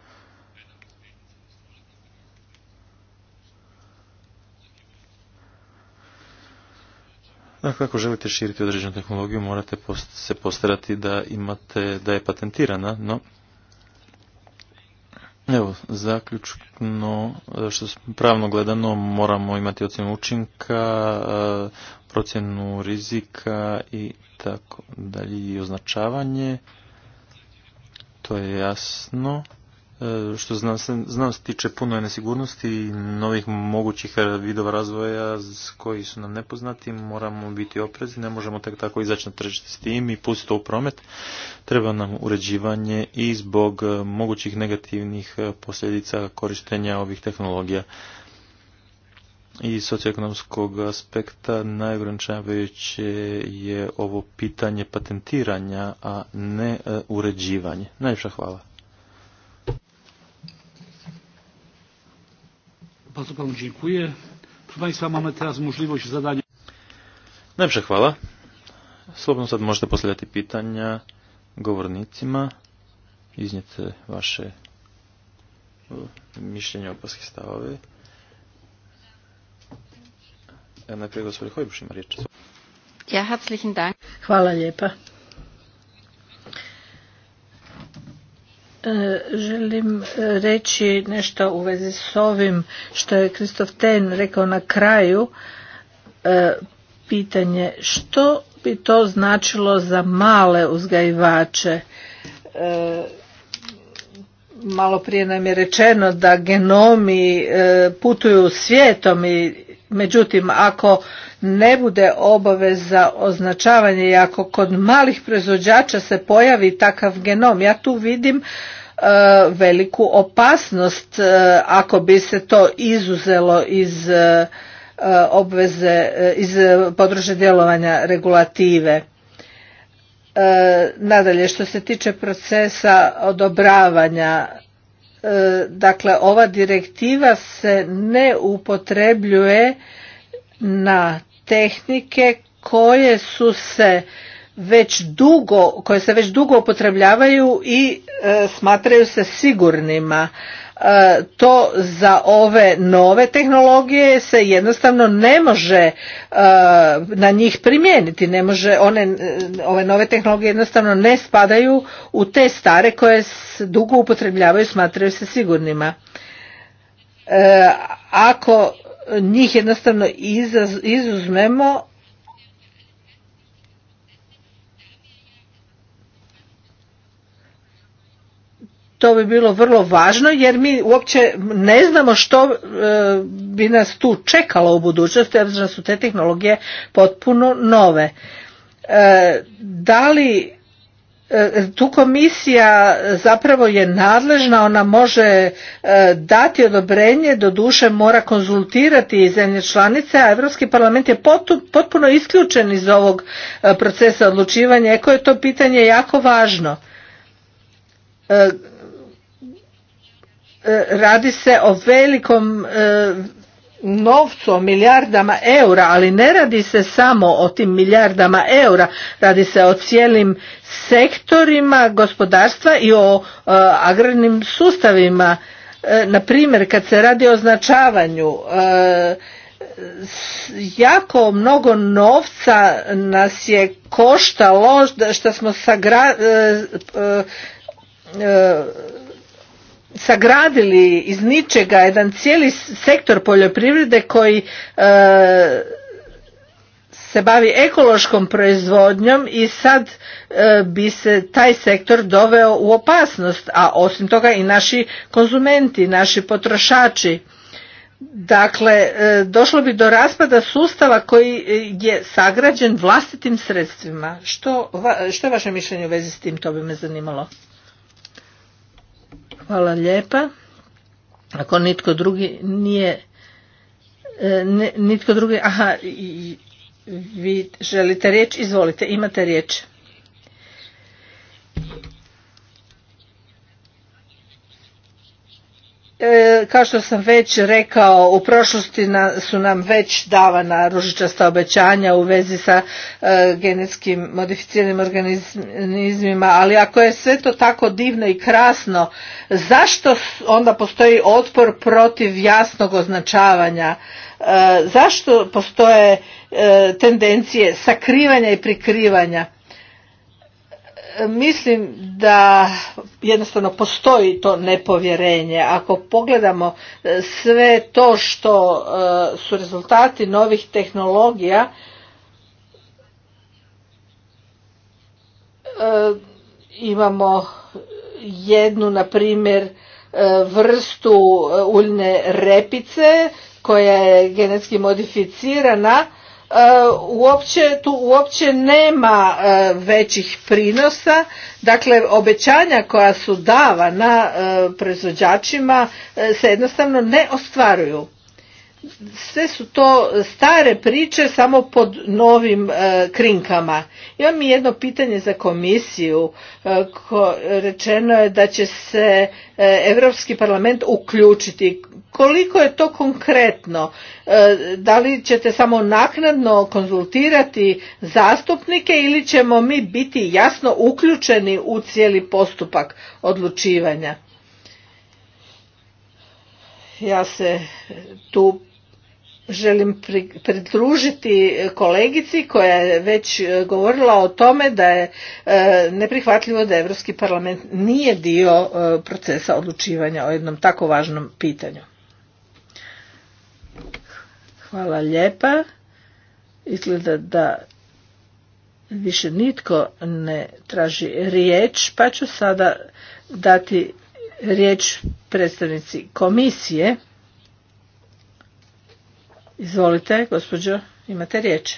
Dakle, ako želite širiti određenu tehnologiju, morate se postarati da imate, da je patentirana, no Evo, zaključno, e, što pravno gledano moramo imati ocjenu učinka, e, procjenu rizika i tako dalje i označavanje. To je jasno. E, što znam se tiče puno je nesigurnosti i novih mogućih vidova razvoja koji su nam nepoznati, moramo biti oprezni, ne možemo tek tako izaći na tržište s tim i pustiti to u promet. Treba nam uređivanje i zbog e, mogućih negativnih e, posljedica korištenja ovih tehnologija i socioekonomskog aspekta najograničavajuće je ovo pitanje patentiranja, a ne uređivanje. Najljepša hvala. Bardzo panu dziękuję. Proszę Państwa, mamy teraz możliwość zadania... Najpierw chwała. Slobodno sad možete postavljati pitanja govornicima, wasze vaše mišljenje opaske stavove. Ja najprije gospodin Hojbuš ima riječ. Ja, herzlichen Dank. Hvala lijepa. E, želim e, reći nešto u vezi s ovim što je Kristof Ten rekao na kraju. E, pitanje što bi to značilo za male uzgajivače? Malo prije nam je rečeno da genomi putuju svijetom i Međutim, ako ne bude obaveza označavanja i ako kod malih proizvođača se pojavi takav genom, ja tu vidim e, veliku opasnost e, ako bi se to izuzelo iz e, obveze, iz područja djelovanja regulative. Nadalje, što se tiče procesa odobravanja E, dakle, ova direktiva se ne upotrebljuje na tehnike koje su se već dugo, koje se već dugo upotrebljavaju i e, smatraju se sigurnima. E, to za ove nove tehnologije se jednostavno ne može e, na njih primijeniti ne može one e, ove nove tehnologije jednostavno ne spadaju u te stare koje dugo upotrebljavaju i smatraju se sigurnima ako njih jednostavno izuzmemo to bi bilo vrlo važno jer mi uopće ne znamo što e, bi nas tu čekalo u budućnosti obzirom su te tehnologije potpuno nove. E, da li e, tu komisija zapravo je nadležna, ona može dati odobrenje, do duše mora konzultirati i zemlje članice, a Europski parlament je potpuno isključen iz ovog procesa odlučivanja, eko je to pitanje jako važno E, radi se o velikom e, novcu, o milijardama eura, ali ne radi se samo o tim milijardama eura, radi se o cijelim sektorima gospodarstva i o e, agrarnim sustavima. Na primjer, kad se radi o označavanju, jako mnogo novca nas je koštalo što smo sagra, sagradili iz ničega jedan cijeli sektor poljoprivrede koji e, se bavi ekološkom proizvodnjom i sad e, bi se taj sektor doveo u opasnost a osim toga i naši konzumenti naši potrošači dakle e, došlo bi do raspada sustava koji je sagrađen vlastitim sredstvima što, va, što je vaše mišljenje u vezi s tim to bi me zanimalo Hvala lijepa. Ako nitko drugi nije... E, nitko drugi... Aha, vi želite riječ? Izvolite, imate riječ. E, kao što sam već rekao u prošlosti su nam već davana ružičasta obećanja u vezi sa e, genetskim modificiranim organizmima ali ako je sve to tako divno i krasno zašto onda postoji otpor protiv jasnog označavanja e, zašto postoje tendencije sakrivanja i prikrivanja mislim da jednostavno postoji to nepovjerenje. Ako pogledamo e, sve to što e, su rezultati novih tehnologija, e, imamo jednu, na primjer, vrstu uljne repice koja je genetski modificirana E, uopće, tu uopće nema e, većih prinosa, dakle obećanja koja su davana e, proizvođačima se jednostavno ne ostvaruju. Sve su to stare priče samo pod novim e, krinkama. Imam i jedno pitanje za komisiju. ko, rečeno je da će se Europski parlament uključiti koliko je to konkretno? E, da li ćete samo naknadno konzultirati zastupnike ili ćemo mi biti jasno uključeni u cijeli postupak odlučivanja? Ja se tu želim pridružiti kolegici koja je već e, govorila o tome da je e, neprihvatljivo da Europski parlament nije dio procesa odlučivanja o jednom tako važnom pitanju. Hvala lijepa. Izgleda da više nitko ne traži riječ, pa ću sada dati riječ predstavnici komisije. Izvolite, gospođo, imate riječ.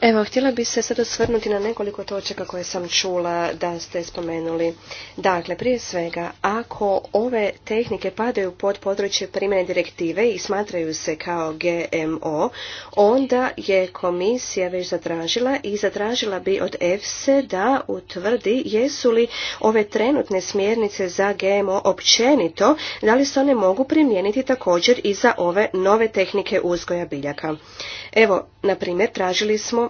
Evo, htjela bih se sada osvrnuti na nekoliko točaka koje sam čula da ste spomenuli. Dakle, prije svega, ako ove tehnike padaju pod područje primjene direktive i smatraju se kao GMO, onda je komisija već zatražila i zatražila bi od EFSE da utvrdi jesu li ove trenutne smjernice za GMO općenito, da li se one mogu primijeniti također i za ove nove tehnike uzgoja biljaka. Evo, na primjer, tražili smo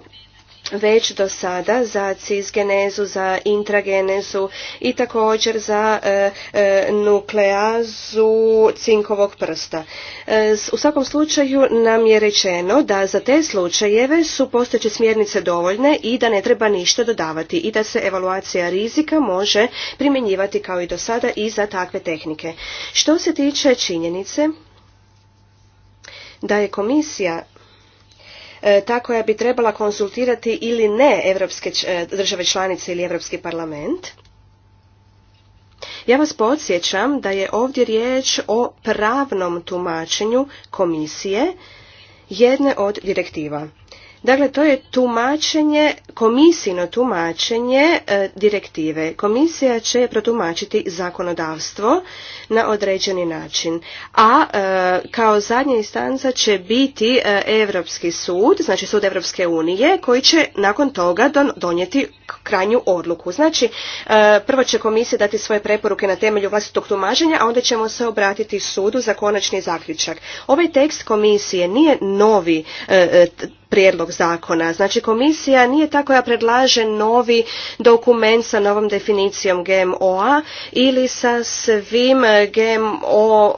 već do sada za cisgenezu, za intragenezu i također za e, e, nukleazu cinkovog prsta. E, u svakom slučaju nam je rečeno da za te slučajeve su postojeće smjernice dovoljne i da ne treba ništa dodavati i da se evaluacija rizika može primjenjivati kao i do sada i za takve tehnike. Što se tiče činjenice da je komisija E, ta koja bi trebala konsultirati ili ne europske e, države članice ili Europski parlament. Ja vas podsjećam da je ovdje riječ o pravnom tumačenju komisije jedne od direktiva. Dakle, to je tumačenje, komisijno tumačenje e, direktive. Komisija će protumačiti zakonodavstvo na određeni način. A e, kao zadnja instanca će biti e, Europski sud, znači sud Evropske unije, koji će nakon toga donijeti krajnju odluku. Znači, prvo će komisija dati svoje preporuke na temelju vlastitog tumačenja, a onda ćemo se obratiti sudu za konačni zaključak. Ovaj tekst komisije nije novi prijedlog zakona. Znači komisija nije ta koja predlaže novi dokument sa novom definicijom GMOA ili sa svim GMO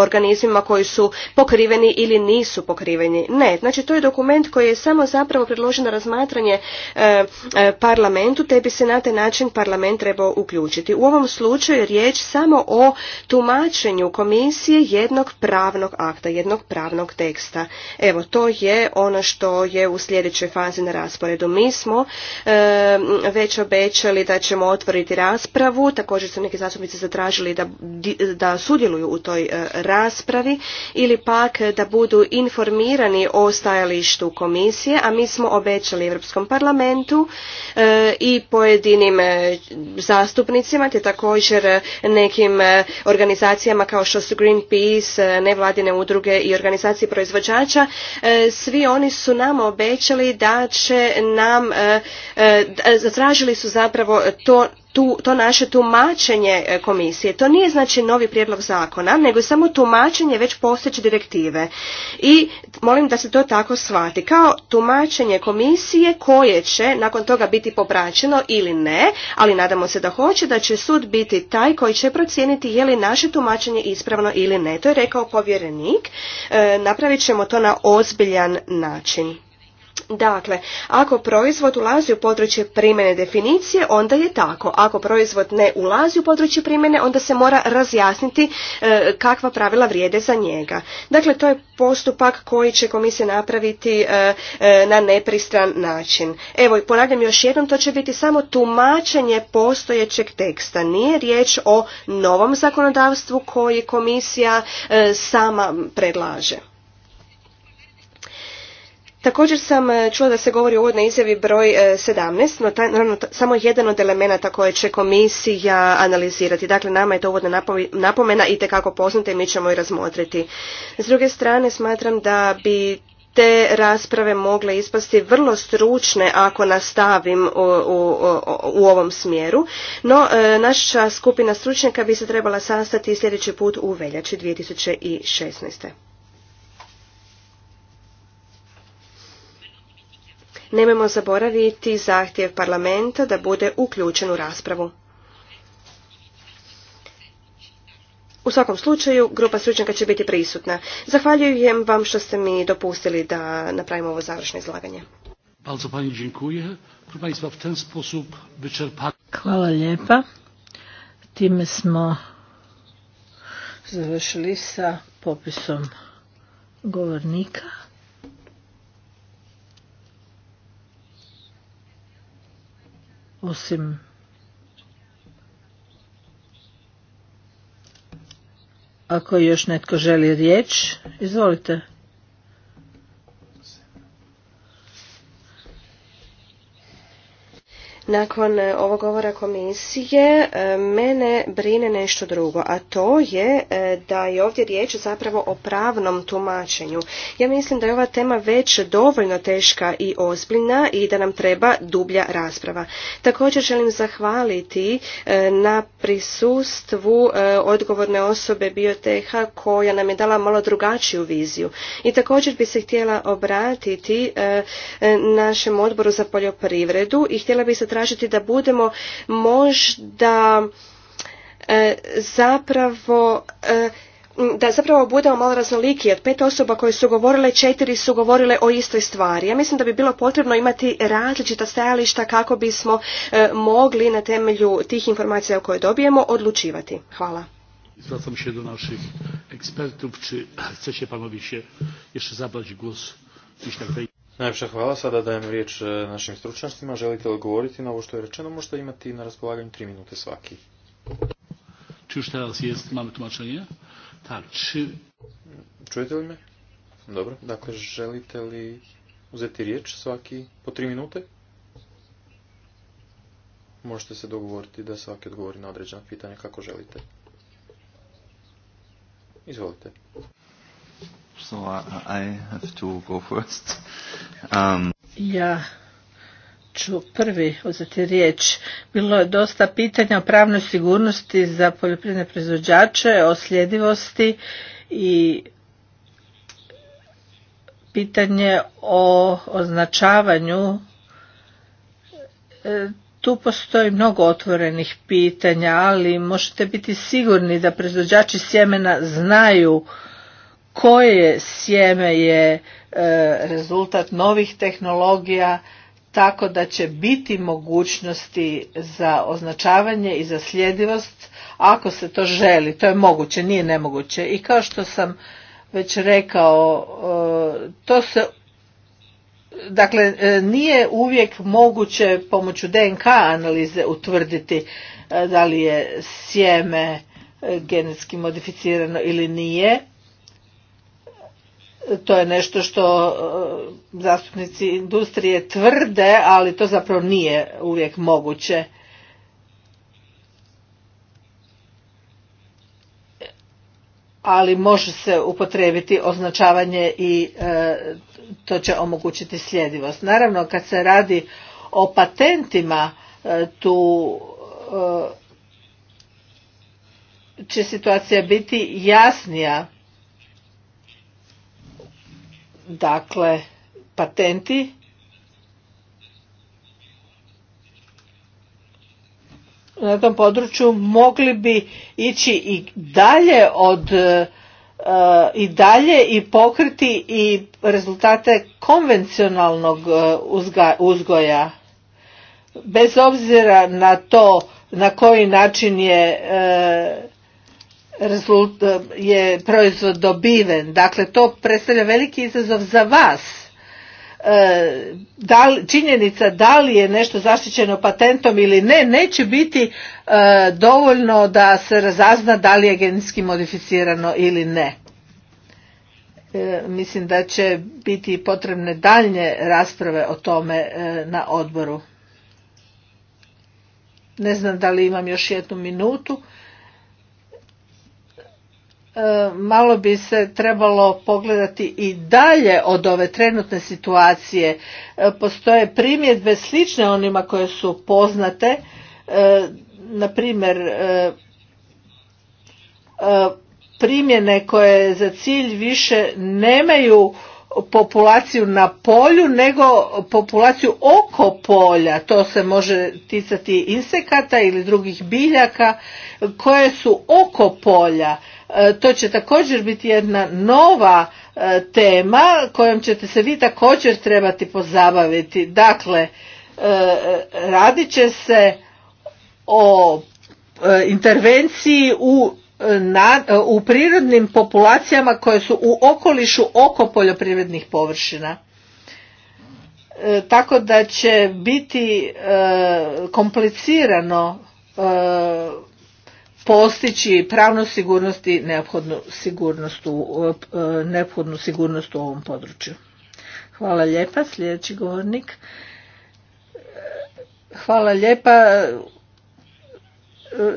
organizmima koji su pokriveni ili nisu pokriveni. Ne, znači to je dokument koji je samo zapravo predložen na razmatranje e, e, parlamentu te bi se na taj način parlament trebao uključiti. U ovom slučaju je riječ samo o tumačenju komisije jednog pravnog akta, jednog pravnog teksta. Evo, to je ono što je u sljedećoj fazi na rasporedu. Mi smo e, već obećali da ćemo otvoriti raspravu, također su neki zastupnici zatražili da, da sudjeluju u toj e, raspravi ili pak da budu informirani o stajalištu komisije, a mi smo obećali Europskom parlamentu e, i pojedinim zastupnicima te također nekim organizacijama kao što su Greenpeace, nevladine udruge i organizacije proizvođača, svi oni su nama obećali da će nam, e, e, e, zatražili su zapravo to tu, to naše tumačenje e, komisije. To nije znači novi prijedlog zakona, nego je samo tumačenje već postojeće direktive. I molim da se to tako shvati. Kao tumačenje komisije koje će nakon toga biti popraćeno ili ne, ali nadamo se da hoće da će sud biti taj koji će procijeniti je li naše tumačenje ispravno ili ne. To je rekao povjerenik. E, napravit ćemo to na ozbiljan način. Dakle, ako proizvod ulazi u područje primjene definicije, onda je tako. Ako proizvod ne ulazi u područje primjene, onda se mora razjasniti e, kakva pravila vrijede za njega. Dakle, to je postupak koji će komisija napraviti e, e, na nepristran način. Evo, ponavljam još jednom, to će biti samo tumačenje postojećeg teksta. Nije riječ o novom zakonodavstvu koji komisija sama predlaže. Također sam e, čula da se govori o uvodnoj izjavi broj 17, e, no taj, naravno, samo jedan od elemenata koje će komisija analizirati. Dakle, nama je to uvodna napomena i tekako poznata i mi ćemo i razmotriti. S druge strane, smatram da bi te rasprave mogle ispasti vrlo stručne ako nastavim u, u ovom smjeru, no e, naša skupina stručnjaka bi se trebala sastati sljedeći put u veljači 2016. Nemojmo zaboraviti zahtjev parlamenta da bude uključen u raspravu. U svakom slučaju, grupa stručnjaka će biti prisutna. Zahvaljujem vam što ste mi dopustili da napravimo ovo završno izlaganje. Hvala lijepa. Time smo završili sa popisom govornika. Osim Ako još netko želi riječ, izvolite. Nakon e, ovog govora komisije e, mene brine nešto drugo, a to je e, da je ovdje riječ zapravo o pravnom tumačenju. Ja mislim da je ova tema već dovoljno teška i ozbiljna i da nam treba dublja rasprava. Također želim zahvaliti na prisustvu odgovorne osobe Bioteha koja nam je dala malo drugačiju viziju. I također bi se htjela obratiti našem odboru za poljoprivredu i htjela bi se tražiti tražiti da budemo možda e, zapravo e, da zapravo budemo malo raznoliki. Od pet osoba koje su govorile, četiri su govorile o istoj stvari. Ja mislim da bi bilo potrebno imati različita stajališta kako bismo e, mogli na temelju tih informacija koje dobijemo odlučivati. Hvala. se do Najpša hvala, sada dajem riječ e, našim stručnostima. Želite li odgovoriti na ovo što je rečeno? Možete imati na raspolaganju tri minute svaki. Čujete jest, Tak, li me? Dobro, dakle, želite li uzeti riječ svaki po tri minute? Možete se dogovoriti da svaki odgovori na određena pitanja kako želite. Izvolite so uh, I have to go first. Um... Ja ću prvi uzeti riječ. Bilo je dosta pitanja o pravnoj sigurnosti za poljoprivredne proizvođače, o sljedivosti i pitanje o označavanju. E, tu postoji mnogo otvorenih pitanja, ali možete biti sigurni da proizvođači sjemena znaju koje sjeme je e, rezultat novih tehnologija tako da će biti mogućnosti za označavanje i za sljedivost ako se to želi. To je moguće, nije nemoguće. I kao što sam već rekao, e, to se dakle e, nije uvijek moguće pomoću DNK analize utvrditi da li je sjeme genetski modificirano ili nije, to je nešto što e, zastupnici industrije tvrde, ali to zapravo nije uvijek moguće. Ali može se upotrijebiti označavanje i e, to će omogućiti sljedivost. Naravno kad se radi o patentima e, tu će situacija biti jasnija Dakle, patenti na tom području mogli bi ići i dalje od e, i dalje i pokriti i rezultate konvencionalnog e, uzgoja bez obzira na to na koji način je e, rezult, eh, je proizvod dobiven. Dakle, to predstavlja veliki izazov za vas. Eh, činjenica da li je nešto zaštićeno patentom ili ne, neće biti eh, dovoljno da se razazna da li je genetski modificirano ili ne. mislim da će biti potrebne daljnje rasprave o tome na odboru. Ne znam da li imam još jednu minutu. E, malo bi se trebalo pogledati i dalje od ove trenutne situacije. E, postoje primjedbe slične onima koje su poznate, e, na primjer primjene koje za cilj više nemaju populaciju na polju nego populaciju oko polja. To se može ticati insekata ili drugih biljaka koje su oko polja E, to će također biti jedna nova e, tema kojom ćete se vi također trebati pozabaviti. Dakle, e, radit će se o intervenciji u u prirodnim populacijama koje su u okolišu oko poljoprivrednih površina. tako da će biti komplicirano postići pravnu sigurnost i neophodnu sigurnost u, e, e, neophodnu sigurnost u ovom području. Hvala lijepa, sljedeći govornik. E, hvala lijepa.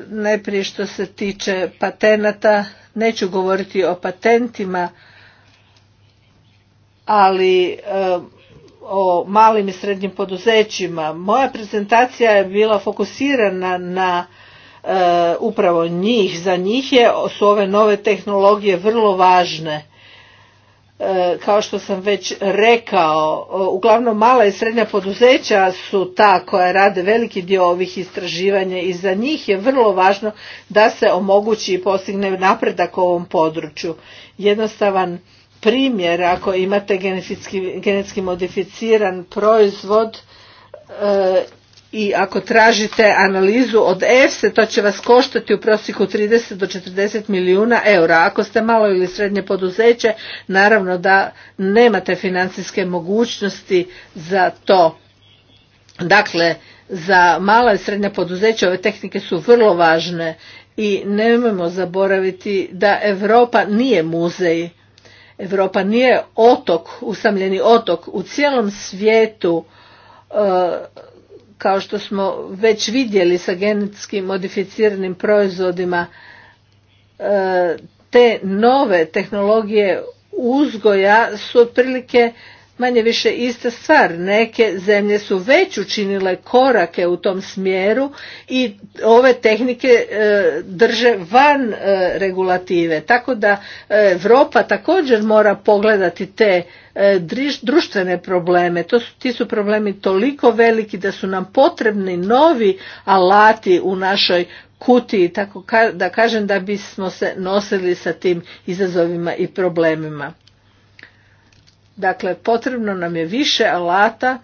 Najprije što se tiče patenata, neću govoriti o patentima, ali o malim i srednjim poduzećima. Moja prezentacija je bila fokusirana na E, upravo njih. Za njih je, su ove nove tehnologije vrlo važne. E, kao što sam već rekao, e, uglavnom mala i srednja poduzeća su ta koja rade veliki dio ovih istraživanja i za njih je vrlo važno da se omogući i postigne napredak u ovom području. Jednostavan primjer, ako imate genetski, genetski modificiran proizvod, i ako tražite analizu od EFSE, to će vas koštati u prosjeku 30 do 40 milijuna eura. Ako ste malo ili srednje poduzeće, naravno da nemate financijske mogućnosti za to. Dakle, za mala i srednja poduzeća ove tehnike su vrlo važne i nemojmo zaboraviti da Europa nije muzej. Europa nije otok, usamljeni otok. U cijelom svijetu e, kao što smo već vidjeli sa genetski modificiranim proizvodima e, te nove tehnologije uzgoja su otprilike manje više ista stvar. Neke zemlje su već učinile korake u tom smjeru i ove tehnike e, drže van e, regulative. Tako da Europa također mora pogledati te e, društvene probleme. To su, ti su problemi toliko veliki da su nam potrebni novi alati u našoj kutiji, tako da kažem da bismo se nosili sa tim izazovima i problemima. Dakle, potrebno nam je više alata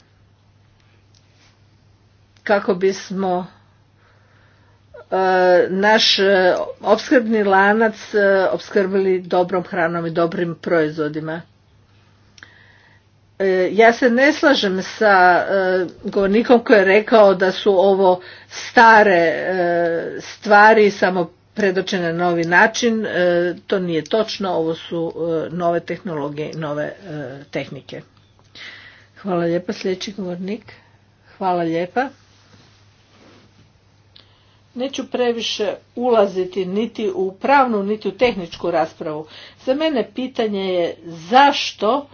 kako bismo e, naš e, opskrbni lanac e, opskrbili dobrom hranom i dobrim proizvodima. Ja se ne slažem sa govornikom koji je rekao da su ovo stare stvari, samo predočene na novi način. E, to nije točno, ovo su e, nove tehnologije i nove e, tehnike. Hvala lijepa, sljedeći govornik. Hvala lijepa. Neću previše ulaziti niti u pravnu, niti u tehničku raspravu. Za mene pitanje je zašto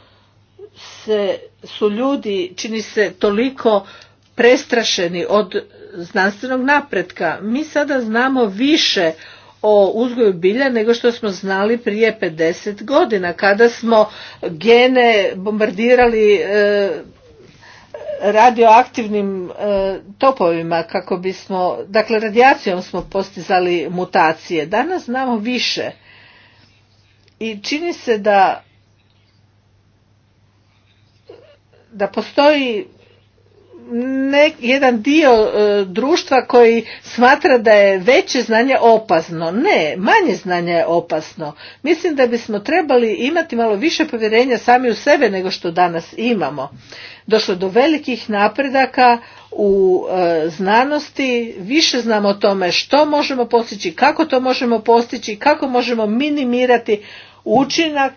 se, su ljudi, čini se, toliko prestrašeni od znanstvenog napretka. Mi sada znamo više o uzgoju bilja nego što smo znali prije 50 godina kada smo gene bombardirali e, radioaktivnim e, topovima kako bismo dakle radijacijom smo postizali mutacije danas znamo više i čini se da da postoji jedan dio e, društva koji smatra da je veće znanje opasno. Ne, manje znanje je opasno. Mislim da bismo trebali imati malo više povjerenja sami u sebe nego što danas imamo. Došlo do velikih napredaka u e, znanosti, više znamo o tome što možemo postići, kako to možemo postići, kako možemo minimirati učinak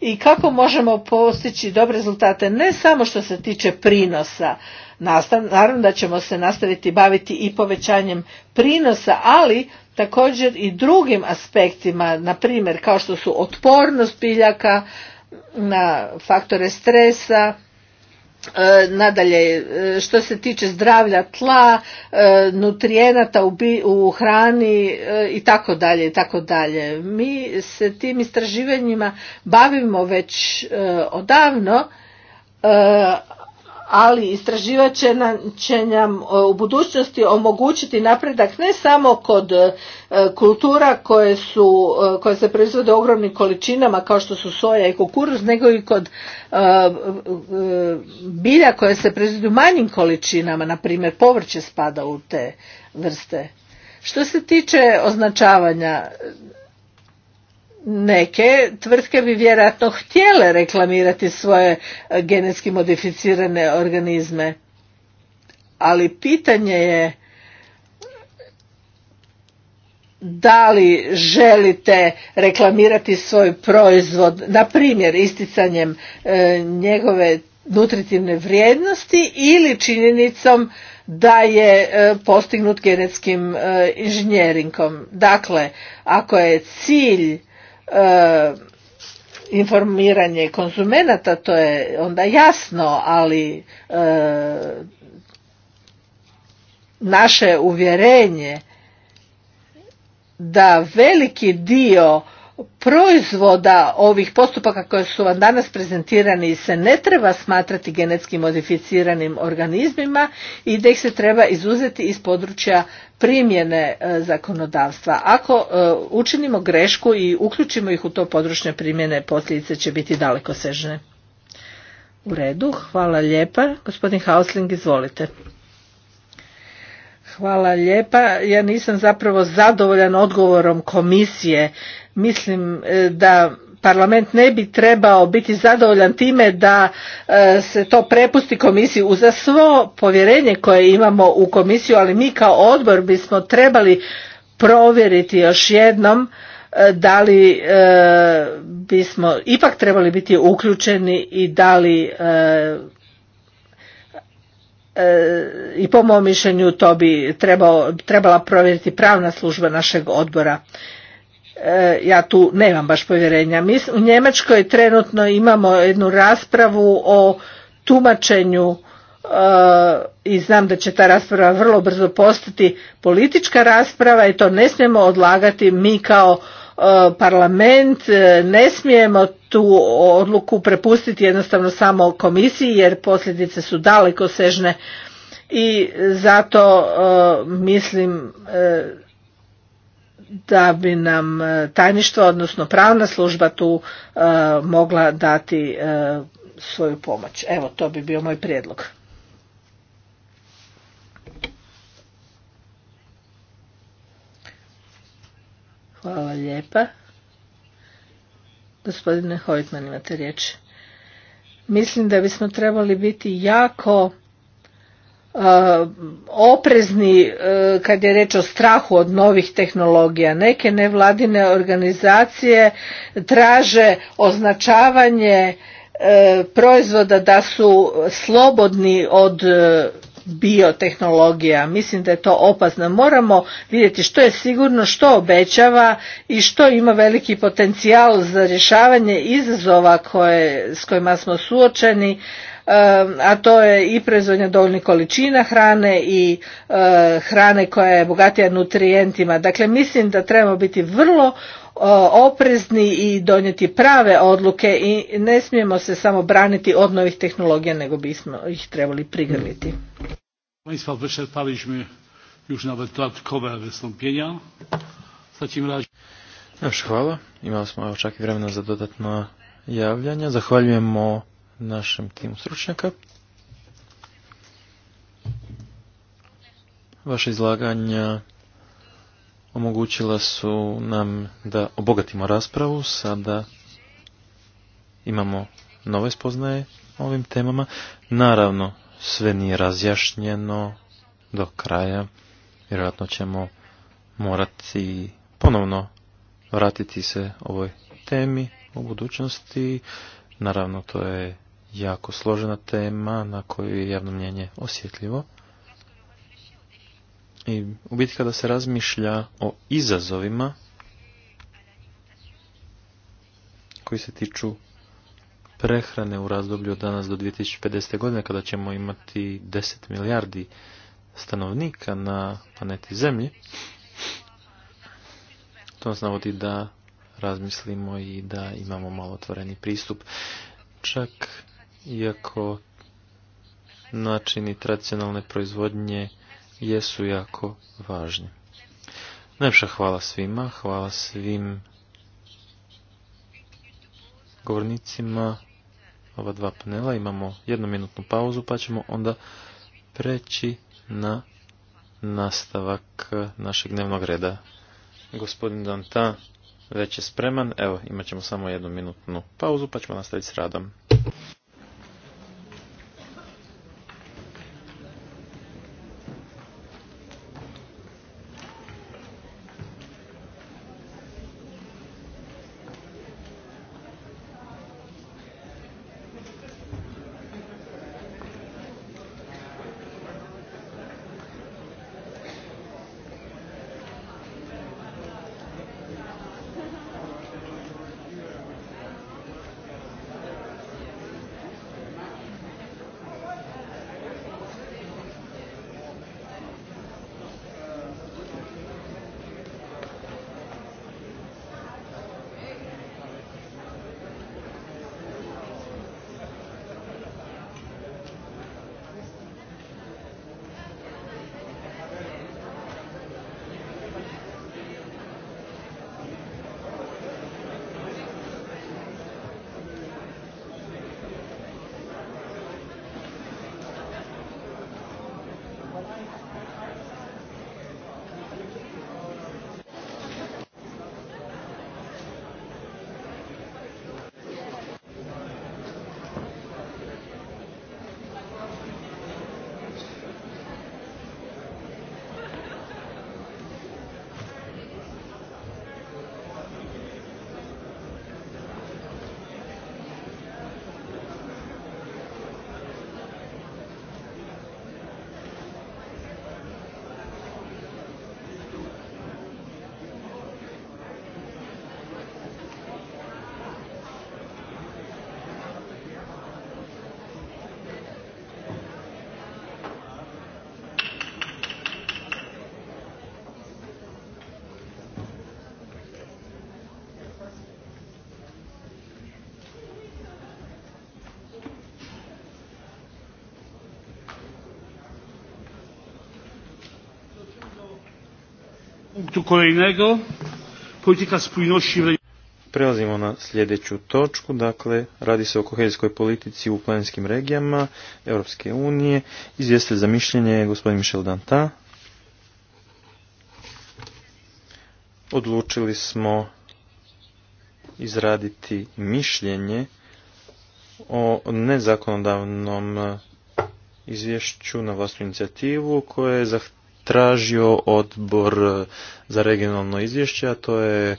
i kako možemo postići dobre rezultate ne samo što se tiče prinosa Naravno da ćemo se nastaviti baviti i povećanjem prinosa, ali također i drugim aspektima, na primjer kao što su otpornost biljaka na faktore stresa, e, nadalje e, što se tiče zdravlja tla e, nutrijenata u hrani i tako dalje i tako dalje mi se tim istraživanjima bavimo već odavno ali istraživače će nam e, u budućnosti omogućiti napredak ne samo kod e, kultura koje, su, e, koje se proizvode ogromnim količinama kao što su soja i kukuruz, nego i kod bilja koje se proizvode u manjim količinama, na primjer povrće spada u te vrste. Što se tiče označavanja, neke tvrtke bi vjerojatno htjele reklamirati svoje e, genetski modificirane organizme. Ali pitanje je da li želite reklamirati svoj proizvod, na primjer isticanjem e, njegove nutritivne vrijednosti ili činjenicom da je e, postignut genetskim inženjeringom. Dakle, ako je cilj E, informiranje konzumenata to je onda jasno ali e, naše uvjerenje da veliki dio proizvoda ovih postupaka koje su vam danas prezentirani se ne treba smatrati genetski modificiranim organizmima i da ih se treba izuzeti iz područja primjene e, zakonodavstva. Ako e, učinimo grešku i uključimo ih u to područje primjene, posljedice će biti daleko sežne. U redu, hvala lijepa. Gospodin Hausling, izvolite. Hvala lijepa. Ja nisam zapravo zadovoljan odgovorom komisije. Mislim e, da parlament ne bi trebao biti zadovoljan time da e, se to prepusti komisiji uza svo povjerenje koje imamo u komisiju, ali mi kao odbor bismo trebali provjeriti još jednom e, da li bismo ipak trebali biti uključeni i da li E, i po mom mišljenju to bi trebala provjeriti pravna služba našeg odbora. E, ja tu nemam baš povjerenja. Mi u Njemačkoj trenutno imamo jednu raspravu o tumačenju e, i znam da će ta rasprava vrlo brzo postati politička rasprava i to ne smijemo odlagati mi kao E, parlament e, ne smijemo tu odluku prepustiti jednostavno samo komisiji jer posljedice su daleko sežne i zato e, mislim da bi nam tajništvo odnosno pravna služba tu mogla dati svoju pomoć. Evo to bi bio moj prijedlog. Hvala lijepa. Gospodine Hojtman, imate riječ. Mislim da bismo trebali biti jako oprezni kad je reč o strahu od novih tehnologija. Neke nevladine organizacije traže označavanje e, proizvoda da su slobodni od biotehnologija. Mislim da je to opasno. Moramo vidjeti što je sigurno, što obećava i što ima veliki potencijal za rješavanje izazova koje, s kojima smo suočeni, e, a to je i proizvodnja dovoljnih količina hrane i e, hrane koja je bogatija nutrijentima. Dakle, mislim da trebamo biti vrlo e, oprezni i donijeti prave odluke i ne smijemo se samo braniti od novih tehnologija nego bismo ih trebali prigrliti. Państwa, wyczerpaliśmy już nawet dodatkowe wystąpienia. W takim razie... Još hvala. Imali smo evo čak i vremena za dodatno javljanja Zahvaljujemo našem timu stručnjaka. Vaše izlaganja omogućila su nam da obogatimo raspravu. Sada imamo nove spoznaje o ovim temama. Naravno, sve nije razjašnjeno do kraja. Vjerojatno ćemo morati ponovno vratiti se ovoj temi u budućnosti. Naravno, to je jako složena tema na koju je javno mnjenje osjetljivo. I u biti kada se razmišlja o izazovima koji se tiču prehrane u razdoblju od danas do 2050. godine kada ćemo imati 10 milijardi stanovnika na planeti Zemlji. To nas navodi da razmislimo i da imamo malo otvoreni pristup. Čak iako načini tradicionalne proizvodnje jesu jako važni. Najpša hvala svima, hvala svim govornicima, ova dva panela. Imamo jednominutnu pauzu pa ćemo onda preći na nastavak našeg dnevnog reda. Gospodin Danta već je spreman. Evo, imat ćemo samo jednu minutnu pauzu pa ćemo nastaviti s radom. punktu kolejnego. Politika spójności Prelazimo na sljedeću točku, dakle radi se o kohezijskoj politici u planinskim regijama Europske unije. Izvijestili za mišljenje je gospodin Michel Danta. Odlučili smo izraditi mišljenje o nezakonodavnom izvješću na vlastnu inicijativu koje je tražio odbor za regionalno izvješće, a to je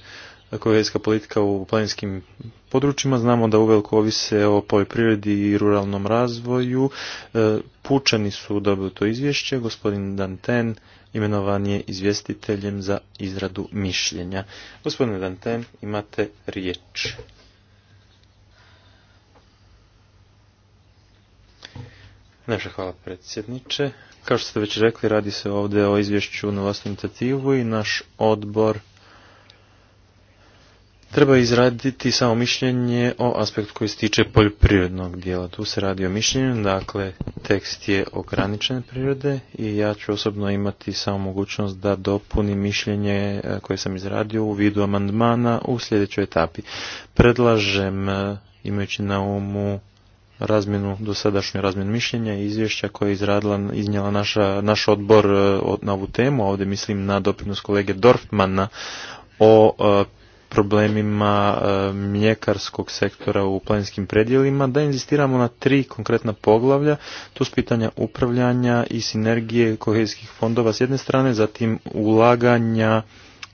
kohezijska politika u planinskim područjima. Znamo da uveliko ovise o poljoprivredi i ruralnom razvoju. E, pučani su dobili to izvješće. Gospodin Danten imenovan je izvjestiteljem za izradu mišljenja. Gospodin Danten, imate riječ. Najviše hvala predsjedniče. Kao što ste već rekli, radi se ovdje o izvješću na vlastnu inicijativu i naš odbor treba izraditi samo mišljenje o aspektu koji se tiče poljoprivrednog dijela. Tu se radi o mišljenju, dakle tekst je ograničene prirode i ja ću osobno imati samo mogućnost da dopunim mišljenje e, koje sam izradio u vidu amandmana u sljedećoj etapi. Predlažem, e, imajući na umu razmjenu, dosadašnju razmjenu mišljenja i izvješća koje je izradila, iznijela naša, naš odbor e, na ovu temu, ovdje mislim na doprinos kolege Dorfmana o e, problemima e, mljekarskog sektora u planinskim predjelima, da inzistiramo na tri konkretna poglavlja, to su pitanja upravljanja i sinergije kohezijskih fondova s jedne strane, zatim ulaganja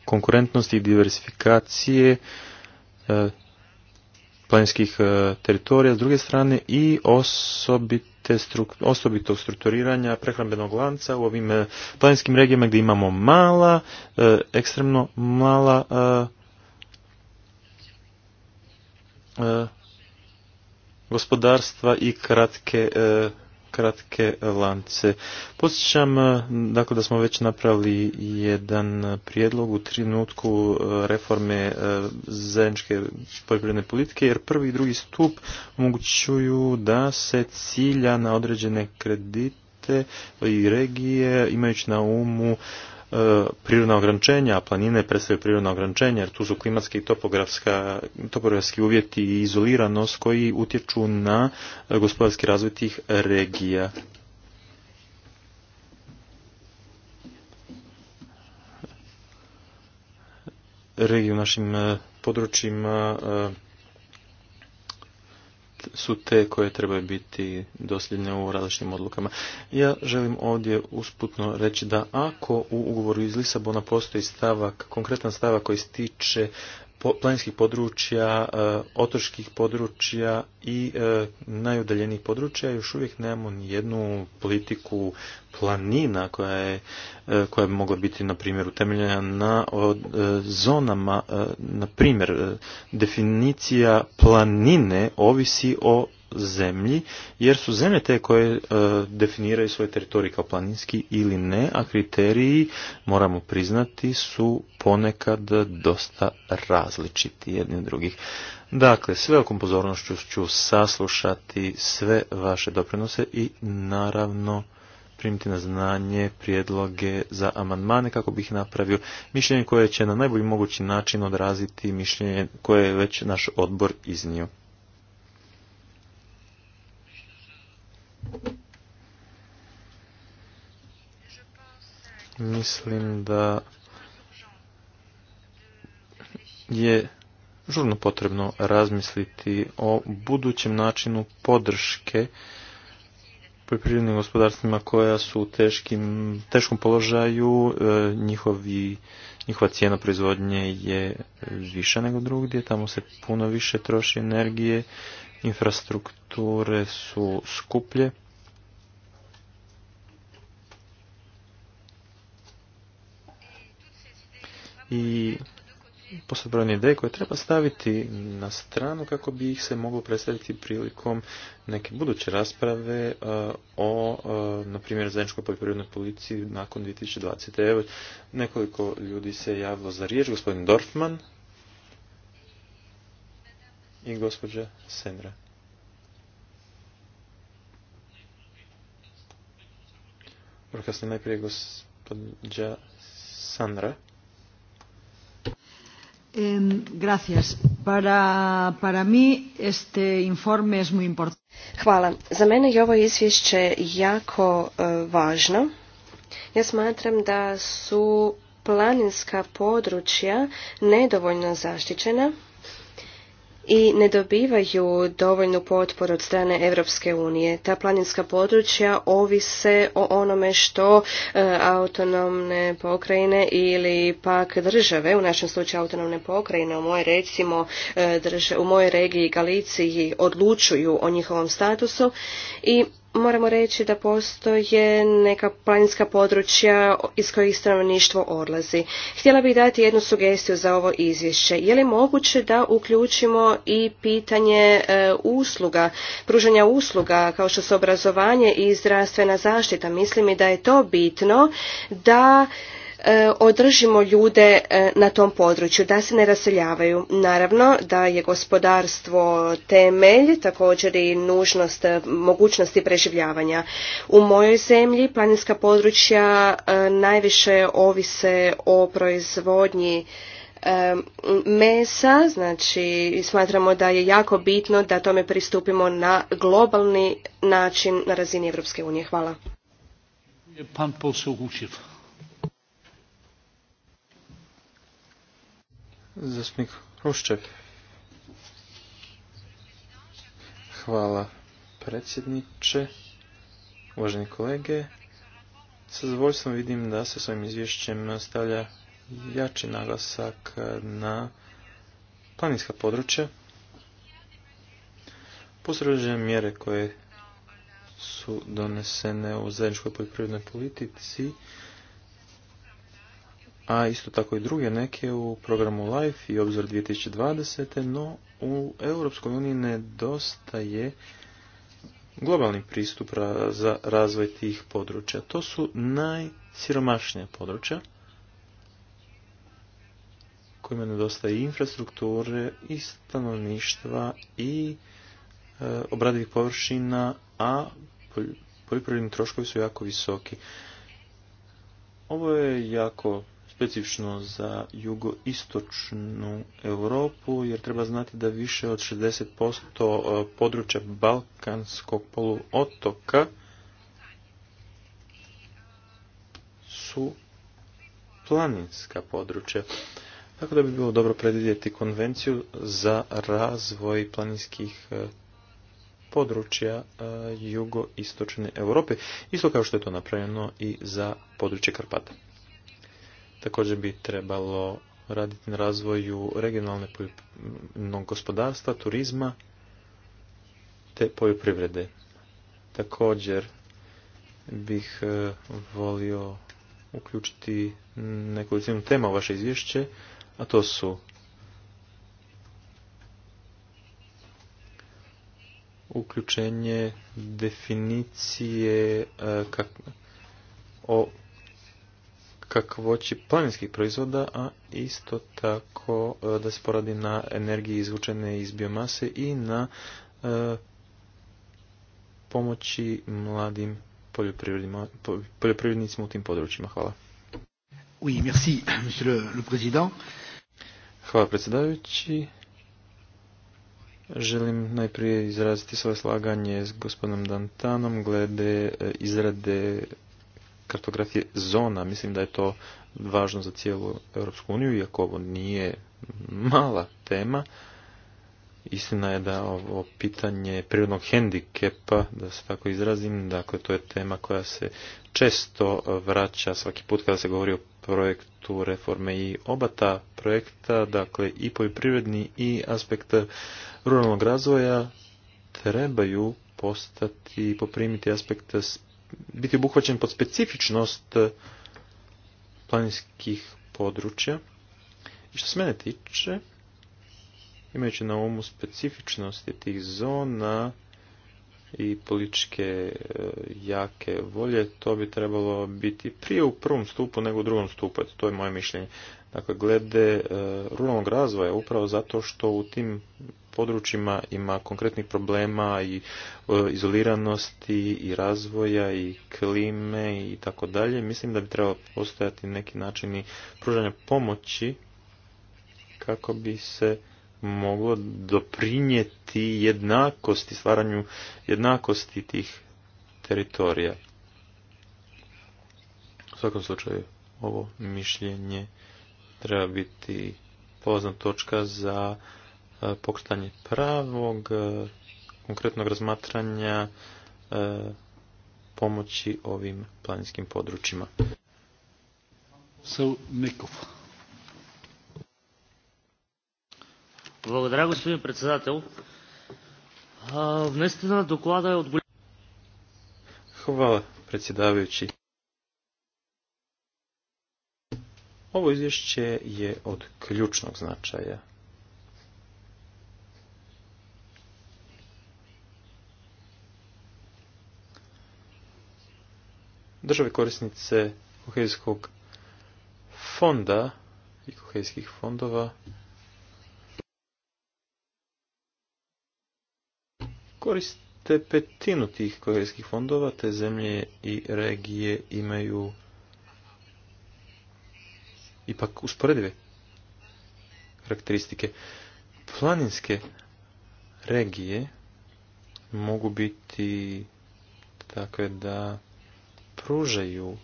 konkurentnosti i diversifikacije, planinskih e, teritorija s druge strane i osobite osobitog strukturiranja prehrambenog lanca u ovim e, planinskim regijama gdje imamo mala, e, ekstremno mala gospodarstva i kratke kratke lance. Posjećam e, dakle, da smo već napravili jedan prijedlog u trenutku e, reforme e, zajedničke poljoprivredne politike, jer prvi i drugi stup omogućuju da se cilja na određene kredite i regije, imajući na umu E, prirodna ograničenja, a planine predstavljaju prirodna ograničenja, jer tu su klimatski i topografski uvjeti i izoliranost koji utječu na gospodarski razvoj tih regija. u našim e, područjima e, su te koje trebaju biti dosljedne u različitim odlukama. Ja želim ovdje usputno reći da ako u ugovoru iz Lisabona postoji stavak, konkretan stavak koji stiče planinskih područja, e, otoških područja i e, najudaljenijih područja još uvijek nemamo ni jednu politiku planina koja je e, koja bi mogla biti na primjer utemeljena na zonama na primjer definicija planine ovisi o zemlji, jer su zemlje te koje e, definiraju svoje teritorije kao planinski ili ne, a kriteriji, moramo priznati, su ponekad dosta različiti jedni od drugih. Dakle, s velikom pozornošću ću saslušati sve vaše doprinose i naravno primiti na znanje prijedloge za amandmane kako bih napravio mišljenje koje će na najbolji mogući način odraziti mišljenje koje je već naš odbor iznio. Mislim da je žurno potrebno razmisliti o budućem načinu podrške poljoprivrednim gospodarstvima koja su u teškim, teškom položaju, e, njihovi, njihova cijena proizvodnje je više nego drugdje, tamo se puno više troši energije infrastrukture su skuplje. I postoje ideje koje treba staviti na stranu kako bi ih se moglo predstaviti prilikom neke buduće rasprave e, o, e, na primjer, zajedničkoj poljoprivrednoj policiji nakon 2020. Evo, nekoliko ljudi se javilo za riječ. Gospodin Dorfman i gospođa Sendra. Prokasne najprije gospođa Sandra. gracias. Para, para mi este informe es muy importante. Hvala. Za mene je ovo izvješće jako e, važno. Ja smatram da su planinska područja nedovoljno zaštićena i ne dobivaju dovoljnu potporu od strane Europske unije. Ta planinska područja ovise o onome što e, autonomne pokrajine ili pak države, u našem slučaju autonomne pokrajine, u moje recimo e, u mojoj regiji Galiciji odlučuju o njihovom statusu i moramo reći da postoje neka planinska područja iz kojih stanovništvo odlazi. Htjela bih dati jednu sugestiju za ovo izvješće. Je li moguće da uključimo i pitanje e, usluga, pružanja usluga kao što su obrazovanje i zdravstvena zaštita? Mislim i da je to bitno da E, održimo ljude e, na tom području, da se ne raseljavaju. Naravno da je gospodarstvo temelj, također i nužnost e, mogućnosti preživljavanja. U mojoj zemlji planinska područja najviše ovise o proizvodnji mesa, znači smatramo da je jako bitno da tome pristupimo na globalni način na razini Europske unije. Hvala. Pan Zastupnik Hvala predsjedniče, uvaženi kolege. Sa zadovoljstvom vidim da se s ovim izvješćem stavlja jači naglasak na planinska područja. Posređene mjere koje su donesene u zajedničkoj poljoprivrednoj politici a isto tako i druge neke u programu LIFE i obzor 2020. No, u Europskoj uniji nedostaje globalni pristup za razvoj tih područja. To su najsiromašnija područja kojima nedostaje infrastrukture i stanovništva i e, obradivih površina, a poljoprivredni troškovi su jako visoki. Ovo je jako specifično za jugoistočnu Europu, jer treba znati da više od 60% e, područja Balkanskog poluotoka su planinska područja. Tako da bi bilo dobro predvidjeti konvenciju za razvoj planinskih e, područja e, jugoistočne Europe, isto kao što je to napravljeno i za područje Karpata. Također bi trebalo raditi na razvoju regionalnog gospodarstva, turizma te poljoprivrede. Također bih e, volio uključiti nekolicinu tema u vaše izvješće, a to su uključenje definicije e, o kakvoći planinskih proizvoda, a isto tako e, da se poradi na energiji izvučene iz biomase i na e, pomoći mladim poljoprivrednicima u tim područjima. Hvala. Oui, Hvala predsjedavajući. Želim najprije izraziti svoje slaganje s gospodinom Dantanom glede e, izrade kartografije zona. Mislim da je to važno za cijelu Europsku uniju, iako ovo nije mala tema. Istina je da ovo pitanje prirodnog hendikepa, da se tako izrazim, dakle to je tema koja se često vraća svaki put kada se govori o projektu reforme i oba ta projekta, dakle i poljoprivredni i aspekt ruralnog razvoja trebaju postati, poprimiti aspekt biti obuhvaćen pod specifičnost e, planinskih područja. I što se mene tiče, imajući na umu specifičnosti tih zona i političke e, jake volje, to bi trebalo biti prije u prvom stupu nego u drugom stupu. to je moje mišljenje. Dakle, glede e, ruralnog razvoja, upravo zato što u tim područjima ima konkretnih problema i e, izoliranosti i razvoja i klime i tako dalje. Mislim da bi trebalo postojati neki načini pružanja pomoći kako bi se moglo doprinijeti jednakosti, stvaranju jednakosti tih teritorija. U svakom slučaju, ovo mišljenje treba biti polazna točka za E, pokretanje pravog, e, konkretnog razmatranja e, pomoći ovim planinskim područjima. Благодаря, господин председател. Внестина доклада е от голям... Хвала, predsjedavajući. Ово izvješće je od ključnog značaja. države korisnice kohezijskog fonda i kohezijskih fondova koriste petinu tih kohezijskih fondova, te zemlje i regije imaju ipak usporedive karakteristike. Planinske regije mogu biti takve da pružaju,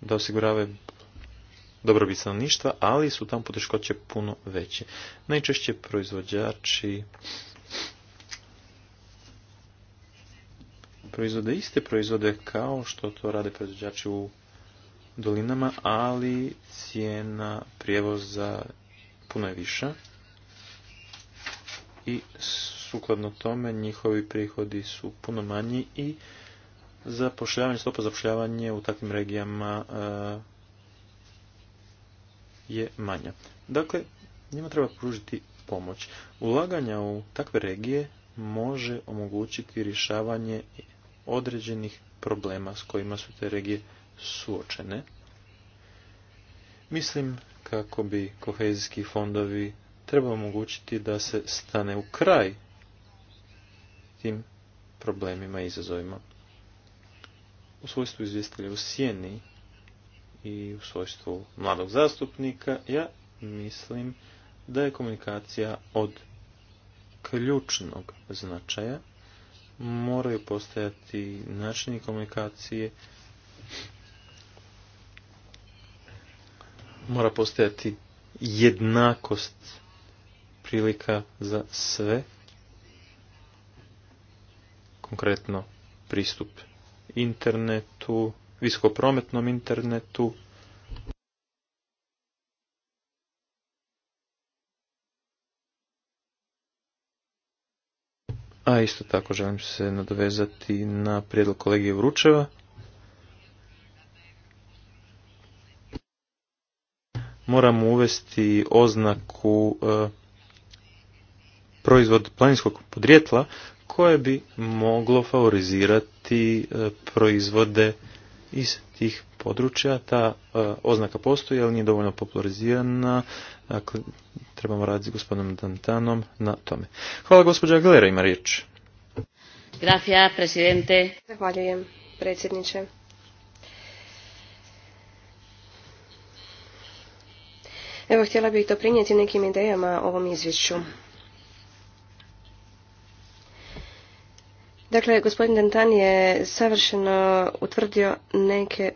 da osiguravaju dobrobit stanovništva, ali su tam poteškoće puno veće. Najčešće proizvođači proizvode iste proizvode kao što to rade proizvođači u dolinama, ali cijena prijevoza puno je viša i sukladno tome njihovi prihodi su puno manji i zapošljavanje, stopa zapošljavanje u takvim regijama e, je manja. Dakle, njima treba pružiti pomoć. Ulaganja u takve regije može omogućiti rješavanje određenih problema s kojima su te regije suočene. Mislim kako bi kohezijski fondovi trebali omogućiti da se stane u kraj tim problemima i izazovima u svojstvu izvjestitelja u Sjeni i u svojstvu mladog zastupnika, ja mislim da je komunikacija od ključnog značaja. Moraju postojati načini komunikacije, mora postojati jednakost prilika za sve, konkretno pristup internetu, viskoprometnom internetu. A isto tako želim se nadovezati na prijedlog kolege Vručeva. Moramo uvesti oznaku e, proizvod planinskog podrijetla koje bi moglo favorizirati e, proizvode iz tih područja. Ta e, oznaka postoji, ali nije dovoljno popularizirana. Dakle, trebamo raditi s gospodinom Dantanom na tome. Hvala gospođa Galera, ima riječ. Grafija, presidente. Zahvaljujem, predsjedniče. Evo, htjela bih to prinijeti nekim idejama ovom izvješću. Dakle, gospodin Dantan je savršeno utvrdio neke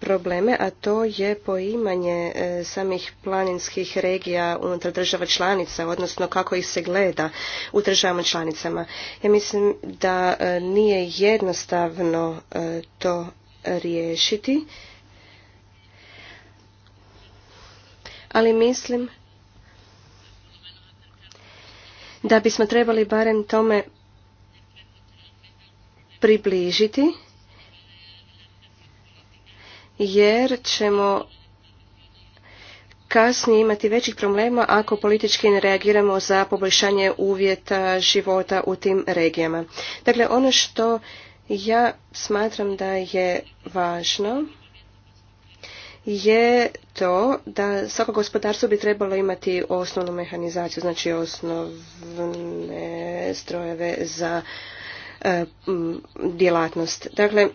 probleme, a to je poimanje e, samih planinskih regija unutar država članica, odnosno kako ih se gleda u državama članicama. Ja mislim da e, nije jednostavno e, to riješiti, ali mislim da bismo trebali barem tome približiti jer ćemo kasnije imati većih problema ako politički ne reagiramo za poboljšanje uvjeta života u tim regijama. Dakle, ono što ja smatram da je važno je to da svako gospodarstvo bi trebalo imati osnovnu mehanizaciju, znači osnovne strojeve za E, djelatnost. Dakle,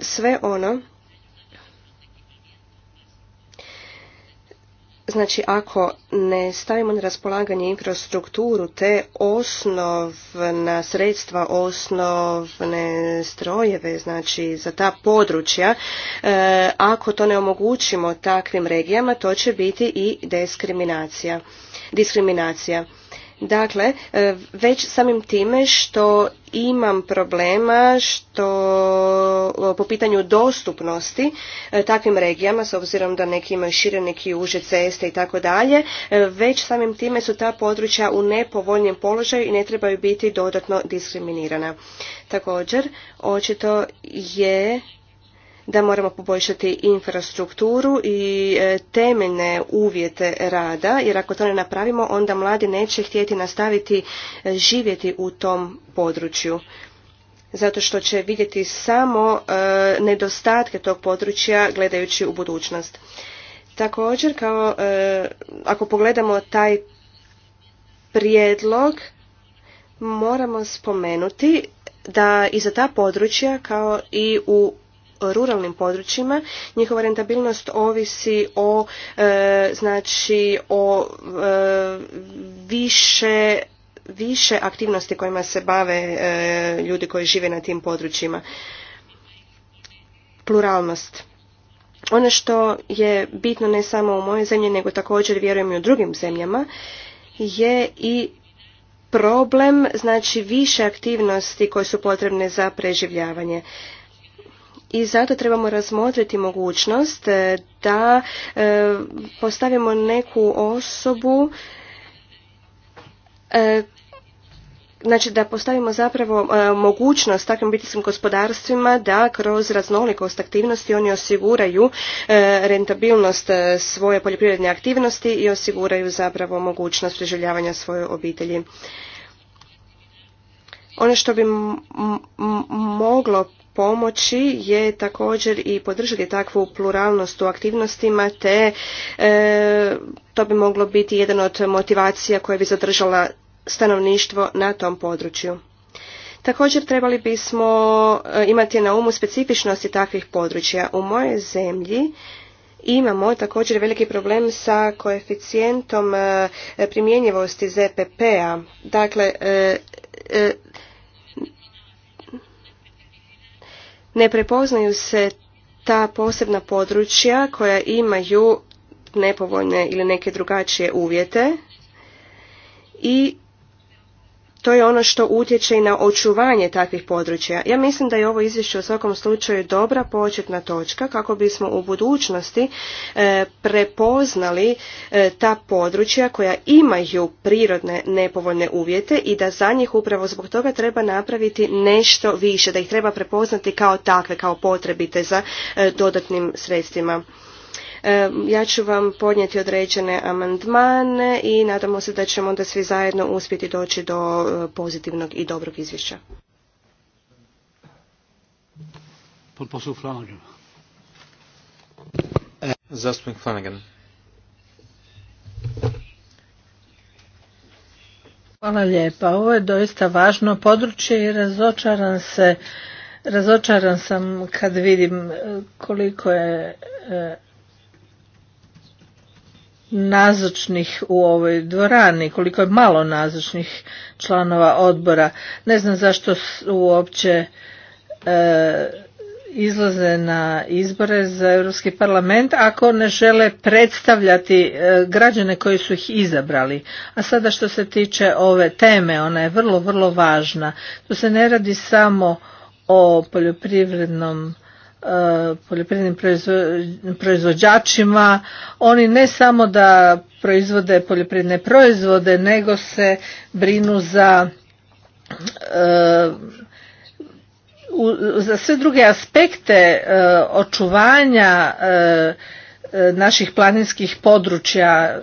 sve ono Znači, ako ne stavimo na raspolaganje infrastrukturu, te osnovna sredstva, osnovne strojeve, znači za ta područja, e, ako to ne omogućimo takvim regijama, to će biti i diskriminacija. diskriminacija. Dakle, e, već samim time što imam problema što e, po pitanju dostupnosti e, takvim regijama, s obzirom da neki imaju šire, neki uže ceste i tako dalje, već samim time su ta područja u nepovoljnijem položaju i ne trebaju biti dodatno diskriminirana. Također, očito je da moramo poboljšati infrastrukturu i e, temeljne uvjete rada, jer ako to ne napravimo, onda mladi neće htjeti nastaviti e, živjeti u tom području zato što će vidjeti samo e, nedostatke tog područja gledajući u budućnost. Također, kao, ako pogledamo taj prijedlog, moramo spomenuti da i za ta područja, kao i u ruralnim područjima njihova rentabilnost ovisi o e, znači o e, više više aktivnosti kojima se bave e, ljudi koji žive na tim područjima pluralnost ono što je bitno ne samo u mojoj zemlji nego također vjerujem i u drugim zemljama je i problem znači više aktivnosti koje su potrebne za preživljavanje i zato trebamo razmotriti mogućnost e, da e, postavimo neku osobu e, Znači da postavimo zapravo mogućnost takvim obiteljskim gospodarstvima da kroz raznolikost aktivnosti oni osiguraju rentabilnost svoje poljoprivredne aktivnosti i osiguraju zapravo mogućnost preživljavanja svoje obitelji. Ono što bi moglo pomoći je također i podržati takvu pluralnost u aktivnostima te e, to bi moglo biti jedan od motivacija koja bi zadržala stanovništvo na tom području. Također trebali bismo e, imati na umu specifičnosti takvih područja. U mojoj zemlji imamo također veliki problem sa koeficijentom e, primjenjivosti ZPP-a. Dakle, ne prepoznaju se ta posebna područja koja imaju nepovoljne ili neke drugačije uvjete i to je ono što utječe i na očuvanje takvih područja. Ja mislim da je ovo izvješće u svakom slučaju dobra početna točka kako bismo u budućnosti e, prepoznali e, ta područja koja imaju prirodne nepovoljne uvjete i da za njih upravo zbog toga treba napraviti nešto više, da ih treba prepoznati kao takve, kao potrebite za e, dodatnim sredstvima. E, ja ću vam podnijeti određene amandmane i nadamo se da ćemo onda svi zajedno uspjeti doći do e, pozitivnog i dobrog izvješća. Zastupnik Flanagan. Hvala lijepa. Ovo je doista važno područje i razočaran se razočaran sam kad vidim e, koliko je nazočnih u ovoj dvorani, koliko je malo nazočnih članova odbora. Ne znam zašto uopće e, izlaze na izbore za Europski parlament ako ne žele predstavljati e, građane koji su ih izabrali. A sada što se tiče ove teme, ona je vrlo, vrlo važna. Tu se ne radi samo o poljoprivrednom poljoprivrednim proizvođačima. Oni ne samo da proizvode poljoprivredne proizvode, nego se brinu za e, za sve druge aspekte e, očuvanja e, naših planinskih područja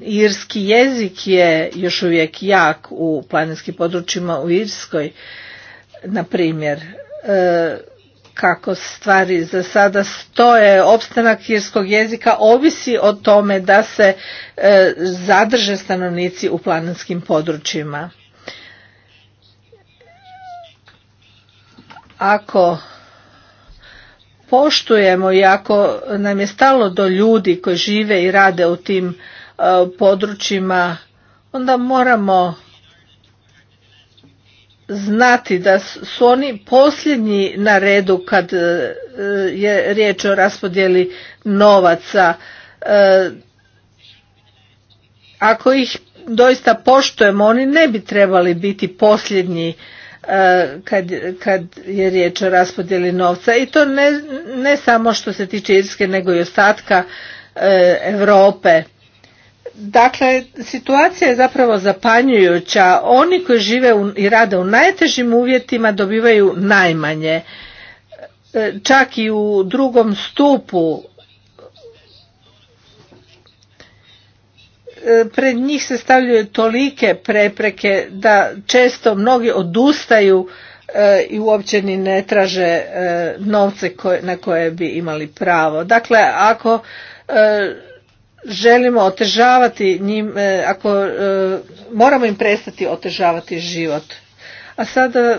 irski jezik je još uvijek jak u planinskim područjima u Irskoj na primjer kako stvari za sada stoje. Opstanak irskog jezika ovisi o tome da se e, zadrže stanovnici u planinskim područjima. Ako poštujemo i ako nam je stalo do ljudi koji žive i rade u tim e, područjima, onda moramo znati da su oni posljednji na redu kad e, je riječ o raspodjeli novaca. E, ako ih doista poštujemo, oni ne bi trebali biti posljednji e, kad, kad je riječ o raspodjeli novca i to ne, ne samo što se tiče Irske nego i ostatka Europe. Dakle, situacija je zapravo zapanjujuća. Oni koji žive i rade u najtežim uvjetima dobivaju najmanje. E, čak i u drugom stupu e, pred njih se stavljaju tolike prepreke da često mnogi odustaju e, i uopće ni ne traže novce na koje bi imali pravo. Dakle, ako želimo otežavati njim, e, ako e, moramo im prestati otežavati život. A sada e,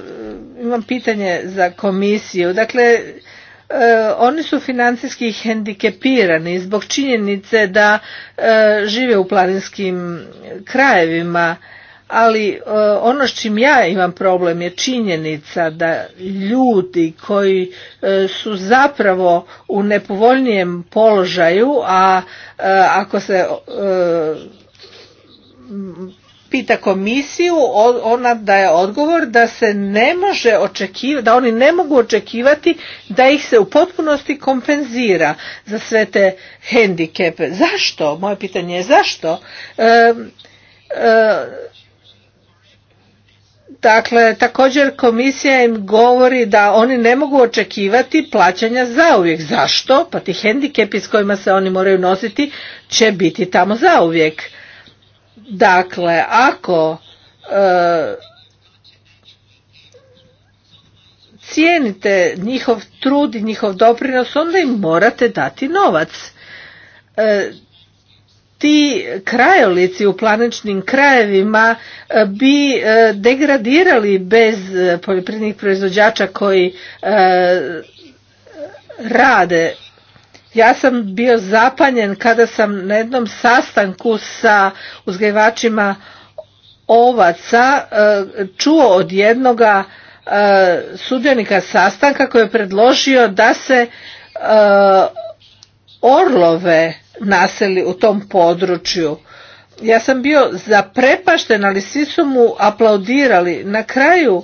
imam pitanje za komisiju. Dakle, oni su financijski hendikepirani zbog činjenice da žive u planinskim krajevima ali e, ono s čim ja imam problem je činjenica da ljudi koji e, su zapravo u nepovoljnijem položaju a e, ako se pita komisiju ona daje odgovor da se ne može očekivati da oni ne mogu očekivati da ih se u potpunosti kompenzira za sve te hendikepe zašto moje pitanje je zašto Dakle, također komisija im govori da oni ne mogu očekivati plaćanja zauvijek. Zašto? Pa ti hendikepi s kojima se oni moraju nositi će biti tamo zauvijek. Dakle, ako e, cijenite njihov trud i njihov doprinos, onda im morate dati novac. E, ti krajolici u planečnim krajevima e, bi e, degradirali bez e, poljoprivrednih proizvođača koji rade. Ja sam bio zapanjen kada sam na jednom sastanku sa uzgajivačima ovaca čuo od jednoga sudionika sastanka koji je predložio da se orlove naseli u tom području. Ja sam bio zaprepašten, ali svi su mu aplaudirali. Na kraju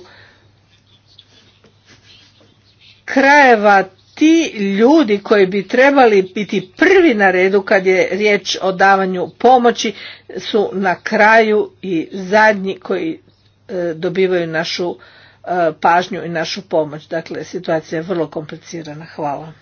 krajeva ti ljudi koji bi trebali biti prvi na redu kad je riječ o davanju pomoći su na kraju i zadnji koji e, dobivaju našu e, pažnju i našu pomoć. Dakle, situacija je vrlo komplicirana. Hvala.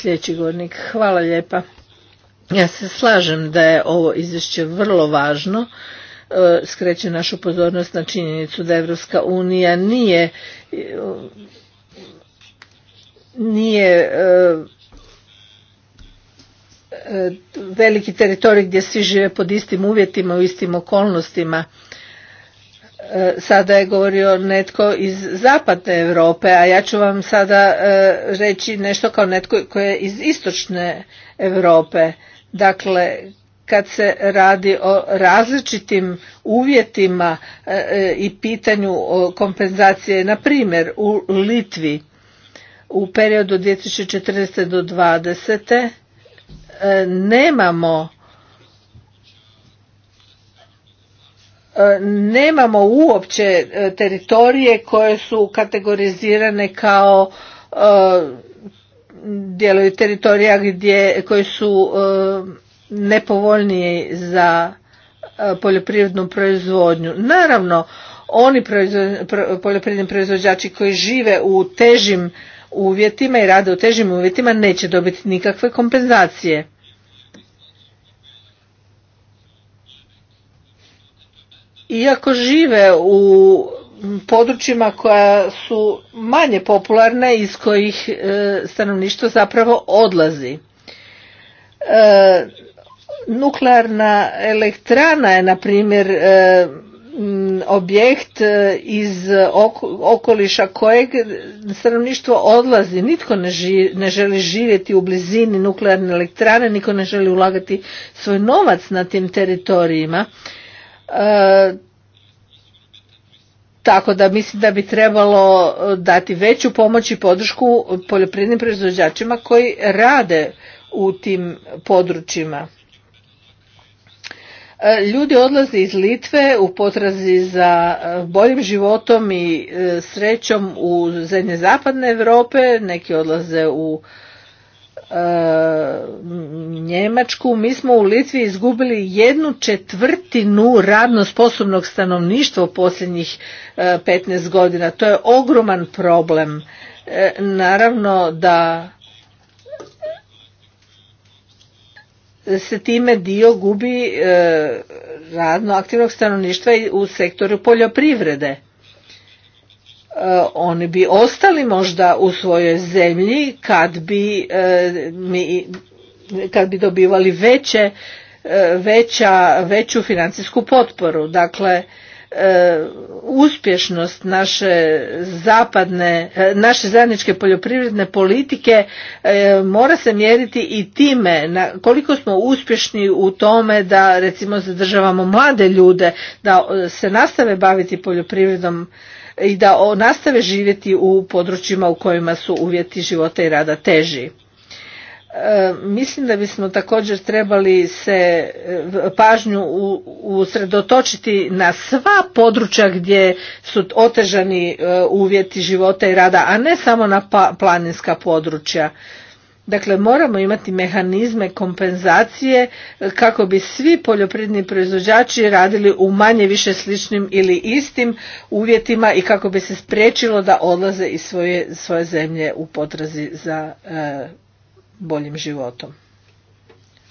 Sljedeći govornik, hvala lijepa. Ja se slažem da je ovo izvješće vrlo važno e, skreće našu pozornost na činjenicu da Evropska unija nije nije e, e, veliki teritorij gdje svi žive pod istim uvjetima u istim okolnostima E, sada je govorio netko iz zapadne Europe, a ja ću vam sada e, reći nešto kao netko koji je iz istočne Europe. Dakle, kad se radi o različitim uvjetima e, i pitanju kompenzacije, na primjer u Litvi u periodu 2014. do 2020. nemamo E, nemamo uopće e, teritorije koje su kategorizirane kao e, dijelovi teritorija gdje, koji su nepovoljniji za poljoprivrednu proizvodnju. Naravno, oni poljoprivredni proizvođači koji žive u težim uvjetima i rade u težim uvjetima neće dobiti nikakve kompenzacije. iako žive u područjima koja su manje popularna iz kojih e, stanovništvo zapravo odlazi. E, nuklearna elektrana je na primjer e, objekt iz okoliša kojeg stanovništvo odlazi. Nitko ne, ne želi živjeti u blizini nuklearne elektrane, niko ne želi ulagati svoj novac na tim teritorijima E, tako da mislim da bi trebalo e, dati veću pomoć i podršku poljoprivrednim proizvođačima koji rade u tim područjima. E, ljudi odlaze iz Litve u potrazi za boljim životom i srećom u zemlje zapadne Europe, neki odlaze u E, Njemačku, mi smo u Litvi izgubili jednu četvrtinu radno sposobnog stanovništva u posljednjih 15 e, godina. To je ogroman problem. E, naravno da se time dio gubi radno aktivnog stanovništva u sektoru poljoprivrede. E, oni bi ostali možda u svojoj zemlji kad bi, e, mi, kad bi dobivali veće, e, veća, veću financijsku potporu. Dakle, uspješnost naše zapadne, naše zajedničke poljoprivredne politike mora se mjeriti i time koliko smo uspješni u tome da recimo zadržavamo mlade ljude da se nastave baviti poljoprivredom i da nastave živjeti u područjima u kojima su uvjeti života i rada teži. E, mislim da bismo također trebali se e, pažnju usredotočiti na sva područja gdje su otežani e, uvjeti života i rada, a ne samo na pa, planinska područja. Dakle, moramo imati mehanizme kompenzacije kako bi svi poljoprivredni proizvođači radili u manje više sličnim ili istim uvjetima i kako bi se spriječilo da odlaze iz svoje, svoje zemlje u potrazi za e, boljim životom.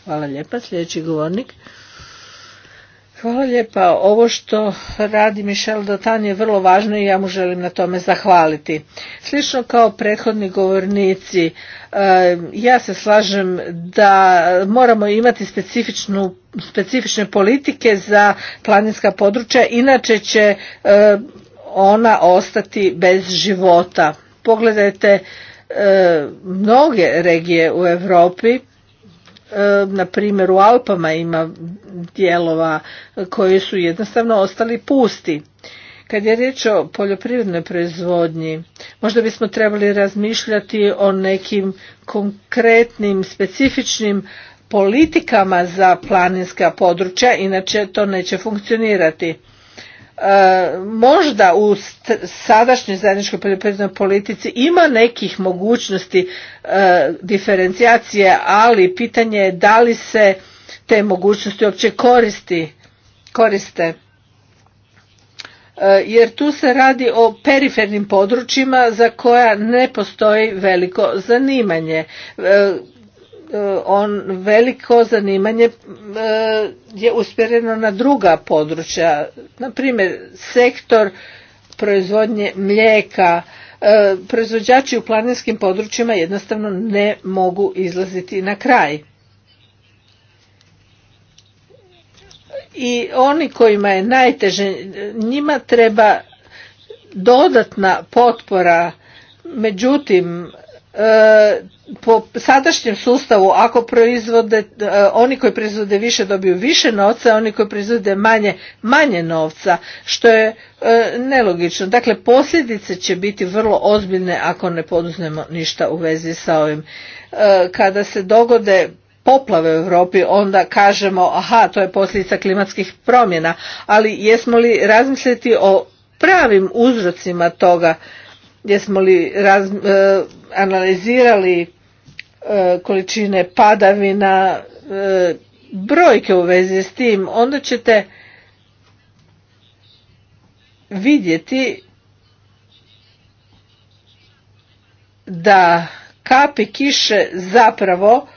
Hvala lijepa. Sljedeći govornik. Hvala lijepa. Ovo što radi Michel Dotan je vrlo važno i ja mu želim na tome zahvaliti. Slično kao prethodni govornici, E, ja se slažem da moramo imati specifičnu, specifične politike za planinska područja, inače će e, ona ostati bez života. Pogledajte e, mnoge regije u Europi, na primjer u Alpama ima dijelova koji su jednostavno ostali pusti. Kad je riječ o poljoprivrednoj proizvodnji, možda bismo trebali razmišljati o nekim konkretnim, specifičnim politikama za planinska područja, inače to neće funkcionirati. E, možda u sadašnjoj zajedničkoj poljoprivrednoj politici ima nekih mogućnosti e, diferencijacije, ali pitanje je da li se te mogućnosti uopće koristi, koriste. E, jer tu se radi o perifernim područjima za koja ne postoji veliko zanimanje. E, e, on veliko zanimanje je usmjereno na druga područja, na primjer sektor proizvodnje mlijeka, proizvođači u planinskim područjima jednostavno ne mogu izlaziti na kraj. i oni kojima je najteže njima treba dodatna potpora međutim e, po sadašnjem sustavu ako proizvode e, oni koji proizvode više dobiju više novca oni koji proizvode manje manje novca što je e, nelogično dakle posljedice će biti vrlo ozbiljne ako ne poduzmemo ništa u vezi sa ovim kada se dogode poplave u Europi, onda kažemo aha, to je posljedica klimatskih promjena, ali jesmo li razmisliti o pravim uzrocima toga, jesmo li e, analizirali e, količine padavina, e, brojke u vezi s tim, onda ćete vidjeti da kapi kiše zapravo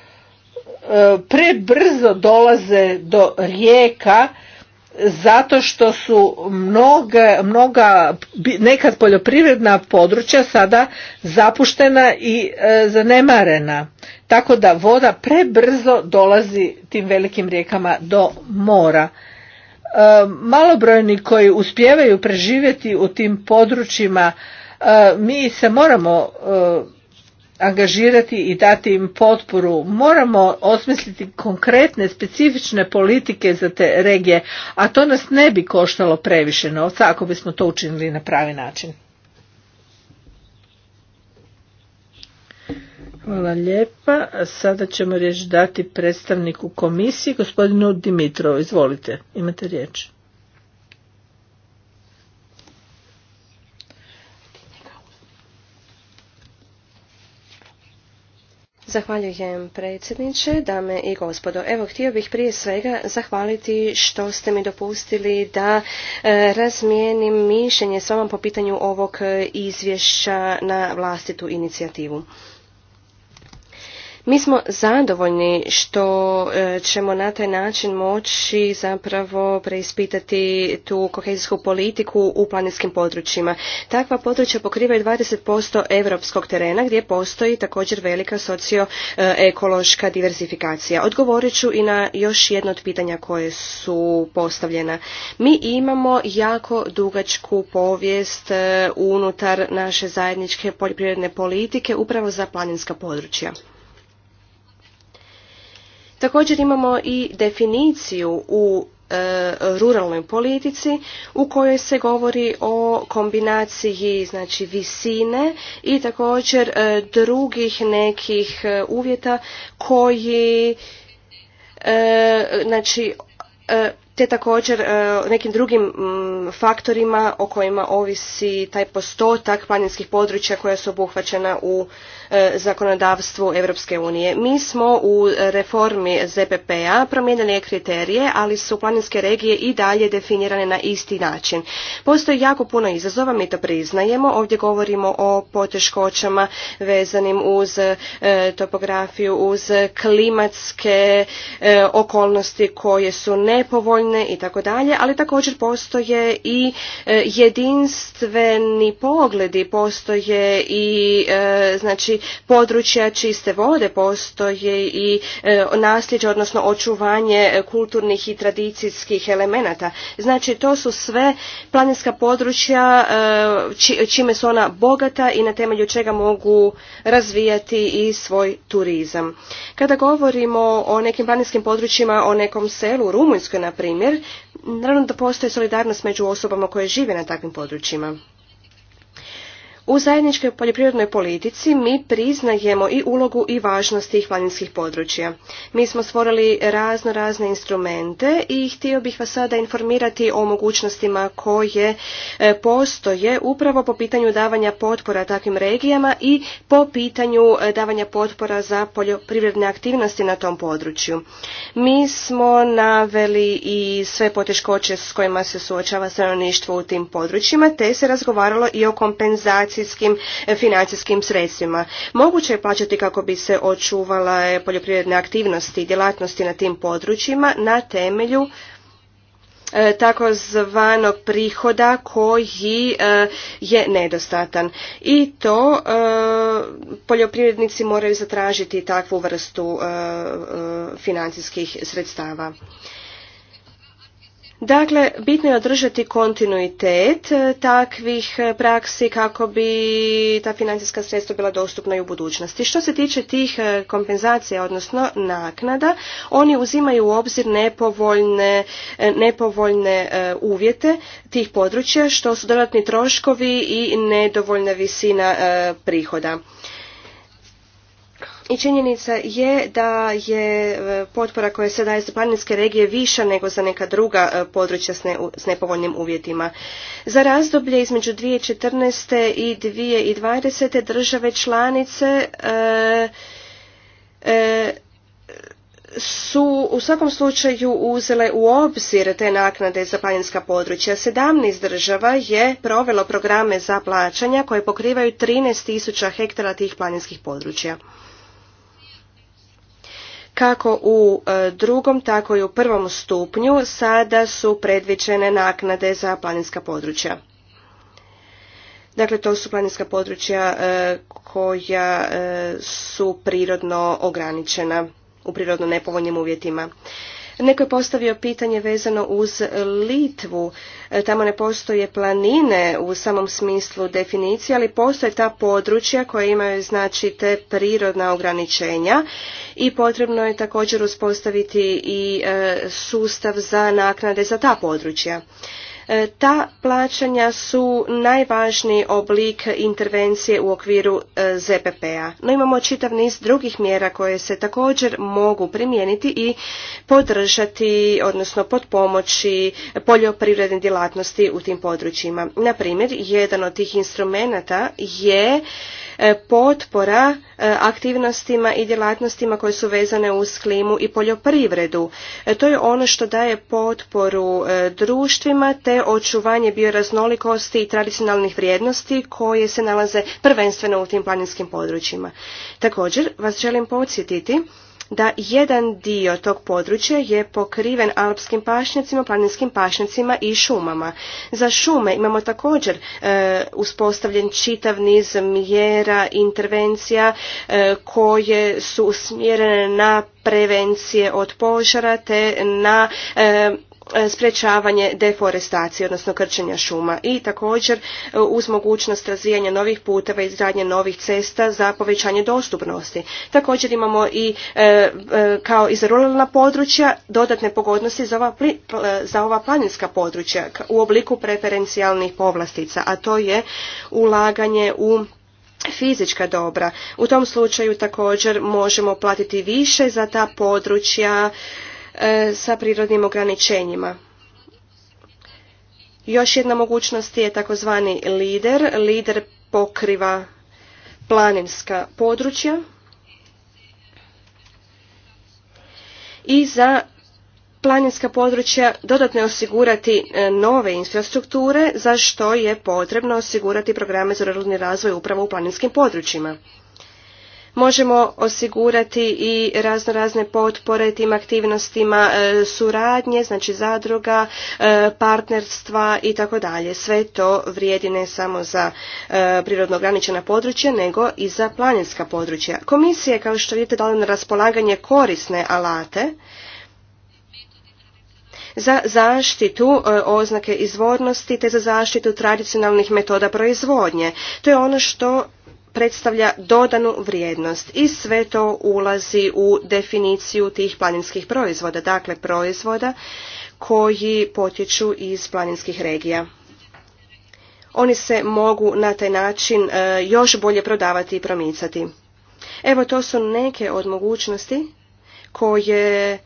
E, prebrzo dolaze do rijeka zato što su mnoga, mnoga nekad poljoprivredna područja sada zapuštena i e, zanemarena tako da voda prebrzo dolazi tim velikim rijekama do mora e, malobrojni koji uspijevaju preživjeti u tim područjima mi se moramo angažirati i dati im potporu. Moramo osmisliti konkretne, specifične politike za te regije, a to nas ne bi koštalo previše novca ako bismo to učinili na pravi način. Hvala lijepa. Sada ćemo riječ dati predstavniku komisije, gospodinu Dimitrov. Izvolite, imate riječ. Zahvaljujem predsjedniče, dame i gospodo. Evo, htio bih prije svega zahvaliti što ste mi dopustili da e, razmijenim mišljenje s vama po pitanju ovog e, izvješća na vlastitu inicijativu. Mi smo zadovoljni što e, ćemo na taj način moći zapravo preispitati tu kohezijsku politiku u planinskim područjima. Takva područja pokrivaju 20% europskog terena gdje postoji također velika socioekološka diversifikacija. Odgovorit ću i na još jedno od pitanja koje su postavljena. Mi imamo jako dugačku povijest e, unutar naše zajedničke poljoprivredne politike upravo za planinska područja. Također imamo i definiciju u e, ruralnoj politici u kojoj se govori o kombinaciji znači visine i također e, drugih nekih e, uvjeta koji znači te također e, nekim drugim faktorima o kojima ovisi taj postotak planinskih područja koja su obuhvaćena u e, zakonodavstvu Europske unije. Mi smo u reformi ZPP-a promijenili kriterije, ali su planinske regije i dalje definirane na isti način. Postoji jako puno izazova, mi to priznajemo. Ovdje govorimo o poteškoćama vezanim uz e, topografiju, uz klimatske okolnosti koje su nepovoljne i tako dalje, ali također postoje i e, jedinstveni pogledi, postoje i e, znači područja čiste vode, postoje i e, nasljeđe, odnosno očuvanje kulturnih i tradicijskih elemenata. Znači to su sve planinska područja čime su ona bogata i na temelju čega mogu razvijati i svoj turizam. Kada govorimo o nekim planinskim područjima, o nekom selu u Rumunjskoj, na primjer, primjer, naravno da postoji solidarnost među osobama koje žive na takvim područjima. U zajedničkoj poljoprivrednoj politici mi priznajemo i ulogu i važnost tih planinskih područja. Mi smo stvorili razno razne instrumente i htio bih vas sada informirati o mogućnostima koje e, postoje upravo po pitanju davanja potpora takvim regijama i po pitanju e, davanja potpora za poljoprivredne aktivnosti na tom području. Mi smo naveli i sve poteškoće s kojima se suočava stanovništvo u tim područjima, te se razgovaralo i o kompenzaciji financijskim, e, financijskim sredstvima. Moguće je plaćati kako bi se očuvala e, poljoprivredne aktivnosti i djelatnosti na tim područjima na temelju e, takozvanog prihoda koji je nedostatan. I to poljoprivrednici moraju zatražiti takvu vrstu financijskih sredstava. Dakle, bitno je održati kontinuitet e, takvih e, praksi kako bi ta financijska sredstva bila dostupna i u budućnosti. Što se tiče tih e, kompenzacija, odnosno naknada, oni uzimaju u obzir nepovoljne, nepovoljne uvjete tih područja, što su dodatni troškovi i nedovoljna visina prihoda i činjenica je da je e, potpora koja se daje za planinske regije viša nego za neka druga e, područja s nepovoljnim uvjetima. Za razdoblje između 2014. i 2020. države članice e, su u svakom slučaju uzele u obzir te naknade za planinska područja. 17 država je provelo programe za plaćanja koje pokrivaju 13.000 hektara tih planinskih područja kako u e, drugom, tako i u prvom stupnju sada su predviđene naknade za planinska područja. Dakle, to su planinska područja e, koja e, su prirodno ograničena u prirodno nepovoljnim uvjetima. Neko je postavio pitanje vezano uz Litvu. E, tamo ne postoje planine u samom smislu definicije, ali postoje ta područja koja imaju znači te prirodna ograničenja i potrebno je također uspostaviti i e, sustav za naknade za ta područja. E, ta plaćanja su najvažniji oblik intervencije u okviru e, ZPP-a. No imamo čitav niz drugih mjera koje se također mogu primijeniti i podržati, odnosno potpomoći poljoprivredne djelatnosti u tim područjima. Na primjer, jedan od tih instrumenata je E, potpora e, aktivnostima i djelatnostima koje su vezane uz klimu i poljoprivredu. E, to je ono što daje potporu društvima te očuvanje bioraznolikosti i tradicionalnih vrijednosti koje se nalaze prvenstveno u tim planinskim područjima. Također vas želim podsjetiti da jedan dio tog područja je pokriven alpskim pašnjacima, planinskim pašnjacima i šumama. Za šume imamo također e, uspostavljen čitav niz mjera, intervencija e, koje su usmjerene na prevencije od požara te na e, E, sprečavanje deforestacije, odnosno krčenja šuma i također e, uz mogućnost razvijanja novih puteva i izgradnje novih cesta za povećanje dostupnosti. Također imamo i e, kao i za ruralna područja dodatne pogodnosti za za ova planinska područja u obliku preferencijalnih povlastica, a to je ulaganje u fizička dobra. U tom slučaju također možemo platiti više za ta područja E, sa prirodnim ograničenjima. Još jedna mogućnost je takozvani lider. Lider pokriva planinska područja. I za planinska područja dodatno je osigurati e, nove infrastrukture za što je potrebno osigurati programe za ruralni razvoj upravo u planinskim područjima možemo osigurati i razno razne potpore tim aktivnostima e, suradnje, znači zadruga, e, partnerstva i tako dalje. Sve to vrijedi ne samo za e, prirodno ograničena područja, nego i za planinska područja. Komisija, kao što vidite, dala na raspolaganje korisne alate za zaštitu oznake izvornosti te za zaštitu tradicionalnih metoda proizvodnje. To je ono što predstavlja dodanu vrijednost i sve to ulazi u definiciju tih planinskih proizvoda, dakle proizvoda koji potječu iz planinskih regija. Oni se mogu na taj način e, još bolje prodavati i promicati. Evo to su neke od mogućnosti koje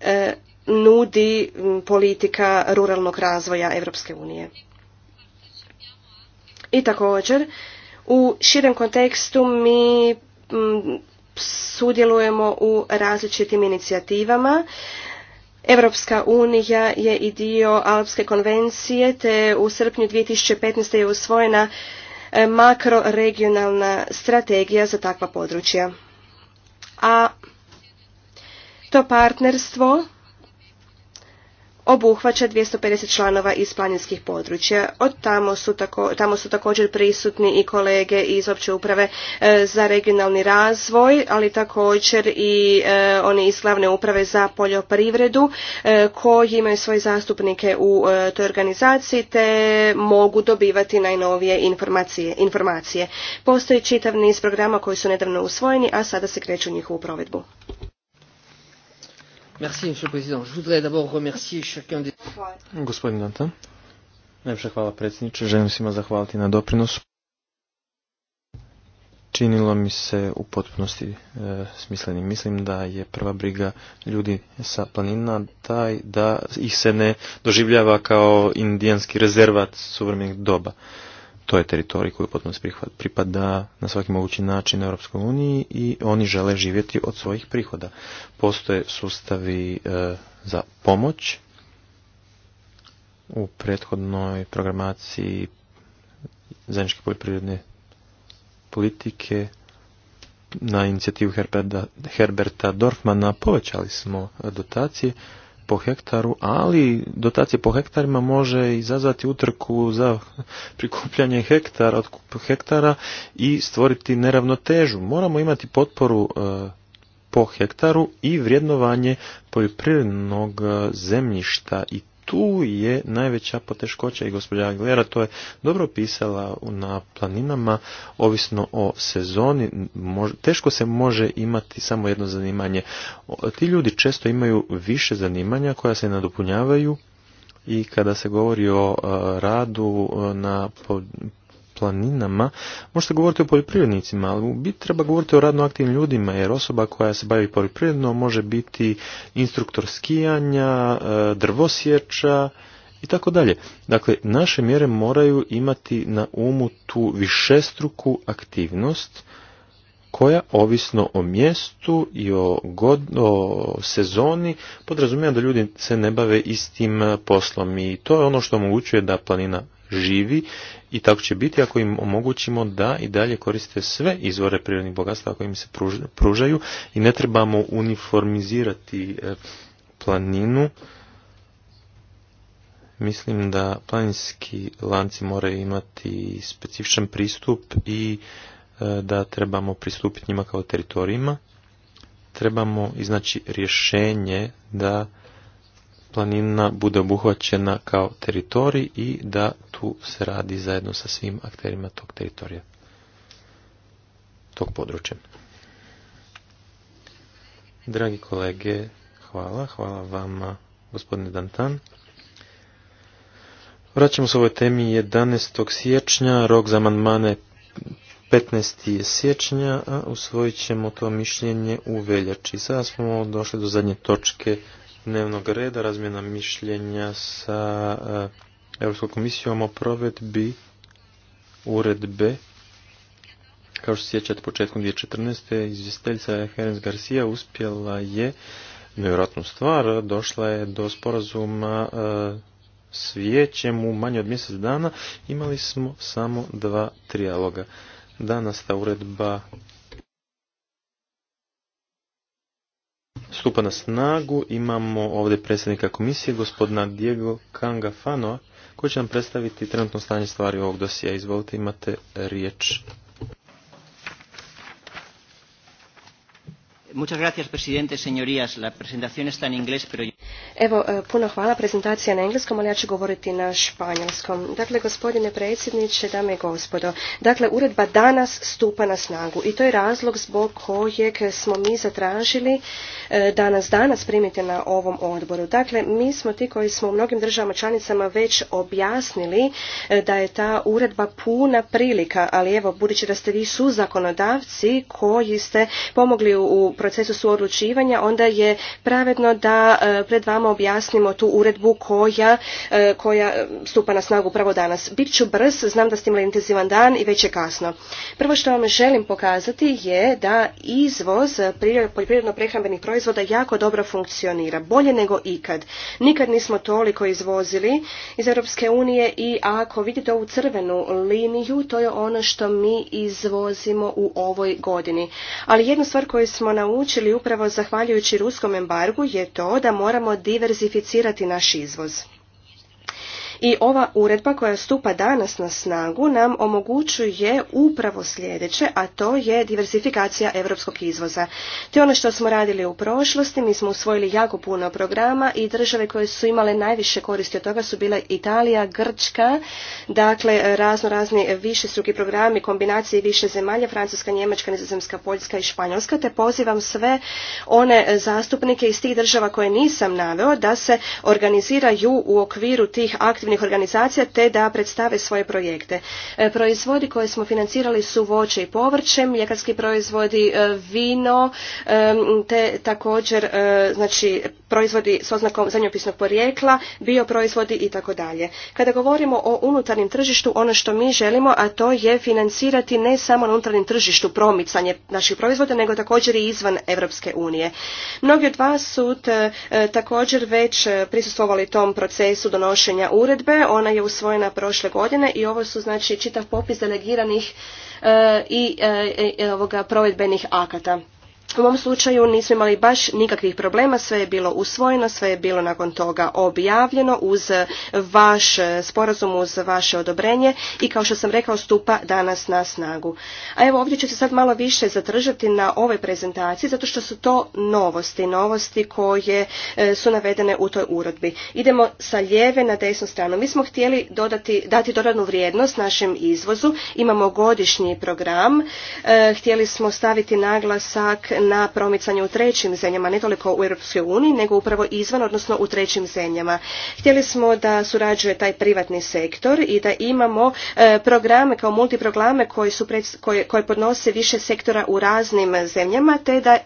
e, nudi politika ruralnog razvoja Europske unije. I također u širem kontekstu mi mm, sudjelujemo u različitim inicijativama. Europska unija je i dio Alpske konvencije, te u srpnju 2015. je usvojena e, makroregionalna strategija za takva područja. A to partnerstvo obuhvaća 250 članova iz planinskih područja. Od tamo su, tako, tamo su također prisutni i kolege iz opće uprave e, za regionalni razvoj, ali također i e, oni iz glavne uprave za poljoprivredu e, koji imaju svoje zastupnike u toj organizaciji te mogu dobivati najnovije informacije. informacije. Postoji čitav niz programa koji su nedavno usvojeni, a sada se kreću njihovu provedbu. Merci, hvala predsjedniče. Želim svima zahvaliti na doprinosu. Činilo mi se u potpunosti e, smislenim. Mislim da je prva briga ljudi sa planina taj da ih se ne doživljava kao indijanski rezervat suvremenih doba to je teritorij koji potpuno pripada na svaki mogući način na Europskoj uniji i oni žele živjeti od svojih prihoda. Postoje sustavi e, za pomoć u prethodnoj programaciji zajedničke poljoprivredne politike na inicijativu Herberta Dorfmana povećali smo dotacije po hektaru, ali dotacija po hektarima može izazvati utrku za prikupljanje hektara, otkup hektara i stvoriti neravnotežu. Moramo imati potporu e, po hektaru i vrijednovanje poljoprivrednog e, zemljišta i tu je najveća poteškoća i gospođa Aguilera to je dobro pisala na planinama, ovisno o sezoni, teško se može imati samo jedno zanimanje. Ti ljudi često imaju više zanimanja koja se nadopunjavaju i kada se govori o radu na planinama, možete govoriti o poljoprivrednicima, ali u biti treba govoriti o radno aktivnim ljudima, jer osoba koja se bavi poljoprivredno može biti instruktor skijanja, e, drvosječa i tako dalje. Dakle, naše mjere moraju imati na umu tu višestruku aktivnost koja, ovisno o mjestu i o, god, o sezoni, podrazumijeva da ljudi se ne bave istim e, poslom i to je ono što omogućuje da planina živi i tako će biti ako im omogućimo da i dalje koriste sve izvore prirodnih bogatstva koje im se pružaju i ne trebamo uniformizirati e, planinu. Mislim da planinski lanci moraju imati specifičan pristup i e, da trebamo pristupiti njima kao teritorijima. Trebamo iznaći rješenje da planina bude obuhvaćena kao teritorij i da tu se radi zajedno sa svim akterima tog teritorija, tog područja. Dragi kolege, hvala, hvala vama gospodine Dantan. Vraćamo se ovoj temi 11. siječnja, rok za amandmane 15. siječnja, a usvojit ćemo to mišljenje u veljači. Sada smo došli do zadnje točke dnevnog reda razmjena mišljenja sa e, Europskom komisijom o provedbi uredbe kao što se sjećate početkom 2014. izvjestiteljica Herens Garcia uspjela je nevjerojatnu stvar, došla je do sporazuma e, s vijećem u manje od mjesec dana imali smo samo dva trijaloga. Danas ta uredba stupa na snagu. Imamo ovdje predsjednika komisije, gospodina Diego Kangafano koji će nam predstaviti trenutno stanje stvari ovog dosija. Izvolite, imate riječ. Muchas gracias, presidente, señorías. Evo, e, puno hvala. Prezentacija na engleskom, ali ja ću govoriti na španjolskom. Dakle, gospodine predsjedniče, dame i gospodo, dakle, uredba danas stupa na snagu i to je razlog zbog kojeg smo mi zatražili e, da nas danas primite na ovom odboru. Dakle, mi smo ti koji smo u mnogim državama članicama već objasnili e, da je ta uredba puna prilika, ali evo, budući da ste vi su zakonodavci koji ste pomogli u procesu suodlučivanja, onda je pravedno da e, pred vama objasnimo tu uredbu koja, e, koja stupa na snagu upravo danas. Bit ću brz, znam da ste imali intenzivan dan i već je kasno. Prvo što vam želim pokazati je da izvoz poljoprivredno-prehrambenih proizvoda jako dobro funkcionira, bolje nego ikad. Nikad nismo toliko izvozili iz Europske unije i ako vidite ovu crvenu liniju, to je ono što mi izvozimo u ovoj godini. Ali jedna stvar koju smo naučili učili upravo zahvaljujući ruskom embargu je to da moramo diverzificirati naš izvoz. I ova uredba koja stupa danas na snagu nam omogućuje upravo sljedeće, a to je diversifikacija europskog izvoza. te ono što smo radili u prošlosti, mi smo usvojili jako puno programa i države koje su imale najviše koristi od toga su bile Italija, Grčka, dakle razno razni struki programi, kombinacije više zemalja, Francuska, Njemačka, Nizozemska, Poljska i Španjolska, te pozivam sve one zastupnike iz tih država koje nisam naveo da se organiziraju u okviru tih aktivnosti organizacija te da predstave svoje projekte. E, proizvodi koje smo financirali su voće i povrće, mljekarski proizvodi, e, vino, e, te također znači, proizvodi s oznakom zemljopisnog porijekla, bioproizvodi i tako dalje. Kada govorimo o unutarnjem tržištu, ono što mi želimo, a to je financirati ne samo na unutarnjem tržištu promicanje naših proizvoda, nego također i izvan Europske unije. Mnogi od vas su također već prisustvovali tom procesu donošenja uredbe uredbe, ona je usvojena prošle godine i ovo su znači čitav popis delegiranih e, i e, e, provedbenih akata. U ovom slučaju nismo imali baš nikakvih problema, sve je bilo usvojeno, sve je bilo nakon toga objavljeno uz vaš sporazum, uz vaše odobrenje i kao što sam rekao stupa danas na snagu. A evo ovdje ću se sad malo više zadržati na ovoj prezentaciji zato što su to novosti, novosti koje e, su navedene u toj urodbi. Idemo sa lijeve na desnu stranu. Mi smo htjeli dodati, dati dodatnu vrijednost našem izvozu, imamo godišnji program, e, htjeli smo staviti naglasak na promicanje u trećim zemljama, ne toliko u Europskoj uniji, nego upravo izvan, odnosno u trećim zemljama. Htjeli smo da surađuje taj privatni sektor i da imamo e, programe kao multiprograme koji su koje, podnose više sektora u raznim zemljama, te da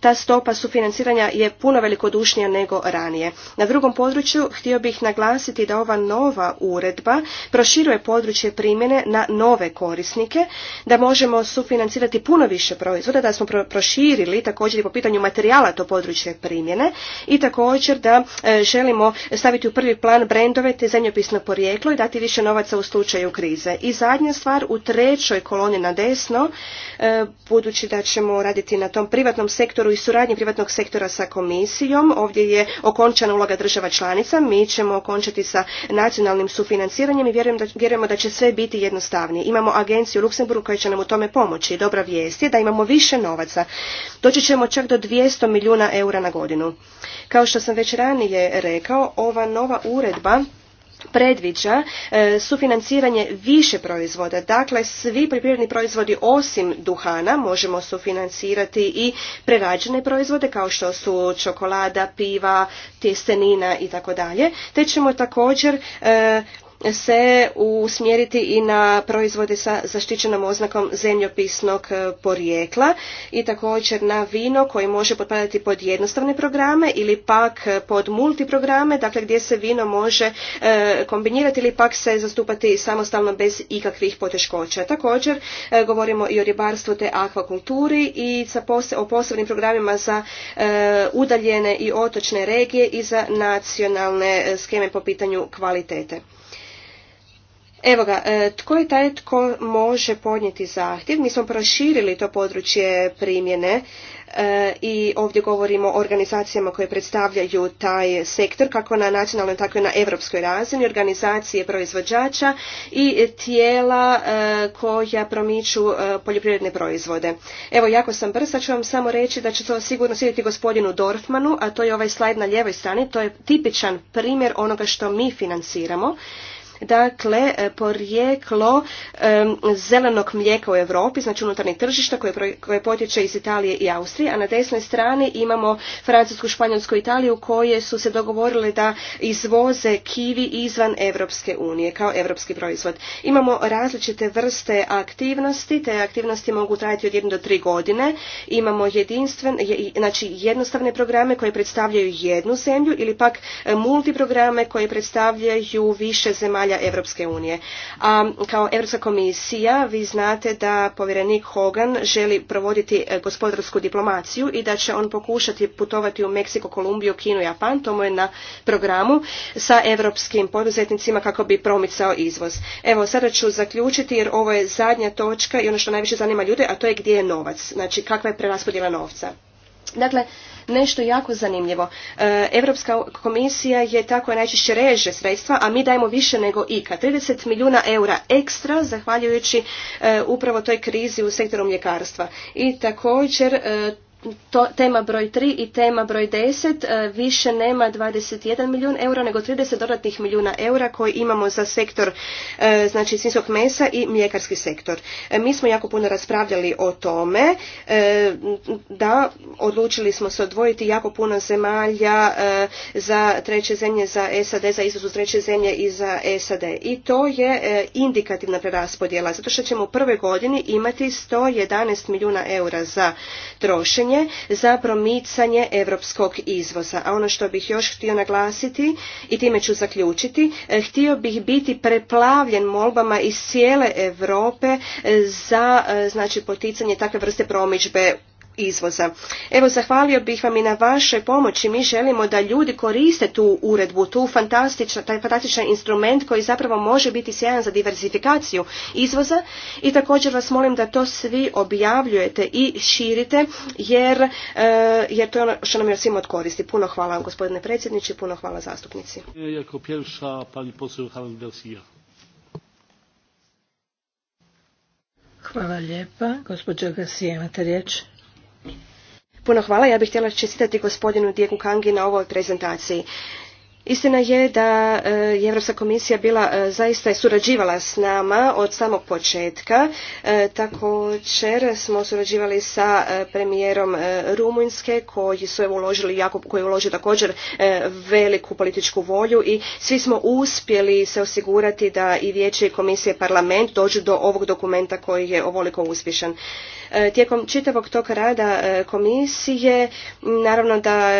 ta stopa sufinanciranja je puno velikodušnija nego ranije. Na drugom području htio bih naglasiti da ova nova uredba proširuje područje primjene na nove korisnike, da možemo sufinancirati puno više proizvoda, da smo proširili proširili također i po pitanju materijala to područje primjene i također da e, želimo staviti u prvi plan brendove te zemljopisno porijeklo i dati više novaca u slučaju krize. I zadnja stvar u trećoj koloni na desno, e, budući da ćemo raditi na tom privatnom sektoru i suradnji privatnog sektora sa komisijom, ovdje je okončana uloga država članica, mi ćemo okončati sa nacionalnim sufinanciranjem i da, vjerujemo da će sve biti jednostavnije. Imamo agenciju u Luksemburgu koja će nam u tome pomoći. Dobra vijest je da imamo više novaca Doći ćemo čak do 200 milijuna eura na godinu. Kao što sam već ranije rekao, ova nova uredba predviđa e, sufinanciranje više proizvoda. Dakle, svi poljoprivredni proizvodi osim duhana možemo sufinancirati i prerađene proizvode kao što su čokolada, piva, tjestenina i tako dalje. Te ćemo također e, se usmjeriti i na proizvode sa zaštićenom oznakom zemljopisnog e, porijekla i također na vino koje može potpadati pod jednostavne programe ili pak e, pod multiprograme, dakle gdje se vino može e, kombinirati ili pak se zastupati samostalno bez ikakvih poteškoća. Također govorimo i o ribarstvu te akvakulturi i o posebnim programima za udaljene i otočne regije i za nacionalne skeme po pitanju kvalitete. Evo ga, e, tko je taj tko može podnijeti zahtjev? Mi smo proširili to područje primjene e, i ovdje govorimo o organizacijama koje predstavljaju taj sektor kako na nacionalnoj tako i na europskoj razini, organizacije proizvođača i tijela e, koja promiču poljoprivredne proizvode. Evo jako sam brza, ću vam samo reći da će to sigurno sjediti gospodinu Dorfmanu, a to je ovaj slajd na lijevoj strani, to je tipičan primjer onoga što mi financiramo dakle e, porijeklo e, zelenog mlijeka u Europi, znači unutarnjeg tržišta koje, koje potječe iz Italije i Austrije, a na desnoj strani imamo Francusku, Španjolsku i Italiju koje su se dogovorile da izvoze kivi izvan Europske unije kao europski proizvod. Imamo različite vrste aktivnosti, te aktivnosti mogu trajati od 1 do tri godine. Imamo jedinstven, znači jednostavne programe koje predstavljaju jednu zemlju ili pak e, multiprograme koje predstavljaju više zemalja zemalja Europske unije. A kao Europska komisija vi znate da povjerenik Hogan želi provoditi e, gospodarsku diplomaciju i da će on pokušati putovati u Meksiko, Kolumbiju, Kinu, Japan, to mu je na programu sa europskim poduzetnicima kako bi promicao izvoz. Evo, sada ću zaključiti jer ovo je zadnja točka i ono što najviše zanima ljude, a to je gdje je novac, znači kakva je preraspodjela novca. Dakle, nešto jako zanimljivo. Europska komisija je tako najčešće reže sredstva, a mi dajemo više nego IKA. 30 milijuna eura ekstra zahvaljujući e, upravo toj krizi u sektoru mljekarstva. I također e, tema broj 3 i tema broj 10 e, više nema 21 milijun eura nego 30 dodatnih milijuna eura koji imamo za sektor e, znači svinskog mesa i mljekarski sektor. E, mi smo jako puno raspravljali o tome da odlučili smo se odvojiti jako puno zemalja za treće zemlje, za SAD, za izvoz treće zemlje i za SAD. I to je indikativna preraspodjela zato što ćemo u prvoj godini imati 111 milijuna eura za trošenje za promicanje europskog izvoza. A ono što bih još htio naglasiti i time ću zaključiti, e, htio bih biti preplavljen molbama iz cijele Europe e, za e, znači poticanje takve vrste promidžbe izvoza. Evo, zahvalio bih vam i na vašoj pomoći. Mi želimo da ljudi koriste tu uredbu, tu fantastičan, taj fantastičan instrument koji zapravo može biti sjajan za diversifikaciju izvoza i također vas molim da to svi objavljujete i širite jer, e, jer to je ono što nam je svima od koristi. Puno hvala vam gospodine predsjedniče puno hvala zastupnici. E, hvala lijepa. imate riječ. Puno hvala, ja bih htjela čestitati gospodinu Dijegu Kangi na ovoj prezentaciji. Istina je da e, je Europska komisija bila e, zaista je surađivala s nama od samog početka. E, također smo surađivali sa premijerom Rumunjske koji su uložili jako, koji je uložio također veliku političku volju i svi smo uspjeli se osigurati da i vijeće i komisije parlament dođu do ovog dokumenta koji je ovoliko uspješan. E, tijekom čitavog tog rada e, komisije naravno da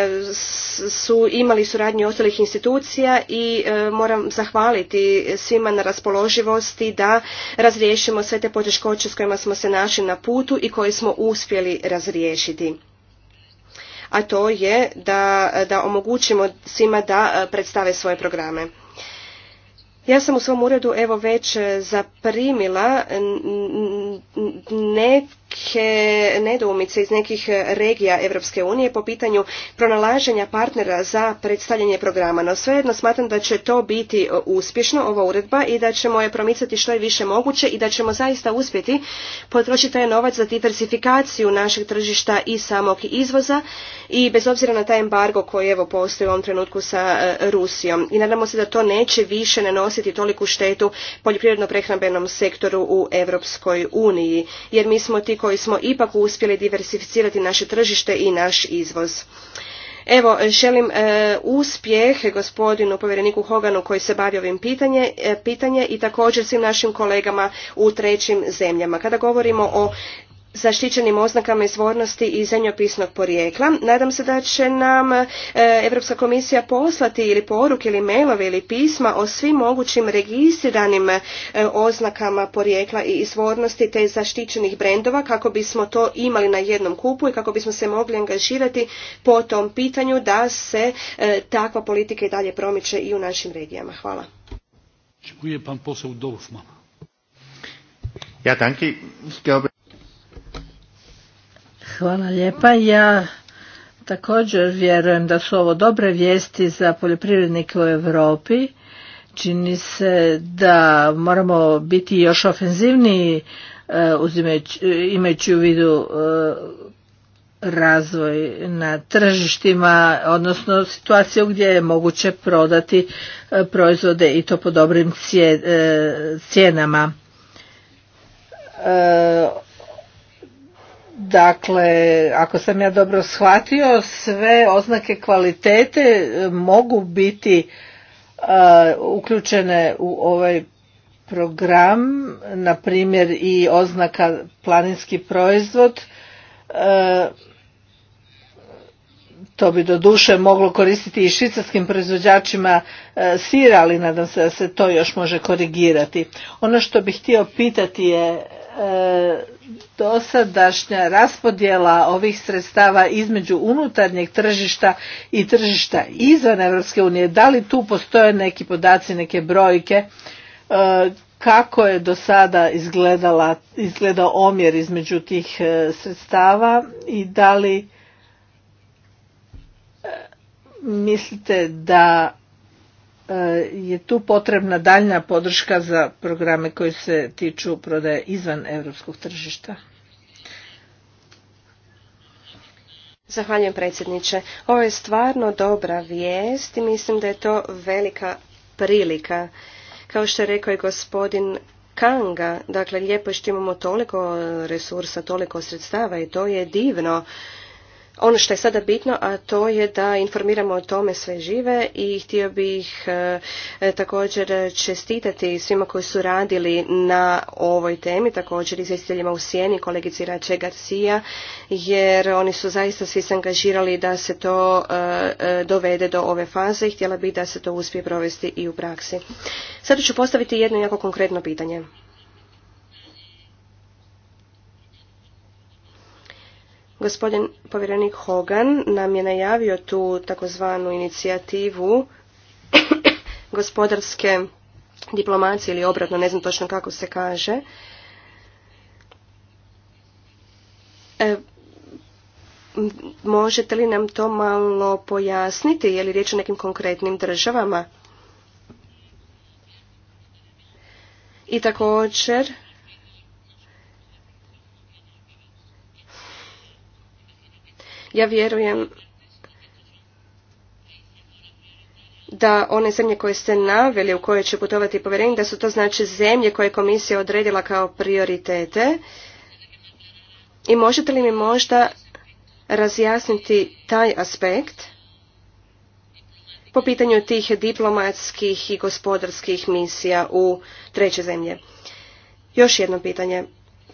su imali suradnju ostalih institucija i e, moram zahvaliti svima na raspoloživosti da razriješimo sve te poteškoće s kojima smo se našli na putu i koje smo uspjeli razriješiti a to je da, da omogućimo svima da predstave svoje programe. Ja sam u svom uredu evo već zaprimila neke velike nedoumice iz nekih regija Europske unije po pitanju pronalaženja partnera za predstavljanje programa. No svejedno smatram da će to biti uspješno, ova uredba, i da ćemo je promicati što je više moguće i da ćemo zaista uspjeti potrošiti taj novac za diversifikaciju našeg tržišta i samog izvoza i bez obzira na taj embargo koji evo postoji u ovom trenutku sa e, Rusijom. I nadamo se da to neće više nanositi toliku štetu poljoprivredno-prehrambenom sektoru u Europskoj uniji, jer mi smo ti koji smo ipak uspjeli diversificirati naše tržište i naš izvoz. Evo, želim e, uspjeh gospodinu povjereniku Hoganu koji se bavi ovim pitanje, e, pitanje i također svim našim kolegama u trećim zemljama. Kada govorimo o zaštićenim oznakama izvornosti i zemljopisnog porijekla. Nadam se da će nam e, Europska komisija poslati ili poruke ili mailove ili pisma o svim mogućim registriranim e, oznakama porijekla i izvornosti te zaštićenih brendova kako bismo to imali na jednom kupu i kako bismo se mogli angažirati po tom pitanju da se e, takva politika i dalje promiče i u našim regijama. Hvala. Ja, Hvala lijepa. Ja također vjerujem da su ovo dobre vijesti za poljoprivrednike u Europi. Čini se da moramo biti još ofenzivniji e, imajući u vidu e, razvoj na tržištima, odnosno situaciju gdje je moguće prodati e, proizvode i to po dobrim cijenama. Dakle, ako sam ja dobro shvatio, sve oznake kvalitete e, mogu biti e, uključene u ovaj program, na primjer i oznaka planinski proizvod. E, to bi do duše moglo koristiti i švicarskim proizvođačima sira, ali nadam se da se to još može korigirati. Ono što bih htio pitati je E, dosadašnja raspodjela ovih sredstava između unutarnjeg tržišta i tržišta izvan Europske unije, da li tu postoje neki podaci, neke brojke, e, kako je do sada izgledala, izgledao omjer između tih e, sredstava i da li mislite da E, je tu potrebna daljna podrška za programe koji se tiču prodaje izvan europskog tržišta. Zahvaljujem predsjedniče. Ovo je stvarno dobra vijest i mislim da je to velika prilika. Kao što je rekao i gospodin Kanga, dakle lijepo je što imamo toliko resursa, toliko sredstava i to je divno ono što je sada bitno, a to je da informiramo o tome sve žive i htio bih e, e, također čestitati svima koji su radili na ovoj temi, također izvjestiteljima u Sijeni, kolegici Rače Garcia, jer oni su zaista svi se angažirali da se to e, dovede do ove faze i htjela bih da se to uspije provesti i u praksi. Sada ću postaviti jedno jako konkretno pitanje. Gospodin povjerenik Hogan nam je najavio tu takozvanu inicijativu gospodarske diplomacije ili obratno, ne znam točno kako se kaže. E, možete li nam to malo pojasniti? Je li riječ o nekim konkretnim državama? I također Ja vjerujem da one zemlje koje ste naveli u koje će putovati povjerenje, da su to znači zemlje koje je komisija odredila kao prioritete. I možete li mi možda razjasniti taj aspekt po pitanju tih diplomatskih i gospodarskih misija u treće zemlje? Još jedno pitanje.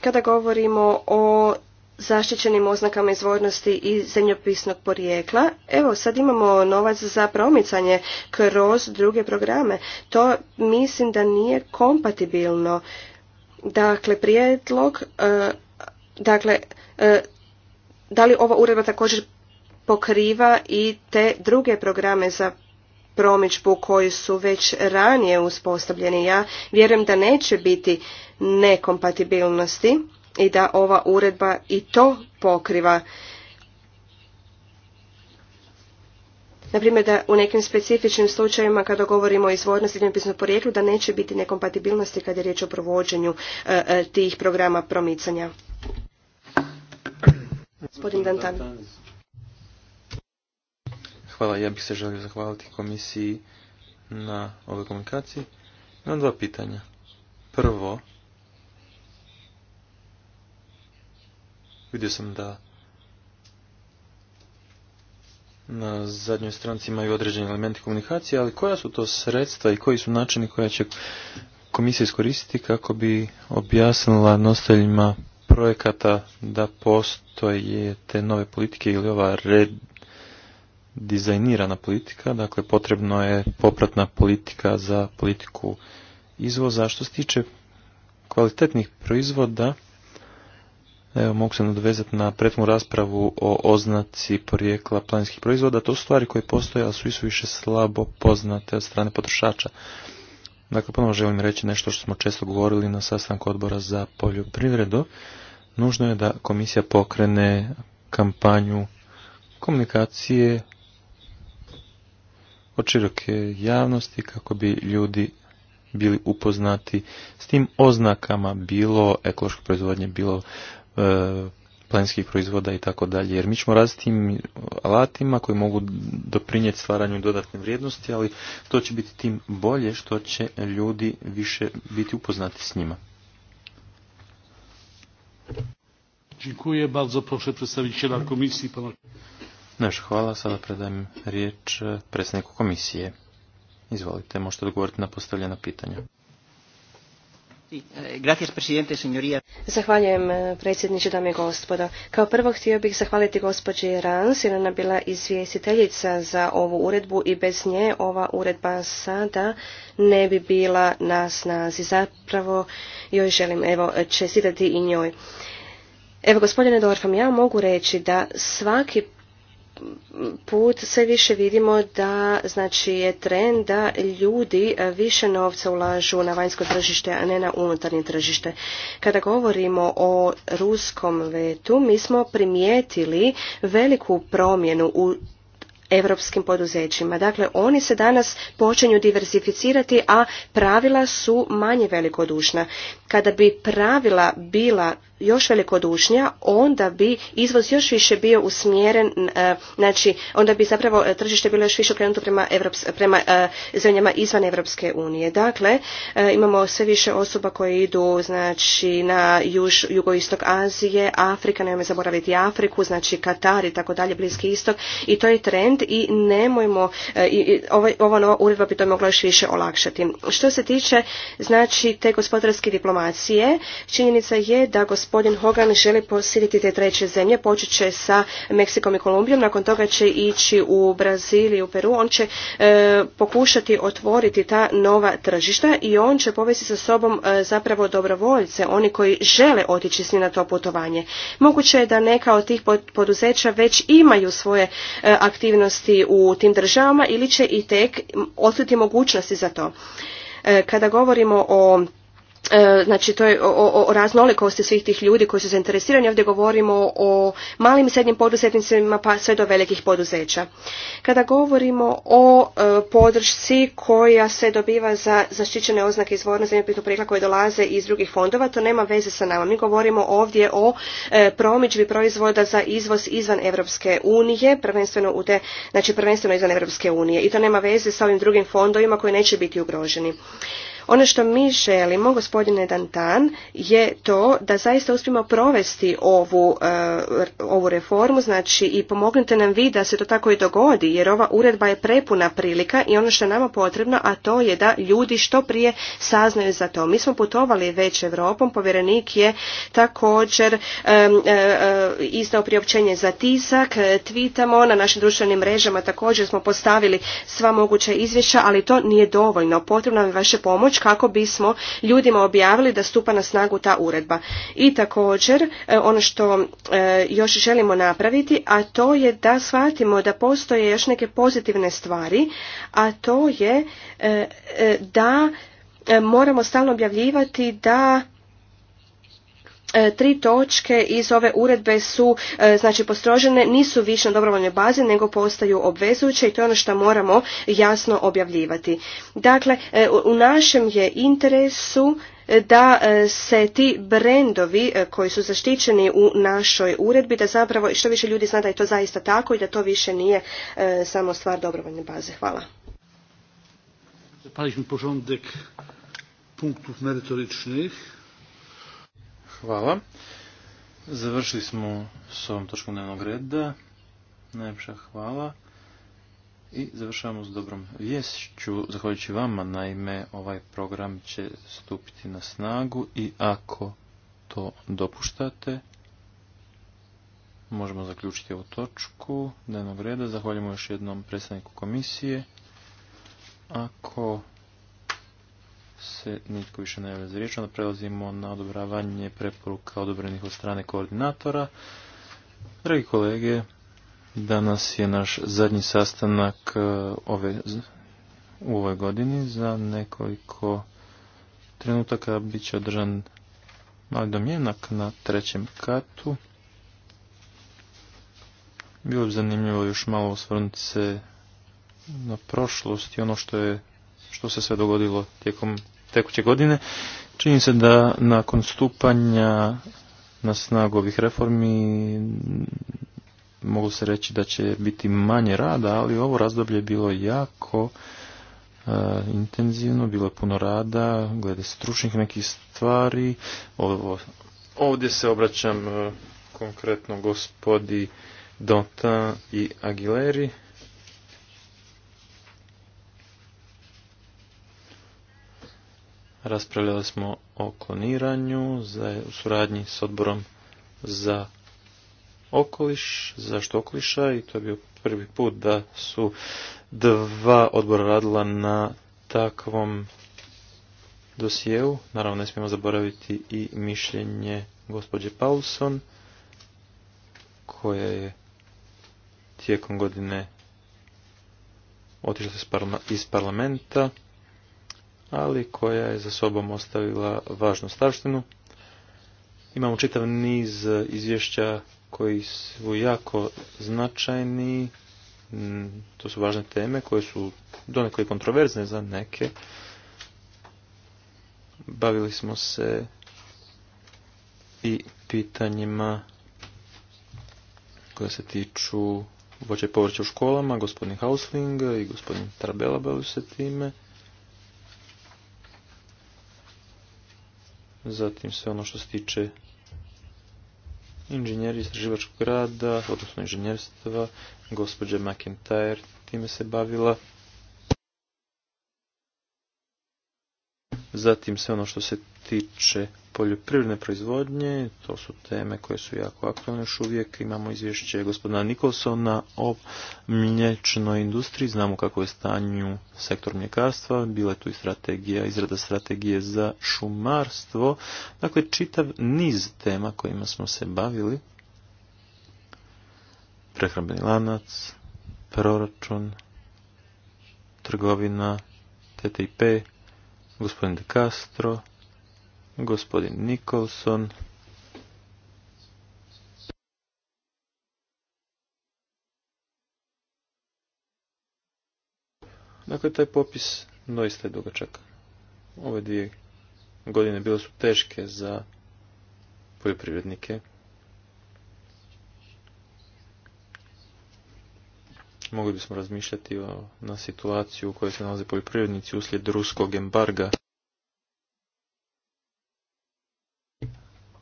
Kada govorimo o zaštićenim oznakama izvornosti i zemljopisnog porijekla. Evo, sad imamo novac za promicanje kroz druge programe. To mislim da nije kompatibilno. Dakle, prijedlog, e, dakle, e, da li ova uredba također pokriva i te druge programe za promičbu koji su već ranije uspostavljeni. Ja vjerujem da neće biti nekompatibilnosti i da ova uredba i to pokriva. Naprimjer da u nekim specifičnim slučajevima kada govorimo o izvornosti porijeklu da neće biti nekompatibilnosti kada je riječ o provođenju e, e, tih programa promicanja. Gospodin Hvala, ja bih se želio zahvaliti komisiji na ovoj komunikaciji. Imam dva pitanja. Prvo, Vidio sam da na zadnjoj stranci imaju određeni elementi komunikacije, ali koja su to sredstva i koji su načini koja će komisija iskoristiti kako bi objasnila nositeljima projekata da postoje te nove politike ili ova dizajnirana politika, dakle potrebno je popratna politika za politiku izvoza. Što se tiče kvalitetnih proizvoda, Evo, mogu se nadvezati na prethodnu raspravu o oznaci porijekla planinskih proizvoda. To su stvari koje postoje, ali su i su više slabo poznate od strane potrošača. Dakle, ponovno želim reći nešto što smo često govorili na sastanku odbora za poljoprivredu. Nužno je da komisija pokrene kampanju komunikacije od široke javnosti kako bi ljudi bili upoznati s tim oznakama bilo ekološke proizvodnje, bilo E, planskih proizvoda i tako dalje. Jer mi ćemo različitim alatima koji mogu doprinijeti stvaranju dodatne vrijednosti, ali to će biti tim bolje što će ljudi više biti upoznati s njima. Dziękuję bardzo. Proszę przedstawiciela komisji. Pana... hvala. Sada predajem riječ e, predsjedniku komisije. Izvolite, možete odgovoriti na postavljena pitanja. Eh, Zahvaljujem eh, predsjedniče dame i gospodo. Kao prvo htio bih zahvaliti gospođi Rans jer ona bila izvjestiteljica za ovu uredbu i bez nje ova uredba sada ne bi bila na snazi. Zapravo joj želim evo čestitati i njoj. Evo gospodine Dorfam, ja mogu reći da svaki put sve više vidimo da znači je trend da ljudi e, više novca ulažu na vanjsko tržište, a ne na unutarnje tržište. Kada govorimo o ruskom vetu, mi smo primijetili veliku promjenu u europskim poduzećima. Dakle, oni se danas počinju diversificirati, a pravila su manje velikodušna. Kada bi pravila bila još velikodušnja, onda bi izvoz još više bio usmjeren, e, znači, onda bi zapravo e, tržište bilo još više okrenuto prema, prema e, zemljama izvan Evropske unije. Dakle, imamo sve više osoba koje idu, znači, na juž, jugoistok Azije, Afrika, nemojmo zaboraviti Afriku, znači Katar i tako dalje, Bliski istok i to je trend i nemojmo, e, i, ovaj, ova nova uredba bi to mogla još više olakšati. Što se tiče znači te gospodarske diplomacije, činjenica je da gospodin Hogan želi posjetiti te treće zemlje, počet će sa Meksikom i Kolumbijom, nakon toga će ići u Braziliju, u Peru, on će e, pokušati otvoriti ta nova tržišta i on će povesti sa sobom e, zapravo dobrovoljce, oni koji žele otići s njim na to putovanje. Moguće je da neka od tih poduzeća već imaju svoje e, aktivnosti u tim državama ili će i tek otkriti mogućnosti za to. E, kada govorimo o E, znači to je o, raznolikosti svih tih ljudi koji su zainteresirani. Ovdje govorimo o malim i srednjim poduzetnicima pa sve do velikih poduzeća. Kada govorimo o e, podršci koja se dobiva za zaštićene oznake izvorne zemljopisnog prikla koje dolaze iz drugih fondova, to nema veze sa nama. Mi govorimo ovdje o e, promidžbi proizvoda za izvoz izvan Europske unije, prvenstveno u te, znači prvenstveno izvan Europske unije i to nema veze sa ovim drugim fondovima koji neće biti ugroženi. Ono što mi želimo, gospodine Dantan, je to da zaista uspijemo provesti ovu, e, ovu reformu, znači i pomognite nam vi da se to tako i dogodi, jer ova uredba je prepuna prilika i ono što je nama potrebno, a to je da ljudi što prije saznaju za to. Mi smo putovali već Europom, povjerenik je također e, e, iznao priopćenje za tisak, tvitamo, na našim društvenim mrežama također smo postavili sva moguća izvješća, ali to nije dovoljno. Potrebna je vaša pomoć kako bismo ljudima objavili da stupa na snagu ta uredba. I također e, ono što e, još želimo napraviti, a to je da shvatimo da postoje još neke pozitivne stvari, a to je e, da moramo stalno objavljivati da E, tri točke iz ove uredbe su e, znači postrožene, nisu više na dobrovoljnoj bazi nego postaju obvezujuće i to je ono što moramo jasno objavljivati. Dakle, e, u našem je interesu da se ti brendovi koji su zaštićeni u našoj uredbi, da zapravo što više ljudi zna da je to zaista tako i da to više nije samo stvar dobrovoljne baze. Hvala. mi porządek punktów merytorycznych. Hvala. Završili smo s ovom točkom dnevnog reda. Najljepša hvala. I završavamo s dobrom vješću. Zahvaljujući vama, naime, ovaj program će stupiti na snagu i ako to dopuštate, možemo zaključiti ovu točku dnevnog reda. Zahvaljujemo još jednom predstavniku komisije. Ako se nitko više ne javlja za riječ, prelazimo na odobravanje preporuka odobrenih od strane koordinatora. Dragi kolege, danas je naš zadnji sastanak e, ove, u ovoj godini. Za nekoliko trenutaka bit će održan mali domjenak na trećem katu. Bilo bi zanimljivo još malo osvrnuti se na prošlost i ono što je što se sve dogodilo tijekom tekuće godine. Čini se da nakon stupanja na snagu ovih reformi mogu se reći da će biti manje rada, ali ovo razdoblje je bilo jako e, intenzivno, bilo je puno rada, glede stručnih nekih stvari. ovdje se obraćam e, konkretno gospodi Dota i Agileri. Raspravljali smo o kloniranju za, u suradnji s odborom za okoliš, što okoliša i to je bio prvi put da su dva odbora radila na takvom dosjeu. Naravno ne smijemo zaboraviti i mišljenje gospođe Paulson koja je tijekom godine otišla iz parlamenta ali koja je za sobom ostavila važnu starštinu. Imamo čitav niz izvješća koji su jako značajni, mm, to su važne teme koje su donekle kontroverzne za neke. Bavili smo se i pitanjima koja se tiču voće i povrće u školama, gospodin Hausling i gospodin Trabela bavili se time. zatim sve ono što se tiče inženjeri istraživačkog rada, odnosno inženjerstva, gospođa McIntyre time se bavila. Zatim sve ono što se tiče poljoprivredne proizvodnje, to su teme koje su jako aktualne još uvijek. Imamo izvješće gospodina Nikolsona o mlječnoj industriji, znamo kako je stanju sektor mljekarstva, bila je tu i strategija, izrada strategije za šumarstvo, dakle čitav niz tema kojima smo se bavili. Prehrambeni lanac, proračun, trgovina, TTIP, gospodin De Castro, gospodin Nikolson, Dakle, taj popis doista je dugačak. Ove dvije godine bile su teške za poljoprivrednike. Znači, mogli bismo razmišljati o, na situaciju u kojoj se nalaze poljoprivrednici uslijed ruskog embarga.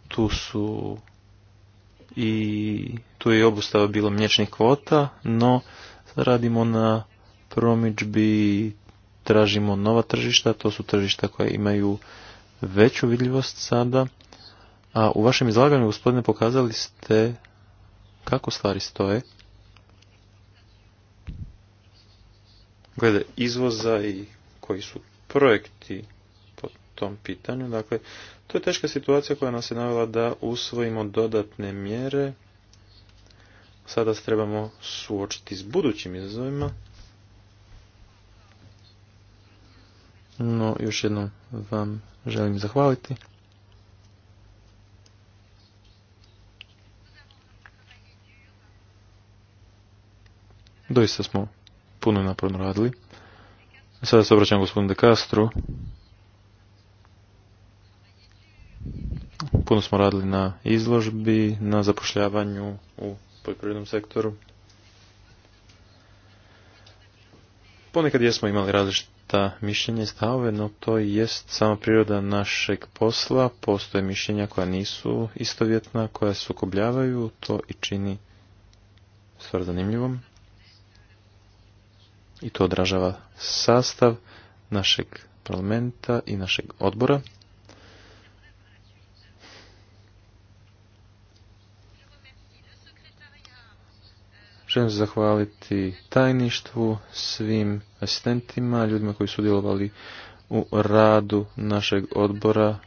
Tu su i tu je obustava bilo mlječnih kvota, no radimo na promidžbi, tražimo nova tržišta, to su tržišta koja imaju veću vidljivost sada. A u vašem izlaganju, gospodine, pokazali ste kako stvari stoje. glede izvoza i koji su projekti po tom pitanju. Dakle, to je teška situacija koja nas je navela da usvojimo dodatne mjere. Sada se trebamo suočiti s budućim izazovima. No, još jednom vam želim zahvaliti. Doista smo puno napravno radili. Sada se obraćam gospodinu De Castro. Puno smo radili na izložbi, na zapošljavanju u poljoprivrednom sektoru. Ponekad jesmo imali različita mišljenja i stavove, no to jest sama priroda našeg posla. Postoje mišljenja koja nisu istovjetna, koja sukobljavaju, to i čini stvar zanimljivom i to odražava sastav našeg parlamenta i našeg odbora. Želim zahvaliti tajništvu, svim asistentima, ljudima koji su sudjelovali u radu našeg odbora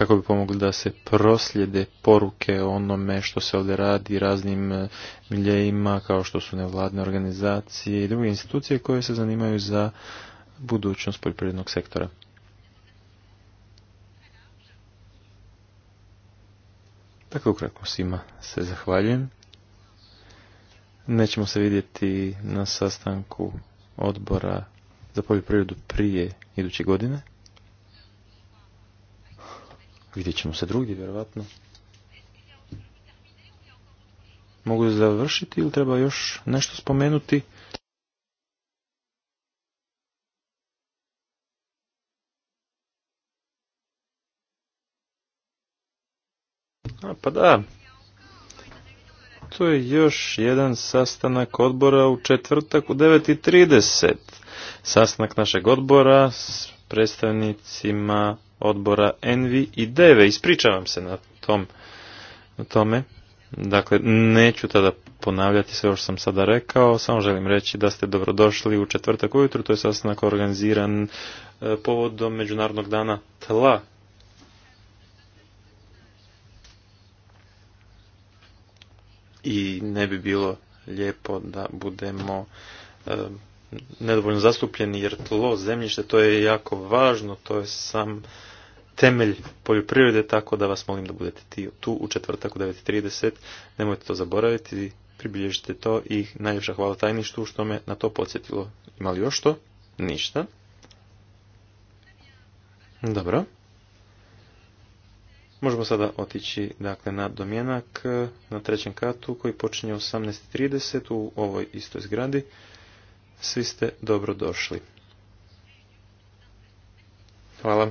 kako bi pomogli da se proslijede poruke onome što se ovdje radi raznim e, miljejima kao što su nevladne organizacije i druge institucije koje se zanimaju za budućnost poljoprivrednog sektora. Tako ukratko svima se zahvaljujem. Nećemo se vidjeti na sastanku odbora za poljoprivredu prije iduće godine. Vidjet ćemo se drugdje, vjerovatno. Mogu završiti ili treba još nešto spomenuti? A, pa da. To je još jedan sastanak odbora u četvrtak u 9.30. Sastanak našeg odbora s predstavnicima odbora Envi i Deve. Ispričavam se na, tom, na tome. Dakle, neću tada ponavljati sve što sam sada rekao, samo želim reći da ste dobrodošli u četvrtak ujutru, to je sastanak organiziran e, povodom Međunarodnog dana tla. I ne bi bilo lijepo da budemo e, nedovoljno zastupljeni jer tlo, zemljište, to je jako važno, to je sam temelj poljoprivrede, tako da vas molim da budete tu u četvrtak u 9.30. Nemojte to zaboraviti, pribilježite to i najljepša hvala tajništu što me na to podsjetilo. Imali još to? Ništa. Dobro. Možemo sada otići dakle, na domjenak na trećem katu koji počinje u 18.30 u ovoj istoj zgradi. Svi ste dobro došli. Hvala.